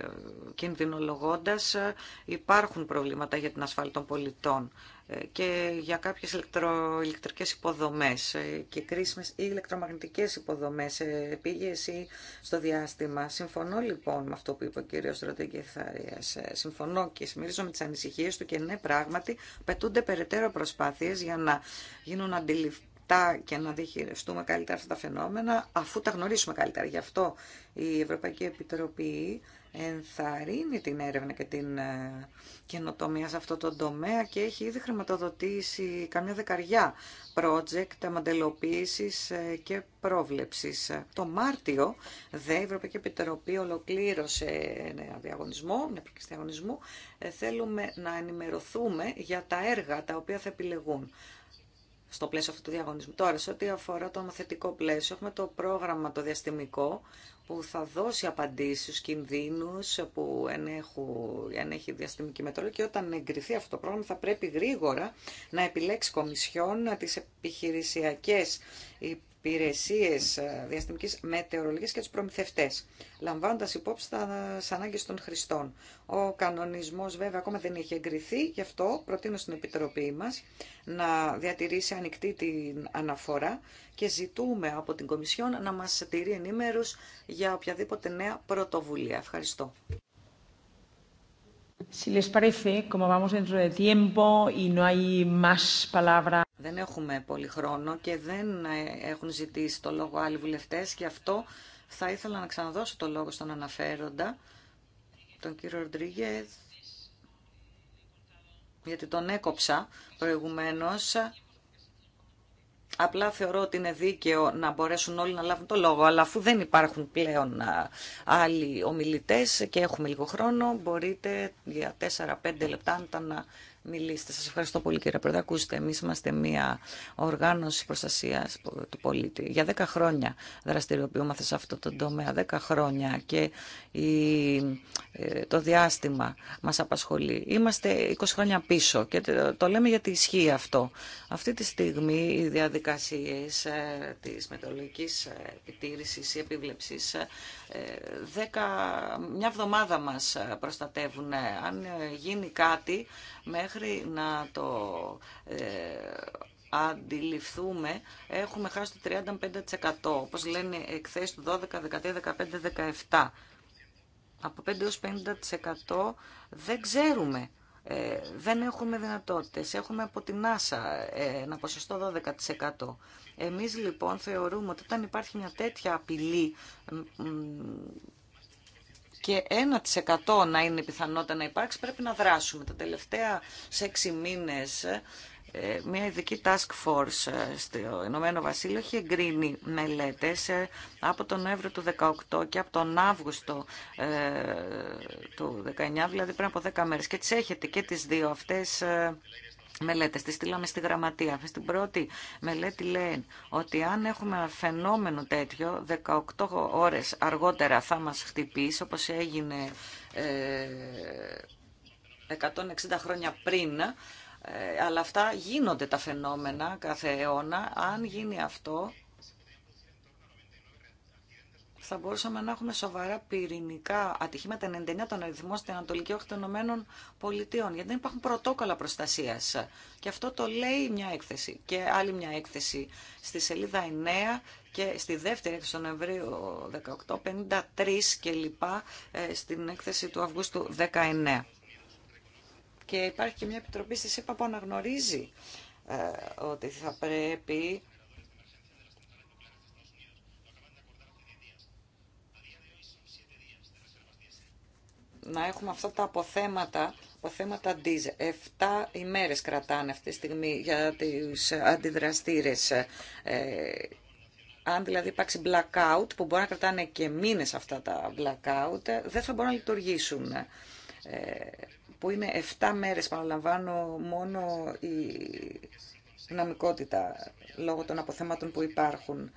C: κινδυνολογώντας. Ε, υπάρχουν προβλήματα για την ασφάλεια των πολιτών και για κάποιες ηλεκτρο, ηλεκτρικές υποδομές και κρίσιμες ή ηλεκτρομαγνητικές υποδομές πήγες ή στο διάστημα. Συμφωνώ λοιπόν με αυτό που είπε ο κύριος Ρωτήγκεθαρίας. Συμφωνώ και με τις ανησυχίες του και ναι πράγματι πετούνται περαιτέρω προσπάθειες για να γίνουν αντιληφθείς και να διχειριστούμε καλύτερα αυτά τα φαινόμενα, αφού τα γνωρίσουμε καλύτερα. Γι' αυτό η Ευρωπαϊκή Επιτροπή ενθαρρύνει την έρευνα και την ε, καινοτομία σε αυτό το τομέα και έχει ήδη χρηματοδοτήσει καμιά δεκαριά project μαντελοποίησης ε, και πρόβλεψης. Το Μάρτιο, δε, η Ευρωπαϊκή Επιτροπή ολοκλήρωσε ένα διαγωνισμό, μια διαγωνισμού. Ε, θέλουμε να ενημερωθούμε για τα έργα τα οποία θα επιλεγούν στο πλαίσιο αυτού του διαγωνισμού. Τώρα, σε ό,τι αφορά το νομοθετικό πλαίσιο, έχουμε το πρόγραμμα το διαστημικό που θα δώσει απαντήσεις στους κινδύνους που ενέχει η διαστημική μετρόλη και όταν εγκριθεί αυτό το πρόγραμμα θα πρέπει γρήγορα να επιλέξει κομισιόν τις επιχειρησιακές υπηρεσίε ε, διαστημικής μετεωρολογίας και του προμηθευτέ, λαμβάνοντα υπόψη τα ανάγκε των χρηστών. Ο κανονισμός βέβαια ακόμα δεν έχει εγκριθεί, γι' αυτό προτείνω στην Επιτροπή μας να διατηρήσει ανοιχτή την αναφορά και ζητούμε από την Κομισιόν να μας τηρεί ενήμερους για οποιαδήποτε νέα πρωτοβουλία. Ευχαριστώ.
B: Si les parece, como vamos dentro de tiempo y no hay más palabras.
C: Δεν έχουμε πολύ χρόνο και δεν ε, έχουν ζητήσει το λόγο άλλοι βουλευτές και αυτό θα ήθελα να ξαναδώσω το λόγο στον αναφέροντα, τον κύριο Ροντρίγε, γιατί τον έκοψα προηγουμένως. Απλά θεωρώ ότι είναι δίκαιο να μπορέσουν όλοι να λάβουν το λόγο, αλλά αφού δεν υπάρχουν πλέον άλλοι ομιλητές και έχουμε λίγο χρόνο, μπορείτε για 4-5 λεπτά να Μιλήστε. Σας ευχαριστώ πολύ κύριε Πρόεδρε. Ακούστε, εμείς είμαστε μια οργάνωση προστασίας του πολίτη. Για 10 χρόνια δραστηριοποιούμαστε σε αυτό το τομέα, 10 χρόνια και η, ε, το διάστημα μας απασχολεί. Είμαστε 20 χρόνια πίσω και το, λέμε γιατί ισχύει αυτό. Αυτή τη στιγμή οι διαδικασίες ε, της μετολογική ε, επιτήρησης ή επίβλεψης 10, μια εβδομάδα μας προστατεύουν. Αν γίνει κάτι Μέχρι να το ε, αντιληφθούμε, έχουμε χάσει το 35%, όπως λένε εκθέσεις του 12, 13, 15, 17. Από 5 έως 50% δεν ξέρουμε ε, δεν έχουμε δυνατότητες. Έχουμε από την άσα ε, ένα ποσοστό 12%. Εμείς λοιπόν θεωρούμε ότι όταν υπάρχει μια τέτοια απειλή και 1% να είναι η πιθανότητα να υπάρξει, πρέπει να δράσουμε. Τα τελευταία 6 μήνες ε, μια ειδική task force ε, στο Ηνωμένο Βασίλειο έχει εγκρίνει μελέτες ε, από τον Νοέμβριο του 18 και από τον Αύγουστο του 19, δηλαδή πριν από 10 μέρες. Και τις έχετε και τις δύο αυτές Μελέτε τη στείλαμε στη γραμματεία. Αυτή την πρώτη μελέτη λέει ότι αν έχουμε φαινόμενο τέτοιο, 18 ώρες αργότερα θα μας χτυπήσει, όπως έγινε 160 ε, χρόνια πριν, ε, αλλά αυτά γίνονται τα φαινόμενα κάθε αιώνα. Αν γίνει αυτό, θα μπορούσαμε να έχουμε σοβαρά πυρηνικά ατυχήματα 99 των αριθμών στην Ανατολική Όχθη των Ηνωμένων Πολιτειών, γιατί δεν υπάρχουν πρωτόκολλα προστασία. Και αυτό το λέει μια έκθεση. Και άλλη μια έκθεση στη σελίδα 9 και στη δεύτερη έκθεση του Νοεμβρίου 18, 53 κλπ. στην έκθεση του Αυγούστου 19. Και υπάρχει και μια επιτροπή στη ΣΥΠΑ που αναγνωρίζει ε, ότι θα πρέπει να έχουμε αυτά τα αποθέματα, αποθέματα diesel. Εφτά ημέρες κρατάνε αυτή τη στιγμή για τις αντιδραστήρες. Ε, αν δηλαδή υπάρξει blackout, που μπορεί να κρατάνε και μήνες αυτά τα blackout, δεν θα μπορούν να λειτουργήσουν. Ε, που είναι 7 μέρες, παραλαμβάνω, μόνο η δυναμικότητα λόγω των αποθέματων που υπάρχουν.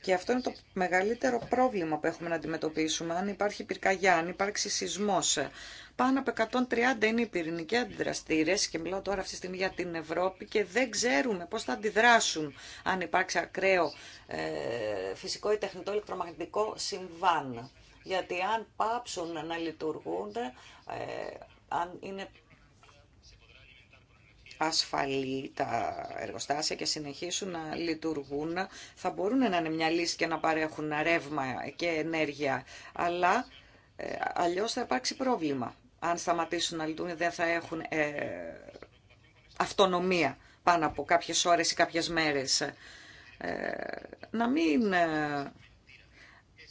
C: Και αυτό είναι το μεγαλύτερο πρόβλημα που έχουμε να αντιμετωπίσουμε. Αν υπάρχει πυρκαγιά, αν υπάρξει σεισμό. Πάνω από 130 είναι οι πυρηνικοί αντιδραστήρε και μιλάω τώρα αυτή τη στιγμή για την Ευρώπη και δεν ξέρουμε πώ θα αντιδράσουν αν υπάρξει ακραίο ε, φυσικό ή τεχνητό ηλεκτρομαγνητικό συμβάν. Γιατί αν πάψουν να λειτουργούν, ε, αν είναι ασφαλή τα εργοστάσια και συνεχίσουν να λειτουργούν, θα μπορούν να είναι μια λύση και να παρέχουν ρεύμα και ενέργεια, αλλά ε, αλλιώς θα υπάρξει πρόβλημα. Αν σταματήσουν να λειτουργούν δεν θα έχουν ε, αυτονομία πάνω από κάποιες ώρες ή κάποιες μέρες. Ε, να μην ε,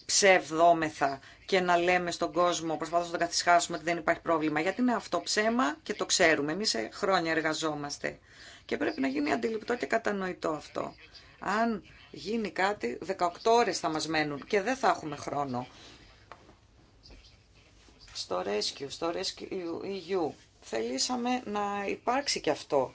C: ψευδόμεθα και να λέμε στον κόσμο, προσπαθώντα να τον καθισχάσουμε ότι δεν υπάρχει πρόβλημα. Γιατί είναι αυτό ψέμα και το ξέρουμε. Εμεί χρόνια εργαζόμαστε. Και πρέπει να γίνει αντιληπτό και κατανοητό αυτό. Αν γίνει κάτι, 18 ώρες θα μας μένουν και δεν θα έχουμε χρόνο. Στο Rescue, στο Rescue EU, θελήσαμε να υπάρξει και αυτό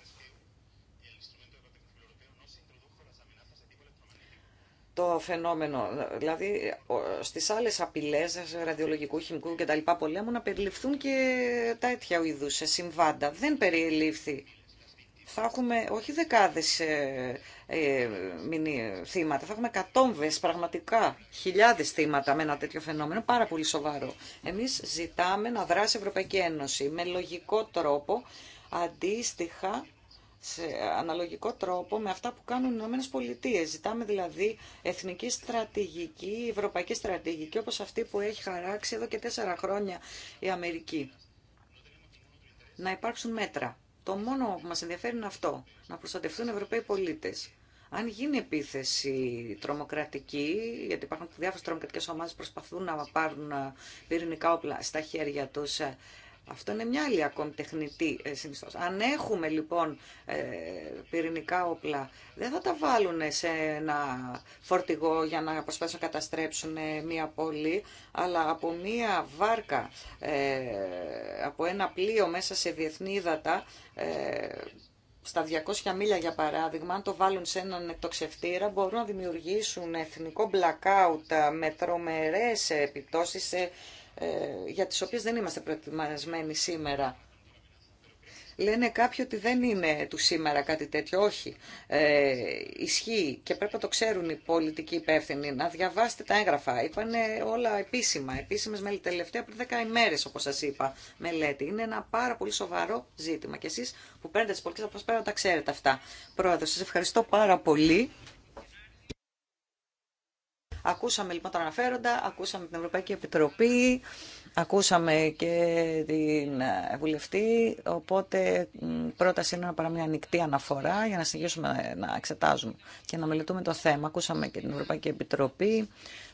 C: το φαινόμενο. Δηλαδή στις άλλε απειλέ ραδιολογικού, χημικού κτλ. πολέμου να περιληφθούν και τα αίτια σε συμβάντα. Δεν περιελήφθη. Θα έχουμε όχι δεκάδες ε, ε θύματα, θα έχουμε εκατόμβε πραγματικά, χιλιάδε θύματα με ένα τέτοιο φαινόμενο, πάρα πολύ σοβαρό. Εμείς ζητάμε να δράσει η Ευρωπαϊκή Ένωση με λογικό τρόπο, αντίστοιχα σε αναλογικό τρόπο με αυτά που κάνουν οι Ηνωμένε πολιτείε. Ζητάμε δηλαδή εθνική στρατηγική, ευρωπαϊκή στρατηγική, όπω αυτή που έχει χαράξει εδώ και τέσσερα χρόνια η Αμερική. Να υπάρξουν μέτρα. Το μόνο που μα ενδιαφέρει είναι αυτό, να προστατευτούν οι Ευρωπαίοι πολίτε. Αν γίνει επίθεση τρομοκρατική, γιατί υπάρχουν διάφορε τρομοκρατικέ ομάδε που προσπαθούν να πάρουν πυρηνικά όπλα στα χέρια του, αυτό είναι μια άλλη ακόμη τεχνητή ε, συνιστώση. Αν έχουμε λοιπόν ε, πυρηνικά όπλα, δεν θα τα βάλουν σε ένα φορτηγό για να προσπαθήσουν να καταστρέψουν ε, μια πόλη, αλλά από μια βάρκα, από ένα πλοίο μέσα σε διεθνή ύδατα, στα 200 μίλια για παράδειγμα, αν το βάλουν σε έναν εκτοξευτήρα, μπορούν να δημιουργήσουν εθνικό blackout με τρομερές επιπτώσεις σε ε, για τις οποίες δεν είμαστε προετοιμασμένοι σήμερα. Λένε κάποιοι ότι δεν είναι του σήμερα κάτι τέτοιο. Όχι. Ε, ισχύει και πρέπει να το ξέρουν οι πολιτικοί υπεύθυνοι. Να διαβάσετε τα έγγραφα. Είπανε όλα επίσημα. Επίσημε με τελευταία πριν 10 ημέρε, όπω σα είπα, μελέτη. Είναι ένα πάρα πολύ σοβαρό ζήτημα. Και εσεί που παίρνετε τι πολιτικέ αποφάσει πρέπει να τα ξέρετε αυτά. Πρόεδρο, σα ευχαριστώ πάρα πολύ. Ακούσαμε λοιπόν τα αναφέροντα, ακούσαμε την Ευρωπαϊκή Επιτροπή, ακούσαμε και την ε, βουλευτή, οπότε πρόταση είναι να μια ανοιχτή αναφορά για να συνεχίσουμε να εξετάζουμε και να μελετούμε το θέμα. Ακούσαμε και την Ευρωπαϊκή Επιτροπή,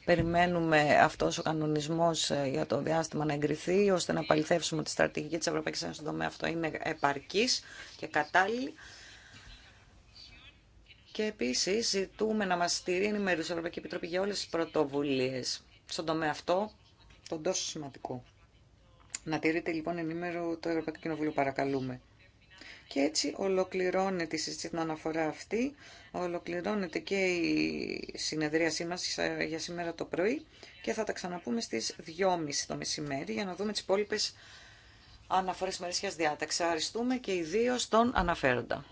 C: περιμένουμε αυτός ο κανονισμός ε, για το διάστημα να εγκριθεί, ώστε να παληθεύσουμε ότι η στρατηγική της Ευρωπαϊκής Ένωσης στον τομέα αυτό είναι επαρκής και κατάλληλη. Και επίση ζητούμε να μα στηρεί ενημέρωση η Ευρωπαϊκή Επιτροπή για όλε τι πρωτοβουλίε στον τομέα αυτό, τον τόσο σημαντικό. Να τηρείτε λοιπόν ενήμερο το Ευρωπαϊκό Κοινοβούλιο παρακαλούμε. Και έτσι ολοκληρώνεται η συζήτηση την αναφορά αυτή, ολοκληρώνεται και η συνεδρίασή μας για σήμερα το πρωί και θα τα ξαναπούμε στις 2.30 το μεσημέρι για να δούμε τις υπόλοιπε αναφορές μερίσιας διάταξης. Αριστούμε και ιδίως τον αναφέροντα.